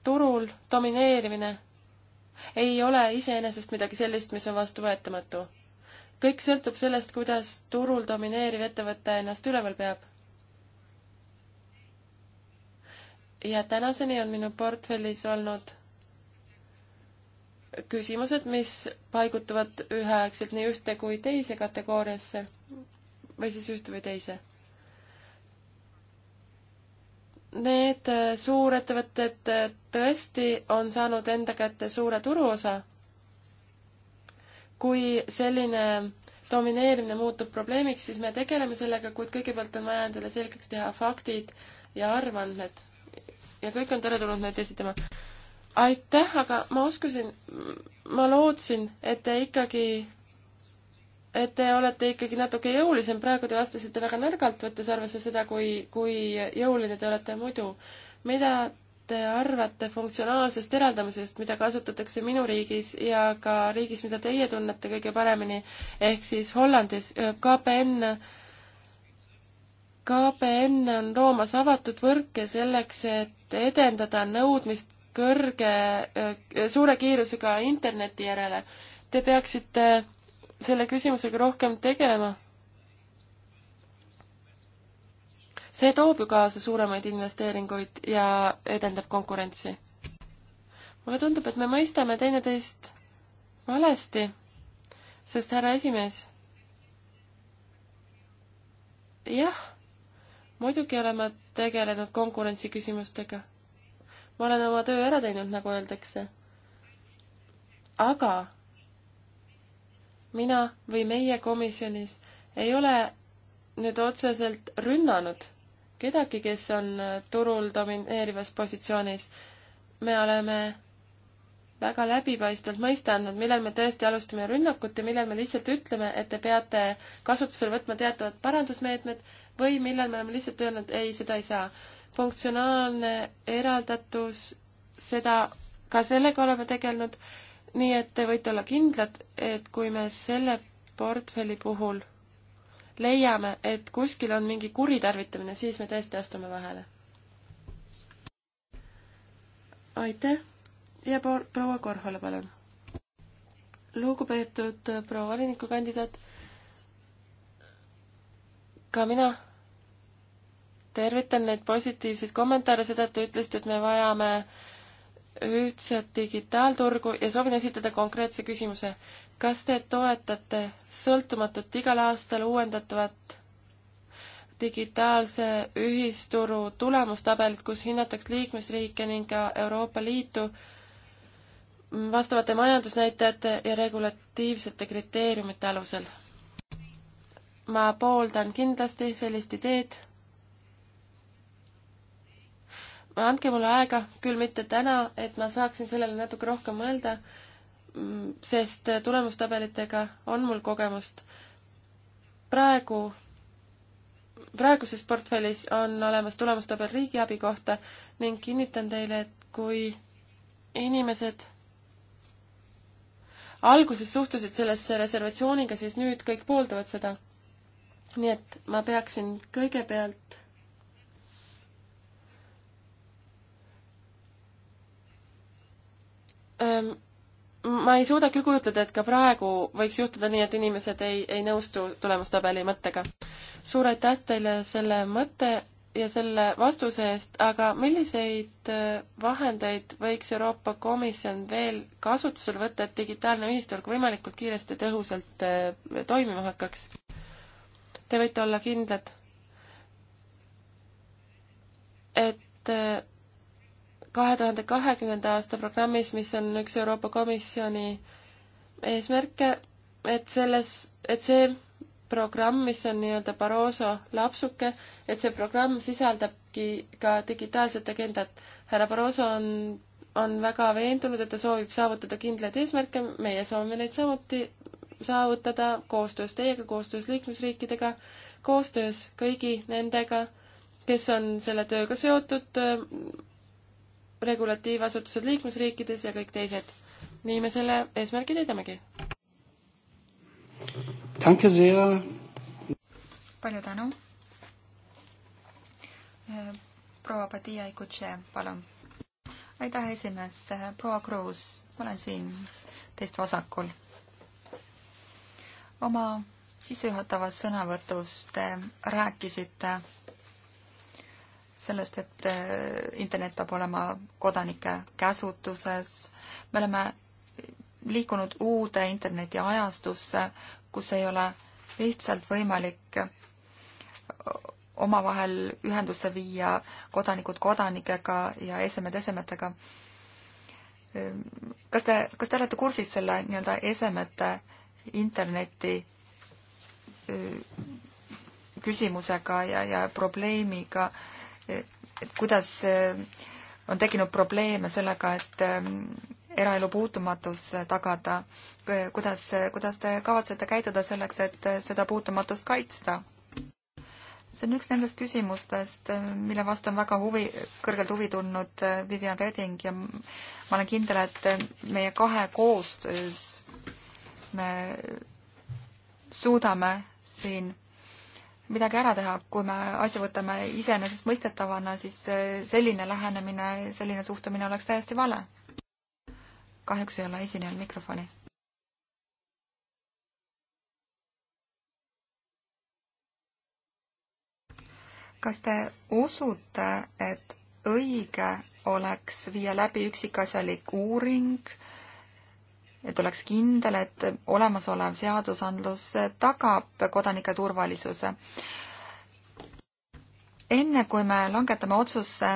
turul domineerimine ei ole iseenesest midagi sellist, mis on vastuvõetamatu kõik sõltub sellest, kuidas turul domineeriv ettevõte ennast üleval peab. ja tänaseni on minu portfellis olnud küsimused, mis paigutuvad üheaegselt nii ühte kui teise kategooriasse või siis ühte või teise. Need äh, suurettevõtted äh, tõesti on saanud enda kätte suure turuosa kui selline domineerimine muutub probleemiks, siis me tegeleme sellega, kuid kõigepealt on vaja endale selgeks teha faktid ja arvandmed. ja kõik on teretulnud neid esitama. aitäh, aga ma oskasin, ma lootsin, et te ikkagi, et te olete ikkagi natuke jõulisem, praegu te vastasite väga nõrgalt, võttes arvesse seda, kui, kui jõuline te olete muidu. mida te arvate funktsionaalsest eraldamisest, mida kasutatakse minu riigis ja ka riigis, mida teie tunnete kõige paremini, ehk siis Hollandis KPN, KPN on loomas avatud võrke selleks, et edendada nõudmist kõrge, suure kiirusega interneti järele. Te peaksite selle küsimusega rohkem tegelema see toob ju kaasa suuremaid investeeringuid ja edendab konkurentsi. mulle tundub, et me mõistame teineteist valesti, sest härra esimees, jah, muidugi olen ma tegelenud konkurentsiküsimustega. ma olen oma töö ära teinud, nagu öeldakse. aga mina või meie komisjonis ei ole nüüd otseselt rünnanud kedagi, kes on turul domineerivas positsioonis. me oleme väga läbipaistvalt mõista andnud, millal me tõesti alustame rünnakut ja millal me lihtsalt ütleme, et te peate kasutusele võtma teatavad parandusmeetmed või millal me oleme lihtsalt öelnud, ei, seda ei saa. funktsionaalne eraldatus, seda, ka sellega oleme tegelenud, nii et te võite olla kindlad, et kui me selle portfelli puhul leiame, et kuskil on mingi kuritarvitamine, siis me tõesti astume vahele. aitäh ja proua Korhola, palun. lugupeetud äh, proua volinikukandidaat, ka mina tervitan neid positiivseid kommentaare, seda, et te ütlesite, et me vajame ühtset digitaalturgu ja soovin esitada konkreetse küsimuse kas te toetate sõltumatut igal aastal uuendatavat digitaalse ühisturu tulemustabelit, kus hinnataks liikmesriike ning ka Euroopa Liitu vastavate majandusnäitajate ja regulatiivsete kriteeriumite alusel. ma pooldan kindlasti sellist ideed. andke mulle aega, küll mitte täna, et ma saaksin sellele natuke rohkem mõelda sest tulemustabelitega on mul kogemust. praegu, praeguses portfellis on olemas tulemustabel riigiabi kohta ning kinnitan teile, et kui inimesed alguses suhtusid sellesse reservatsiooniga, siis nüüd kõik pooldavad seda. nii et ma peaksin kõigepealt ähm, ma ei suuda küll kujutleda, et ka praegu võiks juhtuda nii, et inimesed ei, ei nõustu tulemustabeli mõttega. suur aitäh teile selle mõtte ja selle vastuse eest, aga milliseid äh, vahendeid võiks Euroopa Komisjon veel kasutusele võtta, et digitaalne ühisturg võimalikult kiiresti ja tõhusalt äh, toimima hakkaks? Te võite olla kindlad, et äh, kahe tuhande kahekümnenda aasta programmis, mis on üks Euroopa Komisjoni eesmärke, et selles, et see programm, mis on nii-öelda Barroso lapsuke, et see programm sisaldabki ka digitaalset agendat. härra Barroso on, on väga veendunud, et ta soovib saavutada kindlaid eesmärke, meie soovime neid samuti saavutada koostöös teiega, koostöös liikmesriikidega, koostöös kõigi nendega, kes on selle tööga seotud, regulatiivasutused liikmesriikides ja kõik teised. nii me selle eesmärgi täidamegi. palju tänu. Äh, proua Padia Ikutše, palun. aitäh, esimees. Äh, proua Kruus, ma olen siin teist vasakul. oma sissejuhatavas sõnavõtus te rääkisite sellest, et äh, internet peab olema kodanike käsutuses. me oleme liikunud uude internetiajastusse, kus ei ole lihtsalt võimalik omavahel ühendusse viia kodanikud kodanikega ja esemed esemetega. Ähm, kas te, kas te olete kursis selle nii-öelda esemete interneti äh, küsimusega ja, ja probleemiga äh, kuidas eh, on tekkinud probleeme sellega, et eh, eraelu puutumatus tagada, eh, kuidas, kuidas te kavatsete käituda selleks, et seda puutumatust kaitsta? see on üks nendest küsimustest, mille vastu on väga huvi, kõrgelt huvi tundnud Vivian Reding ja ma olen kindel, et meie kahe koostöös me suudame siin midagi ära teha, kui me asja võtame iseenesestmõistetavana, siis eh, selline lähenemine, selline suhtumine oleks täiesti vale. kahjuks ei ole esinejal mikrofoni. kas te usute, et õige oleks viia läbi üksikasjalik uuring äh, et oleks kindel, et olemasolev seadusandlus tagab kodanike turvalisuse. enne kui me langetame otsusse,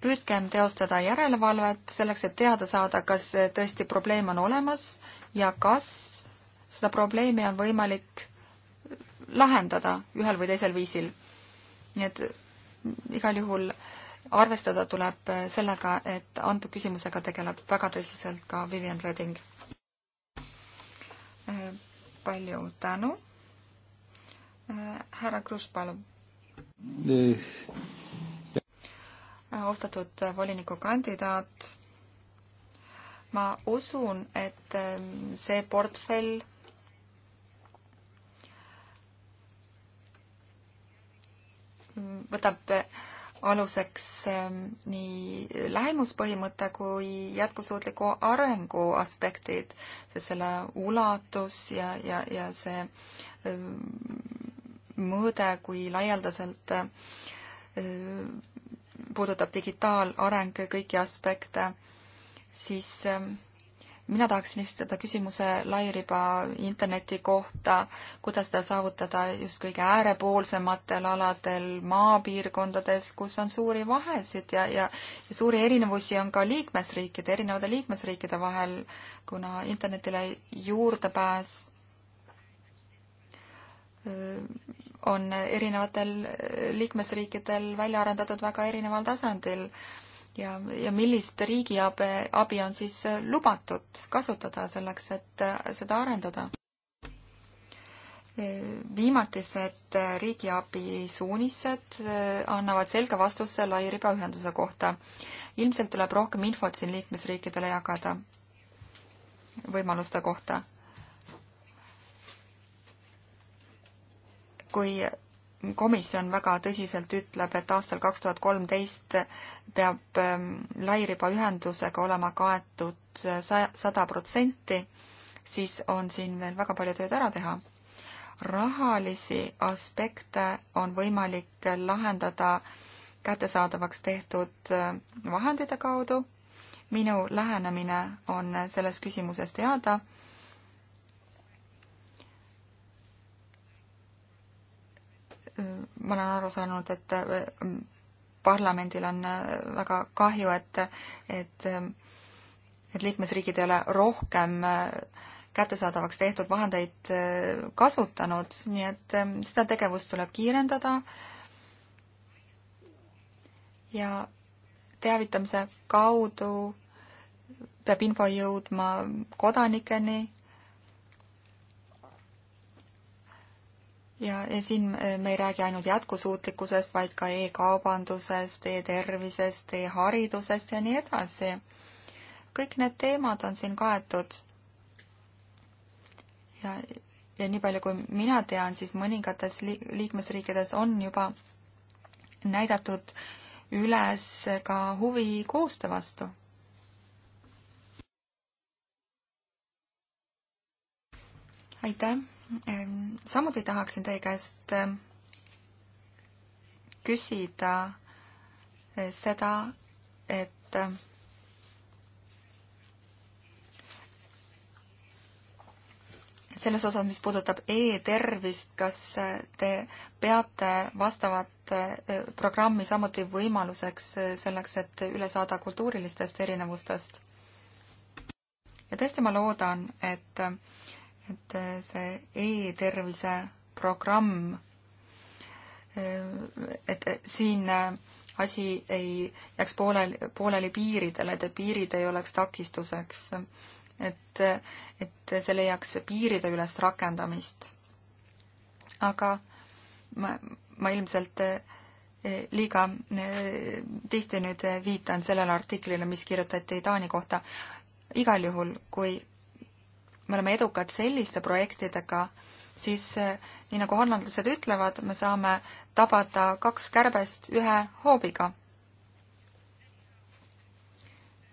püüdkem teostada järelevalvet selleks, et teada saada, kas tõesti probleem on olemas ja kas seda probleemi on võimalik lahendada ühel või teisel viisil. nii et igal juhul arvestada tuleb sellega, et antud küsimusega tegeleb väga tõsiselt ka Vivian Reding palju tänu. härra Kruus, palun. austatud volinikukandidaat, ma usun, et ähm, see portfell võtab aluseks ehm, nii lähimuspõhimõte kui jätkusuutliku arengu aspektid, sest selle ulatus ja, ja, ja see ehm, mõõde, kui laialdaselt ehm, puudutab digitaalarengu kõiki aspekte, siis mina tahaksin esitada küsimuse lairiba interneti kohta, kuidas seda saavutada just kõige äärepoolsematel aladel, maapiirkondades, kus on suuri vahesid ja, ja, ja suuri erinevusi on ka liikmesriikide, erinevate liikmesriikide vahel, kuna internetile juurdepääs on erinevatel liikmesriikidel välja arendatud väga erineval tasandil ja, ja millist riigiabi, abi on siis lubatud kasutada selleks, et äh, seda arendada? Äh, viimatised äh, riigiabi suunised annavad selge vastuse lairibaühenduse kohta. ilmselt tuleb rohkem infot siin liikmesriikidele jagada võimaluste kohta. kui komisjon väga tõsiselt ütleb, et aastal kaks tuhat kolmteist peab ähm, lairibaühendusega olema kaetud äh, saja, sada protsenti, siis on siin veel väga palju tööd ära teha. rahalisi aspekte on võimalik lahendada kättesaadavaks tehtud äh, vahendite kaudu. minu lähenemine on äh, selles küsimuses teada ma olen aru saanud, et äh, parlamendil on äh, väga kahju, et, et, äh, et liikmesriigid ei ole rohkem kättesaadavaks tehtud vahendeid kasutanud, nii et seda tegevust tuleb kiirendada ja teavitamise kaudu peab info jõudma kodanikeni ja, ja siin äh, me ei räägi ainult jätkusuutlikkusest, vaid ka e-kaubandusest e, e-tervisest e, e-haridusest ja nii edasi. kõik need teemad on siin kaetud. ja, ja nii palju, kui mina tean, siis mõningates liikmesriikides on juba näidatud üles ka huvi koostöö vastu aitäh! samuti tahaksin teie käest küsida e, seda, et selles osas, mis puudutab e-tervist, kas e, te peate vastavat e, programmi samuti võimaluseks selleks, et üle saada kultuurilistest erinevustest? ja tõesti, ma loodan, et et äh, see e-tervise programm, äh, et äh, siin asi ei jääks pooleli, pooleli piiridele, et piirid ei oleks takistuseks. et, et see leiaks piirideülest rakendamist. aga ma, ma ilmselt liiga tihti nüüd viitan sellele artiklile, mis kirjutati Taani kohta. igal juhul, kui me oleme edukad selliste projektidega, siis eh, nii nagu hollandlased ütlevad, me saame tabada kaks kärbest ühe hoobiga.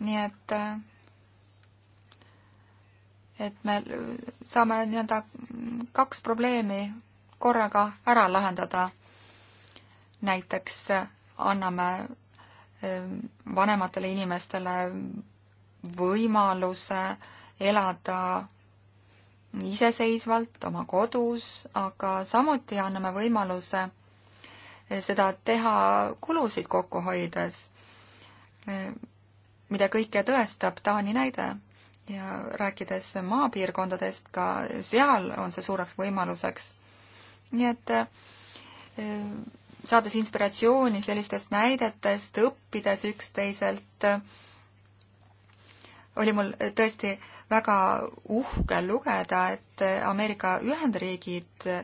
nii et, eh, et me saame nii-öelda kaks probleemi korraga ära lahendada. näiteks eh, anname vanematele inimestele võimaluse elada iseseisvalt oma kodus, aga samuti anname võimaluse eh, seda teha kulusid kokku hoides, eh, mida kõike tõestab Taani näide. ja rääkides maapiirkondadest, ka seal on see suureks võimaluseks. nii et eh, saades inspiratsiooni sellistest näidetest, õppides üksteiselt, oli mul tõesti väga uhke lugeda, et Ameerika Ühendriigid äh,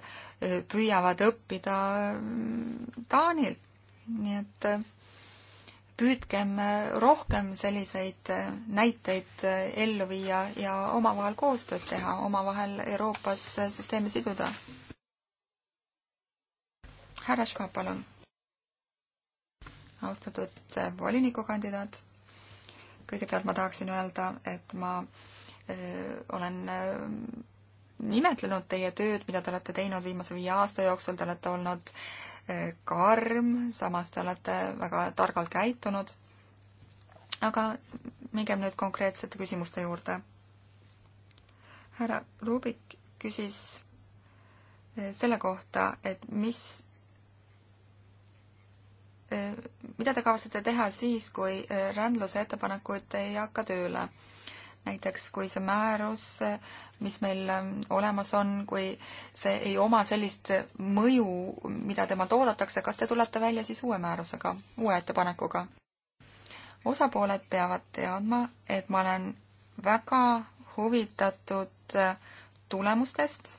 püüavad õppida mm, Taanilt, nii et äh, püüdkem äh, rohkem selliseid näiteid ellu viia ja omavahel koostööd teha, omavahel Euroopas süsteeme siduda. härra Švab, palun. austatud volinikukandidaat kõigepealt ma tahaksin öelda, et ma olen nimetlenud teie tööd, mida te olete teinud viimase viie aasta jooksul, te olete olnud karm, samas te olete väga targalt käitunud. aga mingem nüüd konkreetsete küsimuste juurde. härra Rubik küsis selle kohta, et mis, mida te kavatsete teha siis, kui rändluse ettepanekuid ei hakka tööle näiteks kui see määrus, mis meil ähm, olemas on, kui see ei oma sellist mõju, mida temalt oodatakse, kas te tulete välja siis uue määrusega, uue ettepanekuga? osapooled peavad teadma, et ma olen väga huvitatud äh, tulemustest,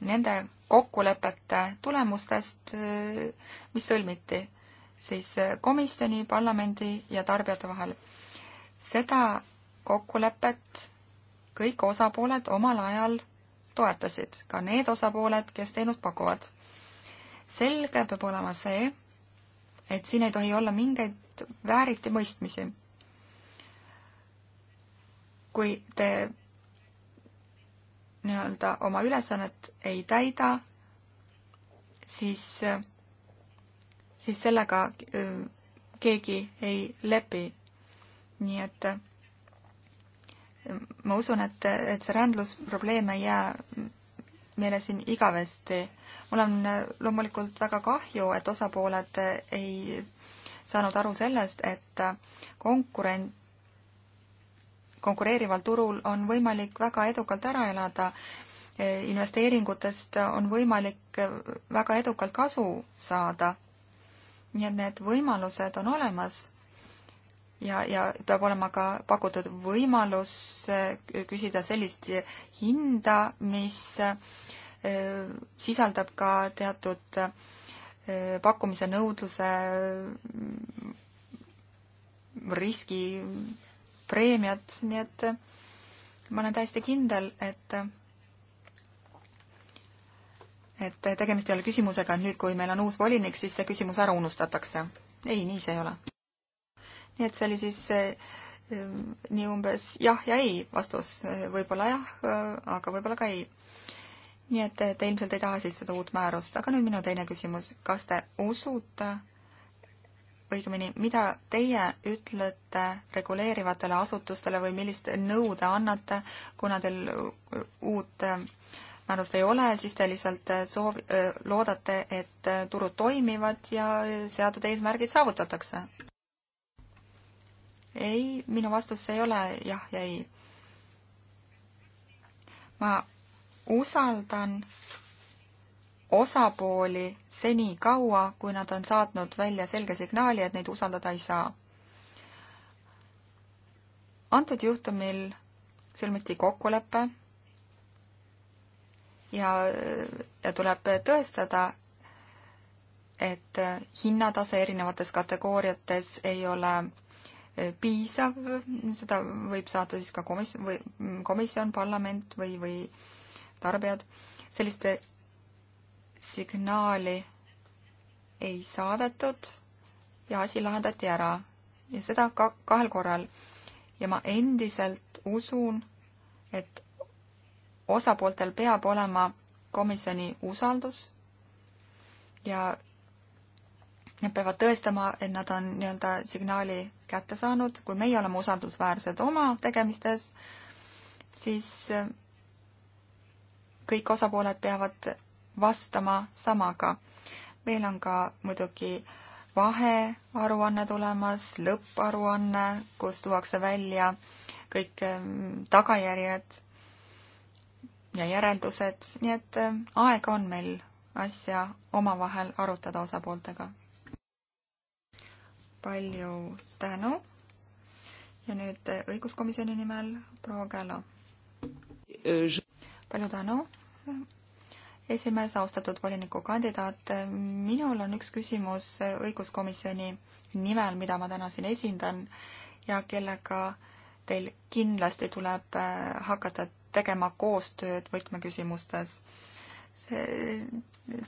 nende kokkulepete tulemustest, äh, mis sõlmiti siis äh, komisjoni, parlamendi ja tarbijate vahel. seda kokkulepet kõik osapooled omal ajal toetasid, ka need osapooled, kes teenust pakuvad. selge peab olema see, et siin ei tohi olla mingeid vääritimõistmisi. kui te nii-öelda oma ülesannet ei täida, siis, siis sellega äh, keegi ei lepi. nii et ma usun, et, et see rändlusprobleem ei jää meile siin igavesti. mul on loomulikult väga kahju, et osapooled ei saanud aru sellest, et konkurent, konkureerival turul on võimalik väga edukalt ära elada, investeeringutest on võimalik väga edukalt kasu saada. nii et need võimalused on olemas ja, ja peab olema ka pakutud võimalus eh, küsida sellist hinda, mis eh, sisaldab ka teatud eh, pakkumise nõudluse mm, riski preemiat, nii et ma olen täiesti kindel, et et tegemist ei ole küsimusega, et nüüd, kui meil on uus volinik, siis see küsimus ära unustatakse. ei, nii see ei ole nii et see oli siis eh, eh, nii umbes jah ja ei vastus, võib-olla jah, eh, aga võib-olla ka ei. nii et te ilmselt ei taha siis seda uut määrust, aga nüüd minu teine küsimus, kas te usute õigemini, mida teie ütlete reguleerivatele asutustele või millist nõu te annate, kuna teil uut määrust ei ole, siis te lihtsalt soov-, loodate, et turud toimivad ja seatud eesmärgid saavutatakse ei, minu vastus ei ole jah ja ei. ma usaldan osapooli senikaua, kui nad on saatnud välja selge signaali, et neid usaldada ei saa. antud juhtumil sõlmiti kokkulepe ja, ja tuleb tõestada, et hinnatase erinevates kategooriates ei ole piisav, seda võib saada siis ka komisjon või komisjon, parlament või, või tarbijad. sellist signaali ei saadetud ja asi lahendati ära ja seda ka kahel korral. ja ma endiselt usun, et osapooltel peab olema komisjoni usaldus ja Nad peavad tõestama, et nad on nii-öelda signaali kätte saanud, kui meie oleme usaldusväärsed oma tegemistes, siis eh, kõik osapooled peavad vastama samaga. meil on ka muidugi vahearuanne tulemas, lõpparuanne, kus tuuakse välja kõik eh, tagajärjed ja järeldused, nii et eh, aega on meil asja omavahel arutada osapooltega palju tänu. ja nüüd õiguskomisjoni nimel proua Kälo. palju tänu esimees, austatud volinikukandidaat, minul on üks küsimus õiguskomisjoni nimel, mida ma täna siin esindan ja kellega teil kindlasti tuleb äh, hakata tegema koostööd võtmeküsimustes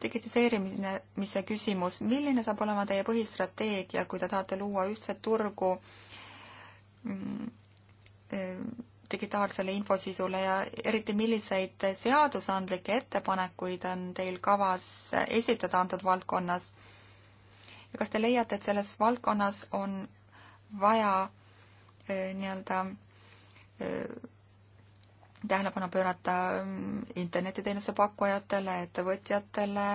digitiseerimise küsimus, milline saab olema teie põhistrateegia, kui te tahate luua ühtset turgu mm, eh, digitaalsele infosisule ja eriti milliseid seadusandlikke ettepanekuid on teil kavas esitada antud valdkonnas? ja kas te leiate, et selles valdkonnas on vaja eh, nii-öelda eh, tähelepanu pöörata mm, internetiteenuse pakkujatele, ettevõtjatele,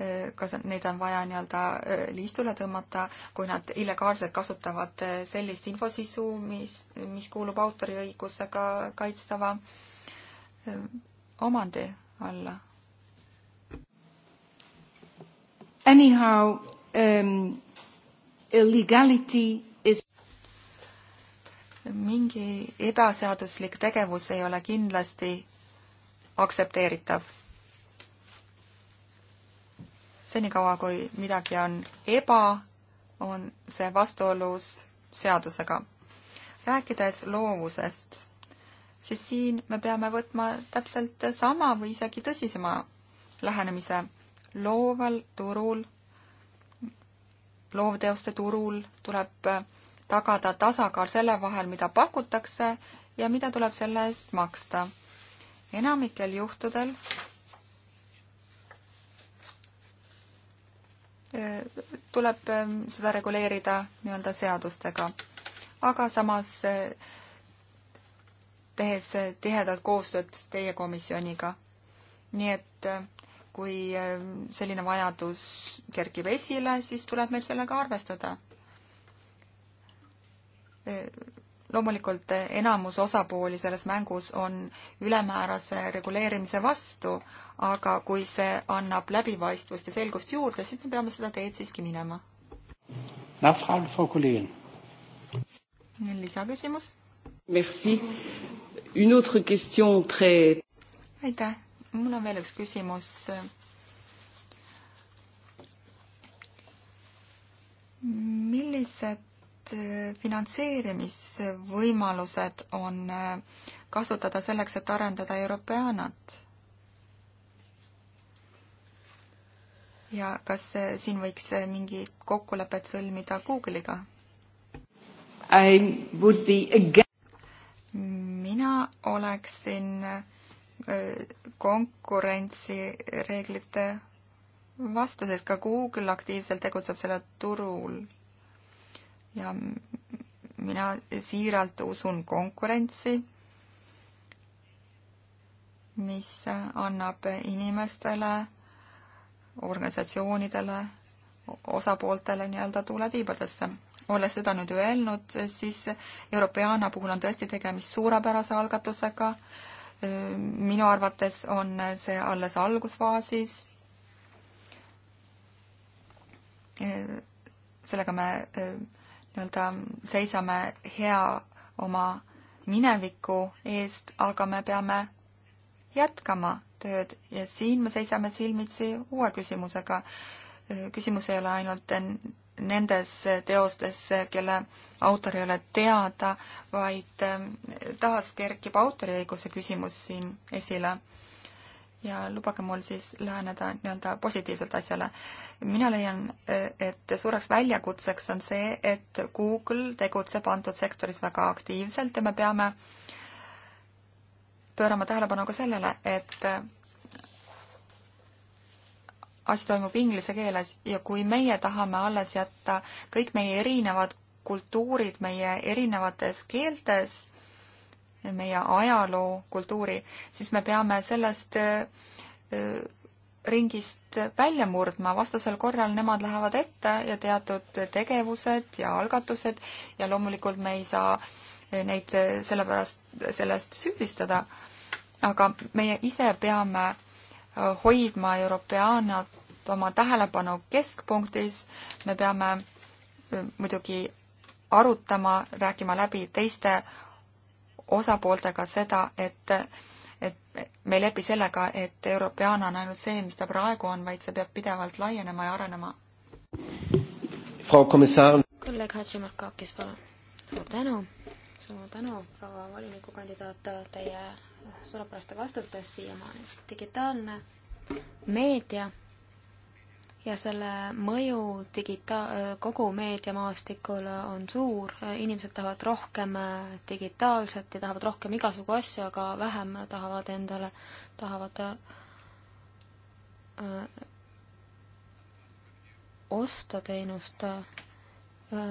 eh, kas neid on vaja nii-öelda eh, liistule tõmmata, kui nad illegaalselt kasutavad eh, sellist infosisu, mis, mis kuulub autoriõigusega kaitstava omandi alla. Anyhow um,, illegality is mingi ebaseaduslik tegevus ei ole kindlasti aktsepteeritav. senikaua, kui midagi on eba, on see vastuolus seadusega. rääkides loovusest, siis siin me peame võtma täpselt sama või isegi tõsisema lähenemise. looval turul, loovteoste turul tuleb tagada tasakaal selle vahel, mida pakutakse ja mida tuleb selle eest maksta. enamikel juhtudel e, tuleb e, seda reguleerida nii-öelda seadustega, aga samas e, tehes tihedat koostööd teie komisjoniga. nii et kui selline vajadus kerkib esile, siis tuleb meil sellega arvestada loomulikult enamus osapooli selles mängus on ülemäärase reguleerimise vastu, aga kui see annab läbipaistvust ja selgust juurde, siis me peame seda teed siiski minema. lisaküsimus? aitäh, mul on veel üks küsimus. millised Äh, finantseerimisvõimalused on äh, kasutada selleks, et arendada Europeanat? ja kas äh, siin võiks mingi kokkulepet sõlmida Google'iga? mina oleksin konkurentsireeglite vastu, sest ka Google aktiivselt tegutseb sellel turul ja mina siiralt usun konkurentsi, mis annab inimestele, organisatsioonidele, osapooltele nii-öelda tuule tiibadesse. olles seda nüüd öelnud, siis Europeana puhul on tõesti tegemist suurepärase algatusega, minu arvates on see alles algusfaasis, sellega me nii-öelda seisame hea oma mineviku eest, aga me peame jätkama tööd ja siin me seisame silmitsi uue küsimusega. küsimus ei ole ainult nendes teostes, kelle autor ei ole teada, vaid eh, taas kerkib autoriõiguse küsimus siin esile ja lubage mul siis läheneda nii-öelda positiivselt asjale. mina leian, e, et suureks väljakutseks on see, et Google tegutseb antud sektoris väga aktiivselt ja me peame pöörama tähelepanu ka sellele, et asi toimub inglise keeles ja kui meie tahame alles jätta kõik meie erinevad kultuurid meie erinevates keeltes, meie ajaloo, kultuuri, siis me peame sellest äh, äh, ringist välja murdma, vastasel korral nemad lähevad ette ja teatud tegevused ja algatused ja loomulikult me ei saa äh, neid sellepärast, sellest süüdistada, aga meie ise peame hoidma europeanat oma tähelepanu keskpunktis, me peame muidugi arutama, rääkima läbi teiste osapooltega seda, et, et me ei lepi sellega, et europeana on ainult see, mis ta praegu on, vaid see peab pidevalt laienema ja arenema. kolleeg Hatšimarkakis, palun. suur tänu, suur tänu, proua volinikukandidaat, teie suurepäraste vastutes siiamaani. digitaalne meedia ja selle mõju digita-, kogu meediamaastikul on suur, inimesed tahavad rohkem äh, digitaalset ja tahavad rohkem igasugu asju, aga vähem tahavad endale, tahavad öö, äh, osta teenust öö,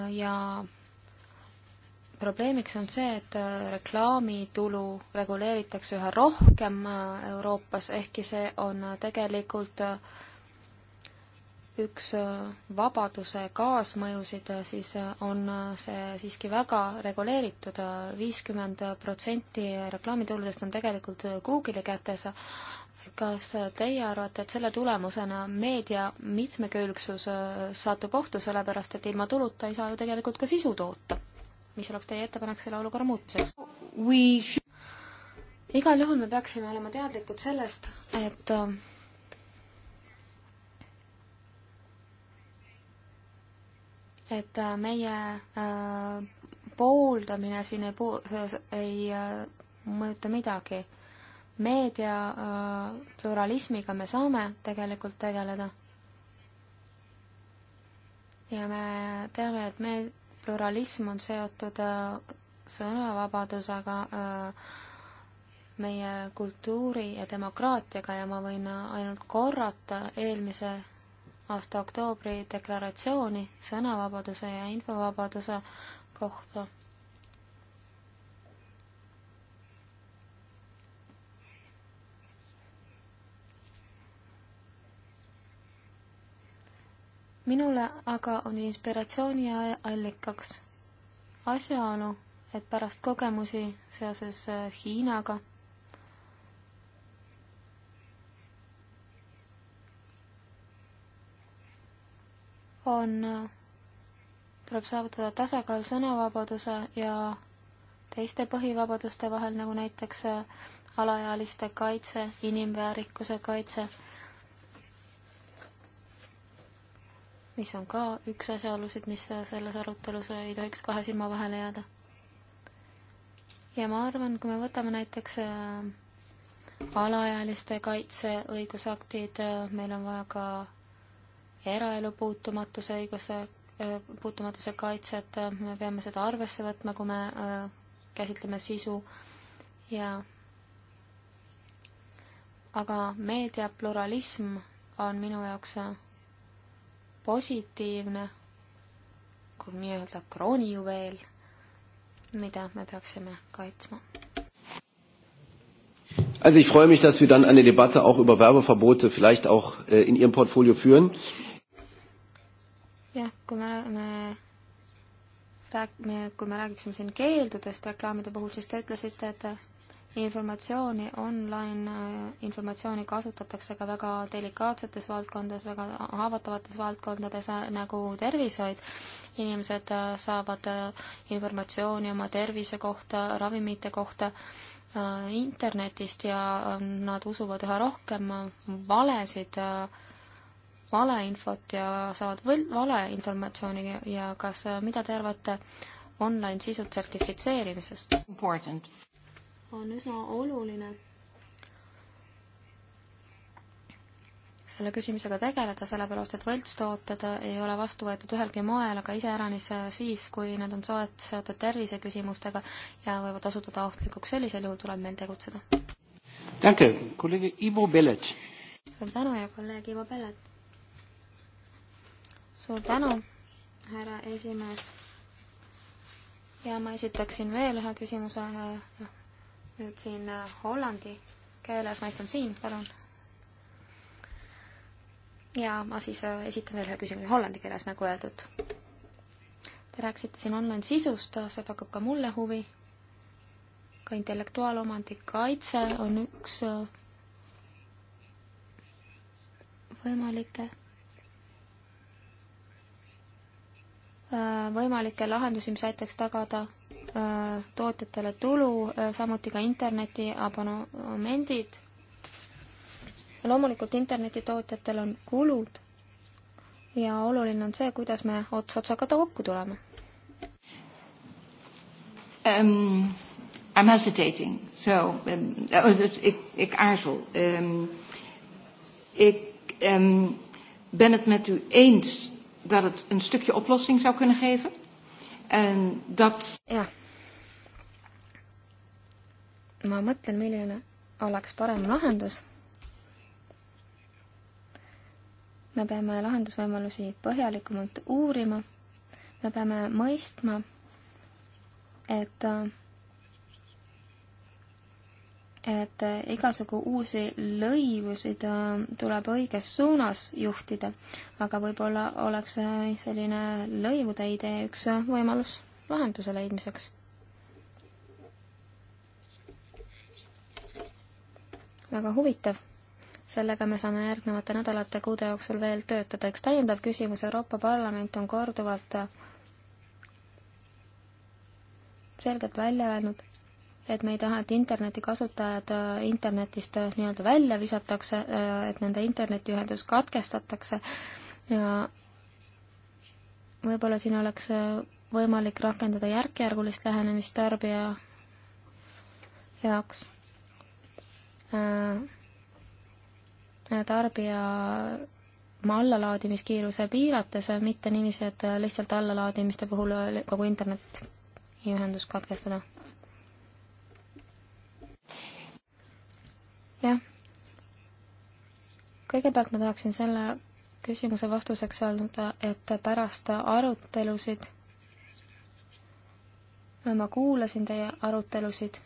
ja probleemiks on see, et äh, reklaamitulu reguleeritakse üha rohkem Euroopas, ehkki see on tegelikult öö, üks äh, vabaduse kaasmõjusid, äh, siis äh, on see siiski väga reguleeritud, viiskümmend protsenti reklaamituludest on tegelikult Google'i kätes. kas teie arvate, et selle tulemusena meedia mitmekülgsus satub ohtu, sellepärast et ilma tuluta ei saa ju tegelikult ka sisu toota? mis oleks teie ettepanek selle olukorra muutmiseks? igal juhul me peaksime olema teadlikud sellest, et et äh, meie äh, pooldamine siin ei puu-, ei äh, mõjuta midagi. meedia pluralismiga me saame tegelikult tegeleda. ja me teame, et meil pluralism on seotud sõnavabadusega, meie kultuuri ja demokraatiaga ja ma võin ainult korrata eelmise aasta oktoobri deklaratsiooni sõnavabaduse ja infovabaduse kohta. minule aga on inspiratsiooni allikaks asjaolu, et pärast kogemusi seoses Hiinaga on, tuleb saavutada tasakaal sõnavabaduse ja teiste põhivabaduste vahel, nagu näiteks äh, alaealiste kaitse, inimväärikuse kaitse, mis on ka üks asjaolusid, mis äh, selles arutelus ei tohiks kahe silma vahele jääda. ja ma arvan, kui me võtame näiteks äh, alaealiste kaitse õigusaktid, meil on vaja ka eraelu puutumatuse õiguse, äh, puutumatuse kaitset, äh, me peame seda arvesse võtma, kui me äh, käsitleme sisu ja aga meediapluralism on minu jaoks positiivne nii-öelda kroonijuveel, mida me peaksime kaitsma. Also ich freue mich, dass wir dann eine Debatte auch über Werbeverbote vielleicht auch in Ihrem Portfolio führen jah, kui me, me rääk-, me, kui me räägiksime siin keeldudest reklaamide puhul, siis te ütlesite, et informatsiooni, online äh, informatsiooni kasutatakse ka väga delikaatsetes valdkondades, väga haavatavates valdkondades äh, nagu tervishoid. inimesed äh, saavad informatsiooni oma tervise kohta, ravimite kohta internetist ja nad usuvad üha rohkem valesid äh, valeinfot ja saavad valeinformatsiooni ja kas, äh, mida te arvate online sisu sertifitseerimisest? on üsna oluline selle küsimusega tegeleda, sellepärast et võltstooted äh, ei ole vastu võetud ühelgi moel, aga iseäranis äh, siis, kui nad on soet-, seotud terviseküsimustega ja võivad osutuda ohtlikuks, sellisel juhul tuleb meil tegutseda. suur tänu ja kolleeg Ivo Pellet suur tänu, härra esimees. ja ma esitaksin veel ühe küsimuse äh, nüüd siin äh, hollandi keeles, ma istun siin, palun. ja ma siis äh, esitan veel ühe küsimuse hollandi keeles, nagu öeldud. Te rääkisite siin online sisust, see pakub ka mulle huvi. ka intellektuaalomandi kaitse on üks võimalikke Äh, võimalikke lahendusi, mis aitaks tagada äh, tootjatele tulu, äh, samuti ka interneti abonomendid. loomulikult internetitootjatel on kulud ja oluline on see, kuidas me ots otsaga kokku tuleme um,. Ähm, I am hesitating, so um, ik, ik aarzel. Um, ik um, ben het met u eens dat het een stukje oplossing zou kunnen geven. En dat... jah. ma mõtlen, milline oleks parem lahendus. me peame lahendusvõimalusi põhjalikumalt uurima. me peame mõistma, et äh, et igasugu uusi lõivusid äh, tuleb õiges suunas juhtida, aga võib-olla oleks äh, selline lõivude idee üks äh, võimalus lahenduse leidmiseks. väga huvitav. sellega me saame järgnevate nädalate, kuude jooksul veel töötada. üks täiendav küsimus, Euroopa Parlament on korduvalt selgelt välja öelnud, et me ei taha, et internetikasutajad äh, internetist äh, nii-öelda välja visatakse, äh, et nende internetiühendus katkestatakse ja võib-olla siin oleks võimalik rakendada järkjärgulist lähenemist tarbija jaoks. tarbija ma allalaadimiskiiruse piirates, mitte niiviisi, et lihtsalt allalaadimiste puhul kogu internetiühendus katkestada. jah. kõigepealt ma tahaksin selle küsimuse vastuseks öelda, et pärast arutelusid ma kuulasin teie arutelusid.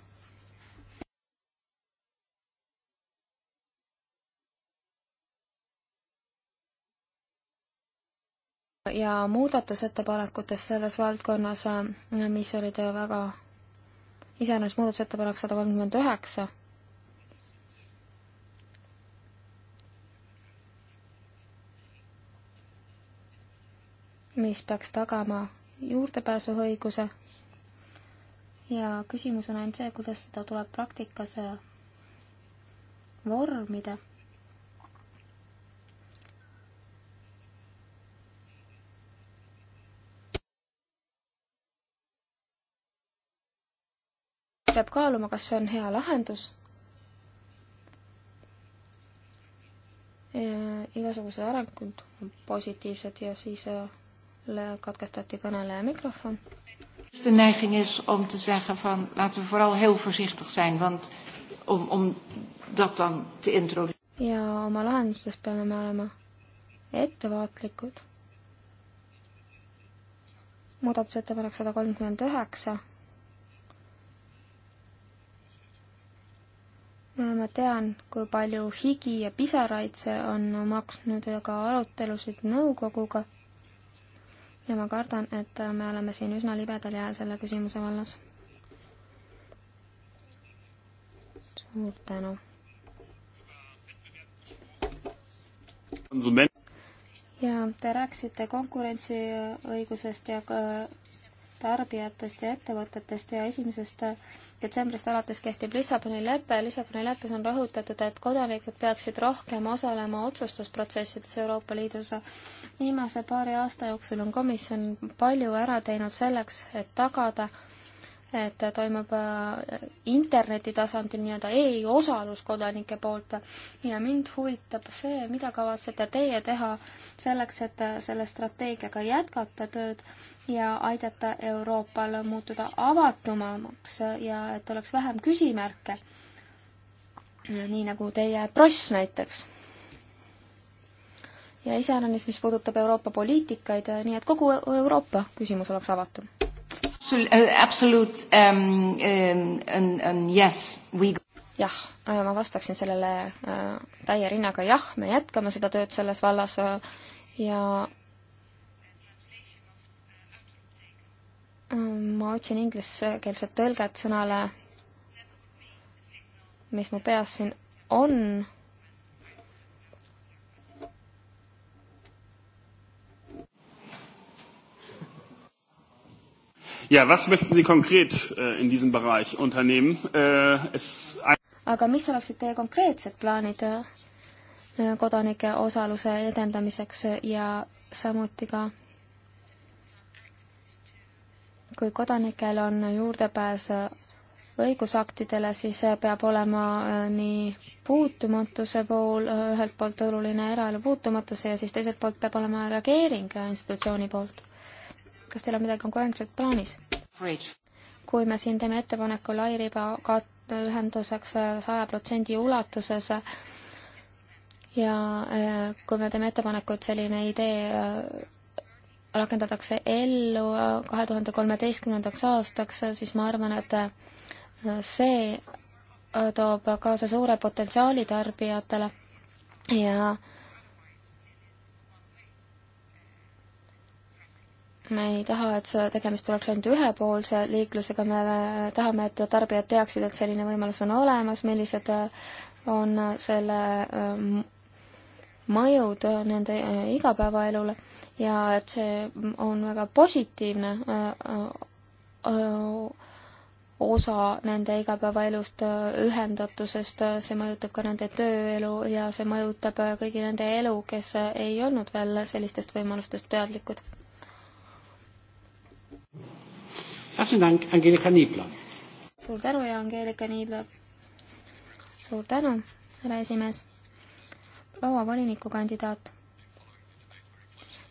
ja muudatusettepanekutes selles valdkonnas, mis olid väga, iseäranis muudatusettepanek sada kolmkümmend üheksa mis peaks tagama juurdepääsuõiguse ja küsimus on ainult see, kuidas seda tuleb praktikas äh, vormida peab kaaluma, kas see on hea lahendus. igasugused arengud on positiivsed ja siis äh, katkestati kõneleja mikrofon. De neiging is om te zeggen van laten we vooral heel voorzichtig zijn, want om, om dat dan te introduceren. ja oma lahendustes peame me olema ettevaatlikud. muudatusettepanek sada kolmkümmend üheksa. ma tean, kui palju higi ja pisaraid see on maksnud ja ka arutelusid nõukoguga ja ma kardan, et me oleme siin üsna libedal jääl selle küsimuse vallas. suur tänu. ja te rääkisite konkurentsiõigusest ja tarbijatest ja ettevõtetest ja esimesest detsembrist alates kehtib Lissaboni lepe. Lissaboni leppes on rõhutatud, et kodanikud peaksid rohkem osalema otsustusprotsessides Euroopa Liidus. viimase paari aasta jooksul on komisjon palju ära teinud selleks, et tagada, et toimub äh, interneti tasandil nii-öelda e-osalus kodanike poolt ja mind huvitab see, mida kavatsete teie teha selleks, et äh, selle strateegiaga jätkata tööd ja aidata Euroopal muutuda avatumamaks ja et oleks vähem küsimärke. nii nagu teie pross näiteks. ja iseäranis, mis puudutab Euroopa poliitikaid, nii et kogu Euroopa küsimus oleks avatum. Absolute um, um, um, yes, we jah, äh, ma vastaksin sellele äh, täie rinnaga jah, me jätkame seda tööd selles vallas äh, ja ma otsin ingliskeelset tõlget sõnale, mis mu peas siin on. Ja, was möchten Sie konkret äh, in diesem Bereich unternehmen? Äh, es aga mis oleksid teie konkreetsed plaanid äh, kodanike osaluse edendamiseks ja samuti ka kui kodanikel on juurdepääs õigusaktidele, siis peab olema äh, nii puutumatuse pool äh, ühelt poolt oluline eraelu puutumatus ja siis teiselt poolt peab olema reageering institutsiooni poolt. kas teil on midagi konkreetselt plaanis? kui me siin teeme ettepaneku lairiba kat-, ühenduseks äh, saja protsendi ulatuses ja kui me teeme ettepaneku, et selline idee rakendatakse ellu kahe tuhande kolmeteistkümnendaks aastaks, siis ma arvan, et äh, see äh, toob kaasa suure potentsiaali tarbijatele ja me ei taha, et see tegemist oleks ainult ühepoolse liiklusega, me tahame, et tarbijad teaksid, et selline võimalus on olemas, millised äh, on selle mõjud äh, nende äh, igapäevaelule ja et see on väga positiivne äh, osa nende igapäevaelust, ühendatusest, see mõjutab ka nende tööelu ja see mõjutab kõigi nende elu, kes ei olnud veel sellistest võimalustest teadlikud. suur tänu ja Angeelika Niibla. suur tänu, härra esimees proua volinikukandidaat,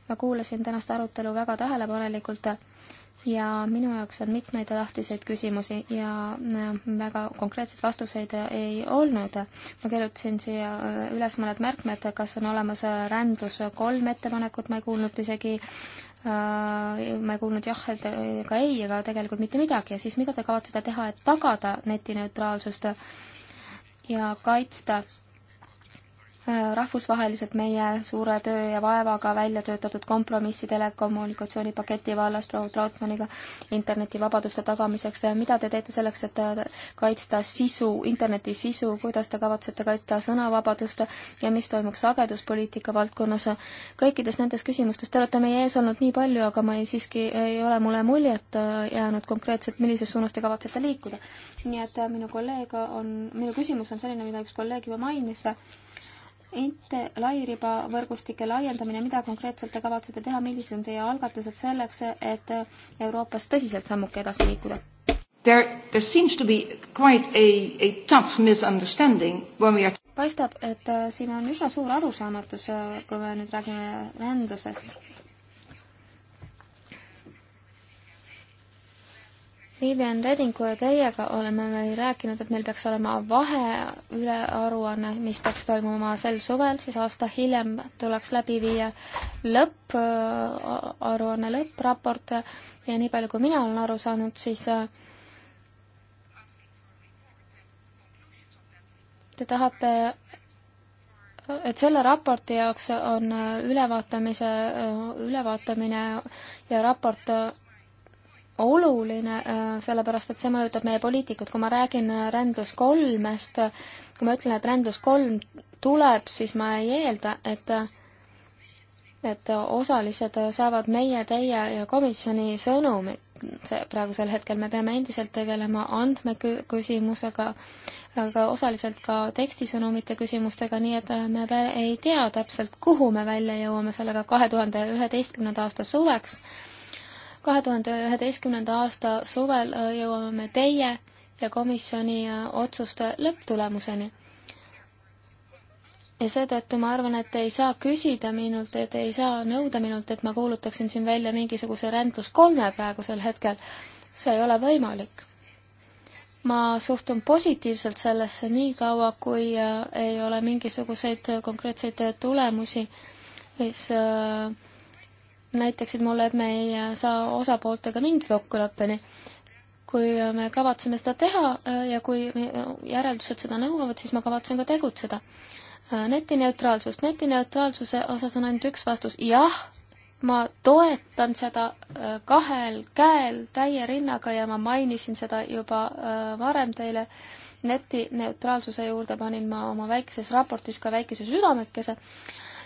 ma kuulasin tänast arutelu väga tähelepanelikult ja minu jaoks on mitmeid tahtiseid küsimusi ja äh, väga konkreetseid vastuseid ei olnud. ma kirjutasin siia äh, üles mõned märkmed, kas on olemas äh, rändlus kolm ettepanekut, ma ei kuulnud isegi ma ei kuulnud jah, et ega ei, ega tegelikult mitte midagi ja siis mida te kavatsete teha, et tagada netineutraalsust ja kaitsta Äh, rahvusvaheliselt meie suure töö ja vaevaga välja töötatud kompromissi telekommunikatsioonipaketi vallas proua Trautmanniga internetivabaduste tagamiseks. Äh, mida te teete selleks, et äh, kaitsta sisu, interneti sisu, kuidas te kavatsete kaitsta sõnavabadust ja mis toimub sageduspoliitika valdkonnas? kõikides nendes küsimustes, te olete meie ees olnud nii palju, aga ma ei, siiski ei ole mulle muljet jäänud konkreetselt, millises suunas te kavatsete liikuda. nii et minu kolleeg on, minu küsimus on selline, mida üks kolleeg juba mainis Inte lairiba võrgustike laiendamine, mida konkreetselt te kavatsete teha, millised on teie algatused selleks, et Euroopas tõsiselt sammuke edasi liikuda? There, there seems to be quite a, a tough misunderstanding when we are paistab, et äh, siin on üsna suur arusaamatus, äh, kui me nüüd räägime rändusest Vivian Redingu ja teiega oleme me rääkinud, et meil peaks olema vaheülearuanne, mis peaks toimuma sel suvel, siis aasta hiljem tuleks läbi viia lõpparuanne, äh, lõppraport ja nii palju, kui mina olen aru saanud, siis äh, te tahate, et selle raporti jaoks on äh, ülevaatamise, ülevaatamine ja raport oluline, äh, sellepärast et see mõjutab meie poliitikat. kui ma räägin äh, rändlus kolmest, kui ma ütlen, et rändlus kolm tuleb, siis ma ei eelda, et et osalised saavad meie, teie ja komisjoni sõnumit. see praegusel hetkel me peame endiselt tegelema andmeküsimusega, aga osaliselt ka tekstisõnumite küsimustega, nii et äh, me ei tea täpselt, kuhu me välja jõuame sellega kahe tuhande üheteistkümnenda aasta suveks kahe tuhande üheteistkümnenda aasta suvel äh, jõuame me teie ja komisjoni äh, otsuste lõpptulemuseni. ja seetõttu ma arvan, et ei saa küsida minult, et ei saa nõuda minult, et ma kuulutaksin siin välja mingisuguse rändlus kolme praegusel hetkel. see ei ole võimalik. ma suhtun positiivselt sellesse nii kaua, kui äh, ei ole mingisuguseid konkreetseid tulemusi, mis äh, näitaksid mulle, et me ei äh, saa osapooltega mingi kokkuleppeni. kui äh, me kavatseme seda teha äh, ja kui järeldused seda nõuavad, siis ma kavatsen ka tegutseda. netineutraalsus, netineutraalsuse osas on ainult üks vastus, jah, ma toetan seda kahel käel täie rinnaga ja ma mainisin seda juba varem teile, netineutraalsuse juurde panin ma oma väikeses raportis ka väikese südamekese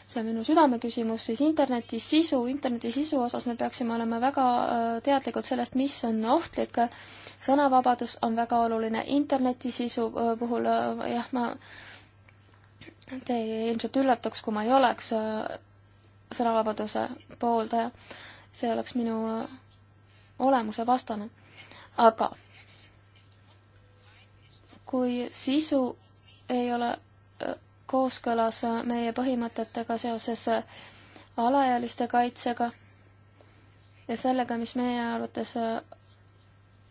see on minu südameküsimus, siis interneti sisu, interneti sisu osas me peaksime olema väga äh, teadlikud sellest, mis on ohtlik. sõnavabadus on väga oluline, interneti sisu äh, puhul äh, jah, ma, te ilmselt üllataks, kui ma ei oleks sõnavabaduse pooldaja. see oleks minu olemuse vastane. aga kui sisu ei ole kooskõlas meie põhimõtetega seoses alaealiste kaitsega ja sellega, mis meie arvates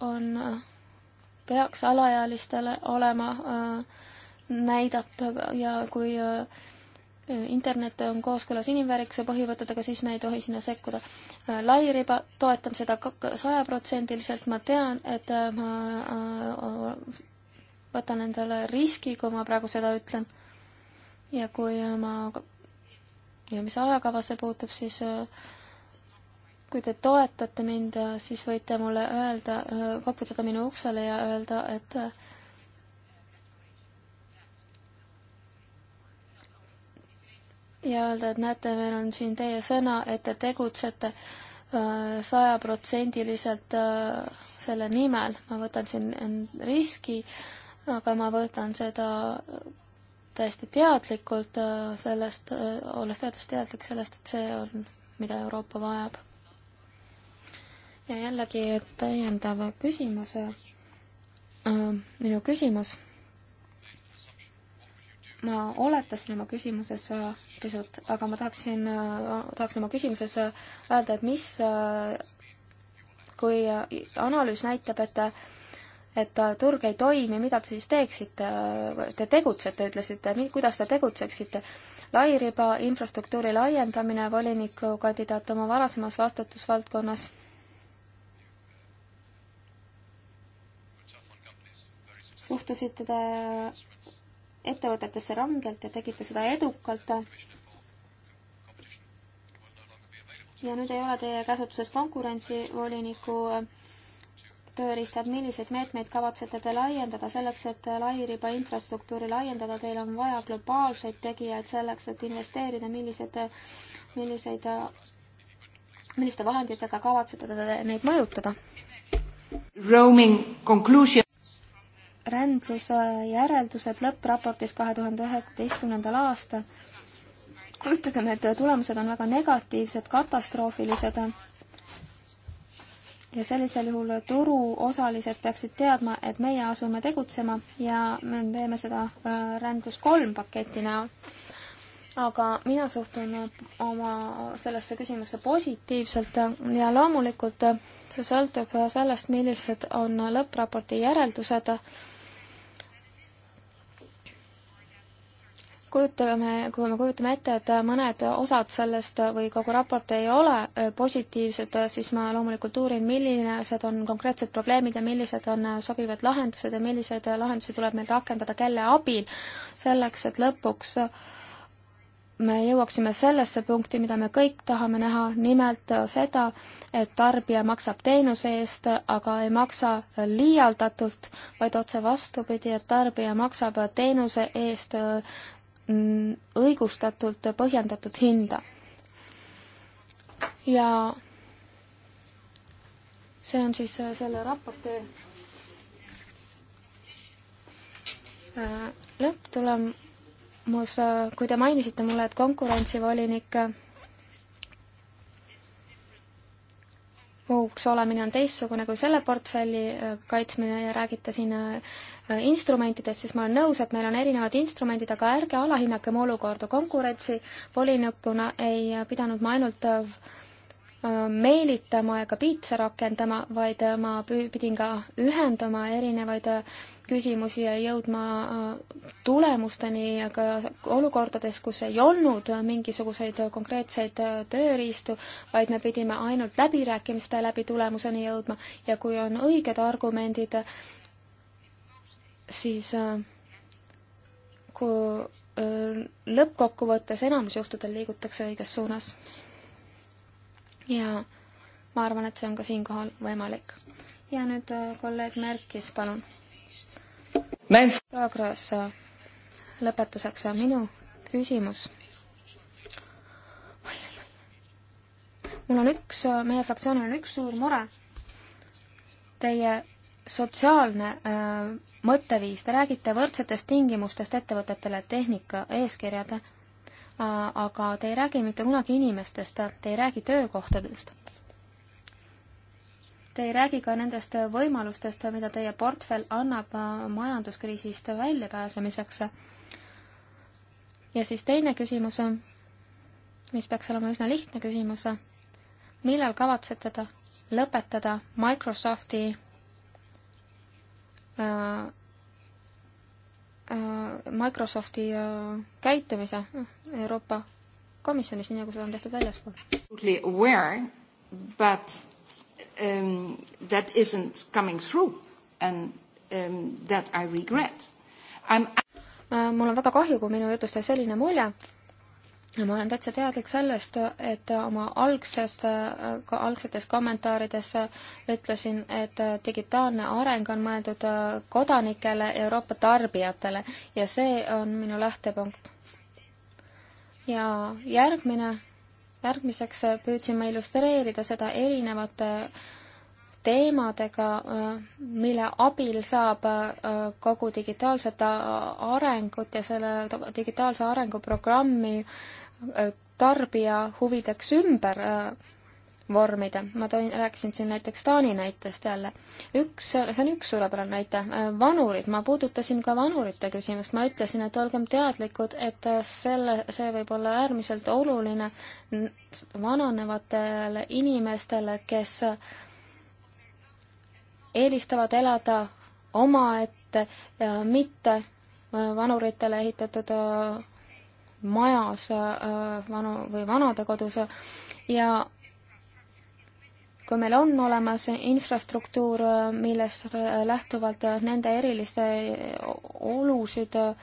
on, peaks alaealistele olema äh, näidatav ja kui äh, internet on kooskõlas inimväärikuse põhivõtetega, siis me ei tohi sinna sekkuda. Äh, lairiba, toetan seda sajaprotsendiliselt, ma tean, et ma võtan endale riski, kui ma praegu seda ütlen ja kui ma, ja mis ajakavasse puutub, siis äh, kui te toetate mind, äh, siis võite mulle öelda, äh, koputada minu uksele ja öelda, et ja öelda, et näete, meil on siin teie sõna, et te tegutsete sajaprotsendiliselt selle nimel. ma võtan siin riski, aga ma võtan seda täiesti teadlikult äh, sellest, äh, olles teadlast teadlik sellest, et see on, mida Euroopa vajab. ja jällegi täiendav küsimus äh,, minu küsimus. ma oletasin oma küsimuses äh, pisut, aga ma tahaksin, tahaksin oma küsimuses öelda, et mis, kui analüüs näitab, et et äh, turg ei toimi, mida te siis teeksite? Te tegutsete, ütlesite, kuidas te tegutseksite? lairiba infrastruktuuri laiendamine, volinikukandidaat oma varasemas vastutusvaldkonnas. suhtusite te ettevõtetesse rangelt ja tegite seda edukalt. ja nüüd ei ole teie käsutuses konkurentsivoliniku äh, tööriistad, milliseid meetmeid kavatsete te laiendada selleks, et lairiba infrastruktuuri laiendada, teil on vaja globaalseid tegijaid selleks, et investeerida, millised, milliseid, milliste vahenditega kavatsete te neid mõjutada? Roaming conclusion rändluse järeldused lõppraportis kahe tuhande üheteistkümnendal aastal. ütleme, et tulemused on väga negatiivsed, katastroofilised ja sellisel juhul turuosalised peaksid teadma, et meie asume tegutsema ja me teeme seda äh, rändlus kolm paketi näol. aga mina suhtun äh, oma sellesse küsimusse positiivselt ja loomulikult äh, see sõltub sellest, millised on lõppraporti järeldused kujutame, kui me kujutame ette, et mõned osad sellest või kogu raport ei ole äh, positiivsed, äh, siis ma loomulikult uurin, millised on konkreetsed probleemid ja millised on äh, sobivad lahendused ja milliseid lahendusi tuleb meil rakendada kelle abil, selleks et lõpuks me jõuaksime sellesse punkti, mida me kõik tahame näha, nimelt seda, et tarbija maksab teenuse eest, aga ei maksa liialdatult, vaid otse vastupidi, et tarbija maksab teenuse eest Mm, õigustatult põhjendatud hinda. ja see on siis äh, selle raporti äh, lõpptulemus, äh, kui te mainisite mulle, et konkurentsivolinik muuks olemine on teistsugune kui selle portfelli äh, kaitsmine ja räägite siin äh, instrumentidest, siis ma olen nõus, et meil on erinevad instrumendid, aga ärge alahinnakem olukorda. konkurentsipolinikuna ei äh, pidanud ma ainult meelitama ega piitsa rakendama, vaid äh, ma pidin ka ühendama erinevaid äh, küsimusi ja jõudma äh, tulemusteni ka olukordades, kus ei olnud mingisuguseid konkreetseid tööriistu, vaid me pidime ainult läbirääkimiste läbi tulemuseni jõudma ja kui on õiged argumendid, siis kui lõppkokkuvõttes enamus juhtudel liigutakse õiges suunas ja ma arvan, et see on ka siinkohal võimalik. ja nüüd äh, kolleeg Merkis, palun. proua Kross, äh, lõpetuseks äh, minu küsimus. mul on üks, meie fraktsioonil on üks suur mure. Teie sotsiaalne äh, mõtteviis, te räägite võrdsetest tingimustest ettevõtetele, tehnika, eeskirjad Äh, aga te ei räägi mitte kunagi inimestest, te ei räägi töökohtadest. Te ei räägi ka nendest võimalustest, mida teie portfell annab äh, majanduskriisist väljapääsemiseks. ja siis teine küsimus, mis peaks olema üsna lihtne küsimus, millal kavatsete te lõpetada Microsofti äh, Äh, Microsofti äh, käitumise Euroopa Komisjonis, nii nagu seda on tehtud väljaspool. Aware, but um, that isn't coming through and um, that I regret. I'm... Äh, mul on väga kahju, kui minu jutust jäi selline mulje, ma olen täitsa teadlik sellest, et oma algsest, algsetes kommentaarides ütlesin, et digitaalne areng on mõeldud kodanikele, Euroopa tarbijatele ja see on minu lähtepunkt. ja järgmine, järgmiseks püüdsin ma illustreerida seda erinevate teemadega, mille abil saab kogu digitaalset arengut ja selle digitaalse arenguprogrammi Äh, tarbija huvideks ümber äh, vormida. ma tõin, rääkisin siin näiteks Taani näitest jälle. üks, see on üks suurepärane näite, äh, vanurid, ma puudutasin ka vanurite küsimust, ma ütlesin, et olgem teadlikud, et selle, see võib olla äärmiselt oluline vananevatele inimestele, kes eelistavad elada omaette ja mitte vanuritele ehitatud majas äh, vanu või vanadekodus ja kui meil on olemas infrastruktuur, millest lähtuvalt nende eriliste olusid äh,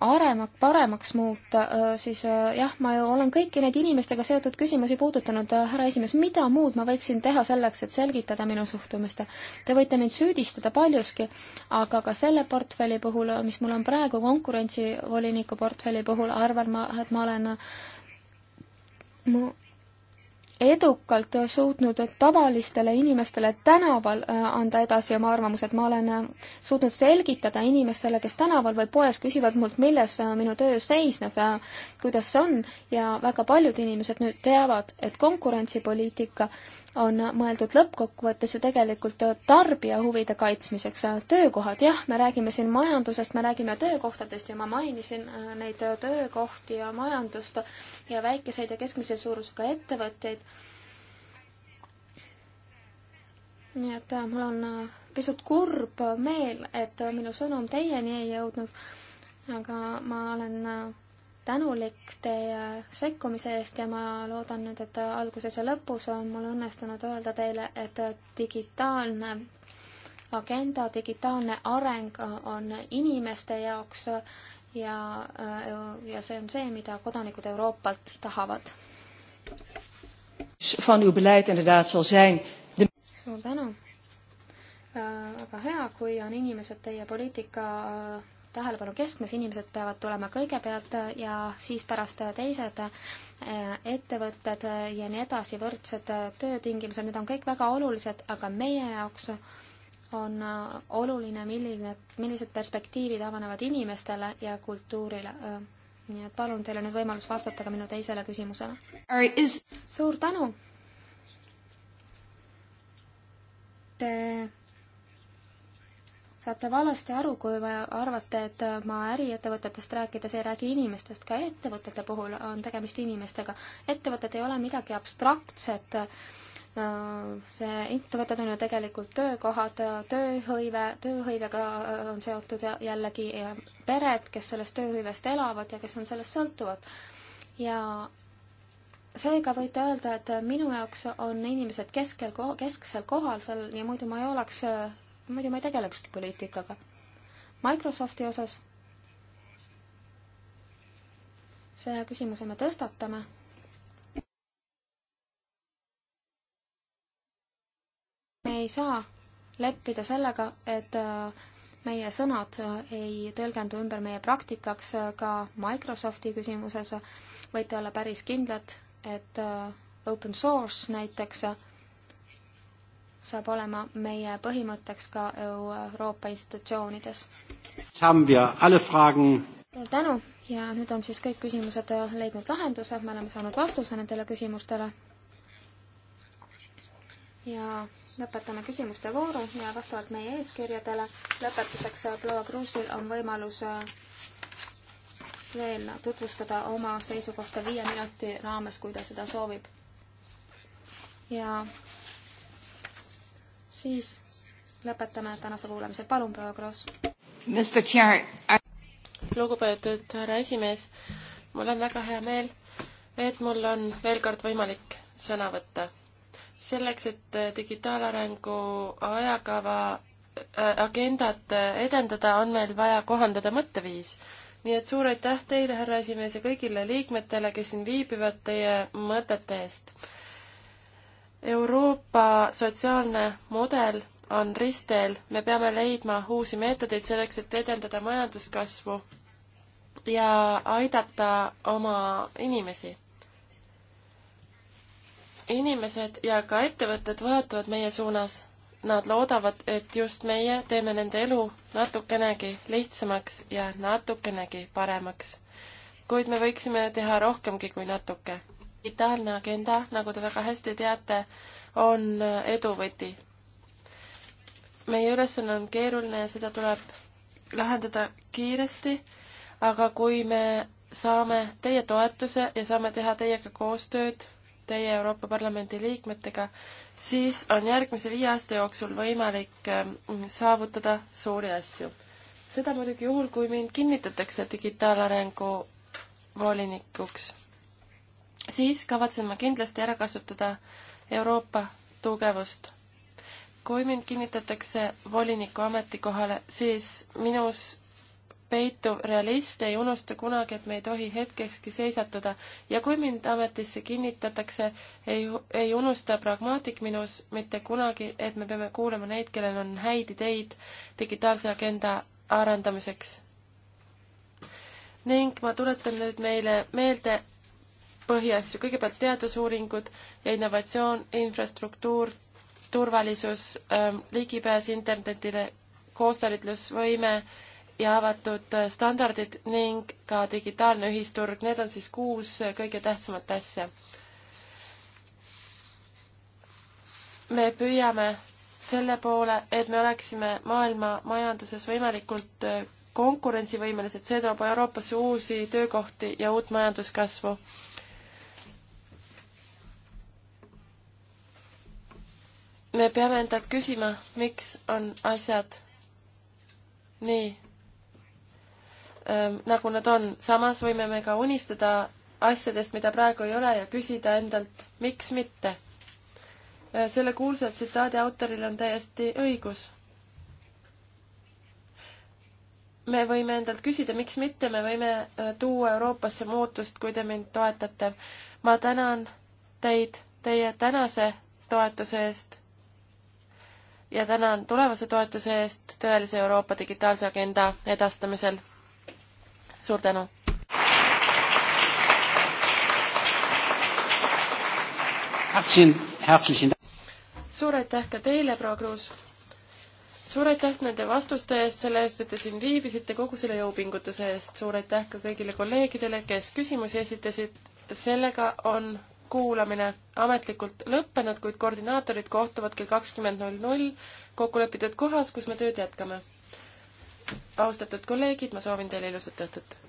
aremak-, paremaks muuta, äh, siis äh, jah, ma ju olen kõiki neid inimestega seotud küsimusi puudutanud, äh, härra esimees, mida muud ma võiksin teha selleks, et selgitada minu suhtumist? Te võite mind süüdistada paljuski, aga ka selle portfelli puhul, mis mul on praegu konkurentsivoliniku portfelli puhul, arvan ma, et ma olen mu edukalt suutnud tavalistele inimestele tänaval äh, anda edasi oma arvamused, ma olen äh, suutnud selgitada inimestele, kes tänaval või poes küsivad mult, milles äh, minu töö seisneb ja kuidas see on ja väga paljud inimesed nüüd teavad, et konkurentsipoliitika on mõeldud lõppkokkuvõttes ju tegelikult tarbija huvide kaitsmiseks. töökohad, jah, me räägime siin majandusest, me räägime töökohtadest ja ma mainisin äh, neid töökohti ja majandust ja väikeseid ja keskmise suurusega ettevõtteid. nii et äh, mul on äh, pisut kurb meel, et minu sõnum teieni ei jõudnud, aga ma olen tänulik teie sekkumise eest ja ma loodan nüüd, et alguses ja lõpus on mul õnnestunud öelda teile, et digitaalne agenda, digitaalne areng on inimeste jaoks ja, ja see on see, mida kodanikud Euroopalt tahavad. suur tänu. Äh, väga hea, kui on inimesed teie poliitika äh, tähelepanu keskmes, inimesed peavad tulema kõigepealt ja siis pärast teised eh, ettevõtted ja nii edasi, võrdsed töötingimused, need on kõik väga olulised, aga meie jaoks on oluline, milline, millised perspektiivid avanevad inimestele ja kultuurile nii et palun, teil on nüüd võimalus vastata ka minu teisele küsimusele. suur tänu! Te saate valesti aru, kui arvate, et ma äriettevõtetest rääkides ei räägi inimestest, ka ettevõtete puhul on tegemist inimestega. ettevõtted ei ole midagi abstraktset, see, ettevõtted on ju tegelikult töökohad, tööhõive, tööhõivega on seotud jällegi pered, kes sellest tööhõivest elavad ja kes on sellest sõltuvad. ja seega võite öelda, et minu jaoks on inimesed keskel, kesksel kohal seal ja muidu ma ei oleks muidu ma ei tegelekski poliitikaga. Microsofti osas selle küsimuse me tõstatame. me ei saa leppida sellega, et äh, meie sõnad äh, ei tõlgendu ümber meie praktikaks äh, ka Microsofti küsimuses. võite olla päris kindlad, et open source näiteks saab olema meie põhimõtteks ka Euroopa institutsioonides. suur tänu ja nüüd on siis kõik küsimused leidnud lahenduse, me oleme saanud vastuse nendele küsimustele. ja lõpetame küsimuste vooru ja vastavalt meie eeskirjadele lõpetuseks proua Kruusil on võimalus äh, veel tutvustada oma seisukohta viie minuti raames, kui ta seda soovib. ja siis lõpetame tänase kuulamise. palun, proua Kross. lugupeetud härra esimees, mul on väga hea meel, et mul on veel kord võimalik sõna võtta. selleks, et digitaalarengu ajakava äh, agendat edendada, on meil vaja kohandada mõtteviis. nii et suur aitäh teile, härra esimees, ja kõigile liikmetele, kes siin viibivad, teie mõtete eest Euroopa sotsiaalne mudel on ristel, me peame leidma uusi meetodeid selleks, et edendada majanduskasvu ja aidata oma inimesi. inimesed ja ka ettevõtted vaatavad meie suunas. Nad loodavad, et just meie teeme nende elu natukenegi lihtsamaks ja natukenegi paremaks. kuid me võiksime teha rohkemgi kui natuke digitaalne agenda, nagu te väga hästi teate, on edu võti. meie ülesanne on keeruline ja seda tuleb lahendada kiiresti, aga kui me saame teie toetuse ja saame teha teiega koostööd, teie Euroopa Parlamendi liikmetega, siis on järgmise viie aasta jooksul võimalik ähm, saavutada suuri asju. seda muidugi juhul, kui mind kinnitatakse digitaalarengu volinikuks siis kavatsen ma kindlasti ära kasutada Euroopa tugevust. kui mind kinnitatakse voliniku ametikohale, siis minus peituv realist ei unusta kunagi, et me ei tohi hetkekski seisatuda ja kui mind ametisse kinnitatakse, ei, ei unusta pragmaatik minus mitte kunagi, et me peame kuulama neid, kellel on häid ideid digitaalse agenda arendamiseks. ning ma tuletan nüüd meile meelde, põhiasju, kõigepealt teadusuuringud ja innovatsioon, infrastruktuur, turvalisus, ähm, ligipääs internetile, koostalitlusvõime ja avatud äh, standardid ning ka digitaalne ühisturg, need on siis kuus äh, kõige tähtsamat asja. me püüame selle poole, et me oleksime maailma majanduses võimalikult äh, konkurentsivõimelised, see toob Euroopasse uusi töökohti ja uut majanduskasvu me peame endalt küsima, miks on asjad nii ähm,, nagu nad on. samas võime me ka unistada asjadest, mida praegu ei ole ja küsida endalt, miks mitte. Äh, selle kuulsa tsitaadi autoril on täiesti õigus. me võime endalt küsida, miks mitte, me võime äh, tuua Euroopasse muutust, kui te mind toetate. ma tänan teid teie tänase toetuse eest ja tänan tulevase toetuse eest tõelise Euroopa digitaalse agenda edastamisel. suur tänu! suur aitäh ka teile, proua Kruus! suur aitäh nende vastuste eest, selle eest, et te siin viibisite, kogu selle jõupingutuse eest, suur aitäh ka kõigile kolleegidele, kes küsimusi esitasid, sellega on kuulamine ametlikult lõppenud, kuid koordinaatorid kohtuvad kell kakskümmend null null kokkulepitud kohas, kus me tööd jätkame. austatud kolleegid, ma soovin teile ilusat õhtut!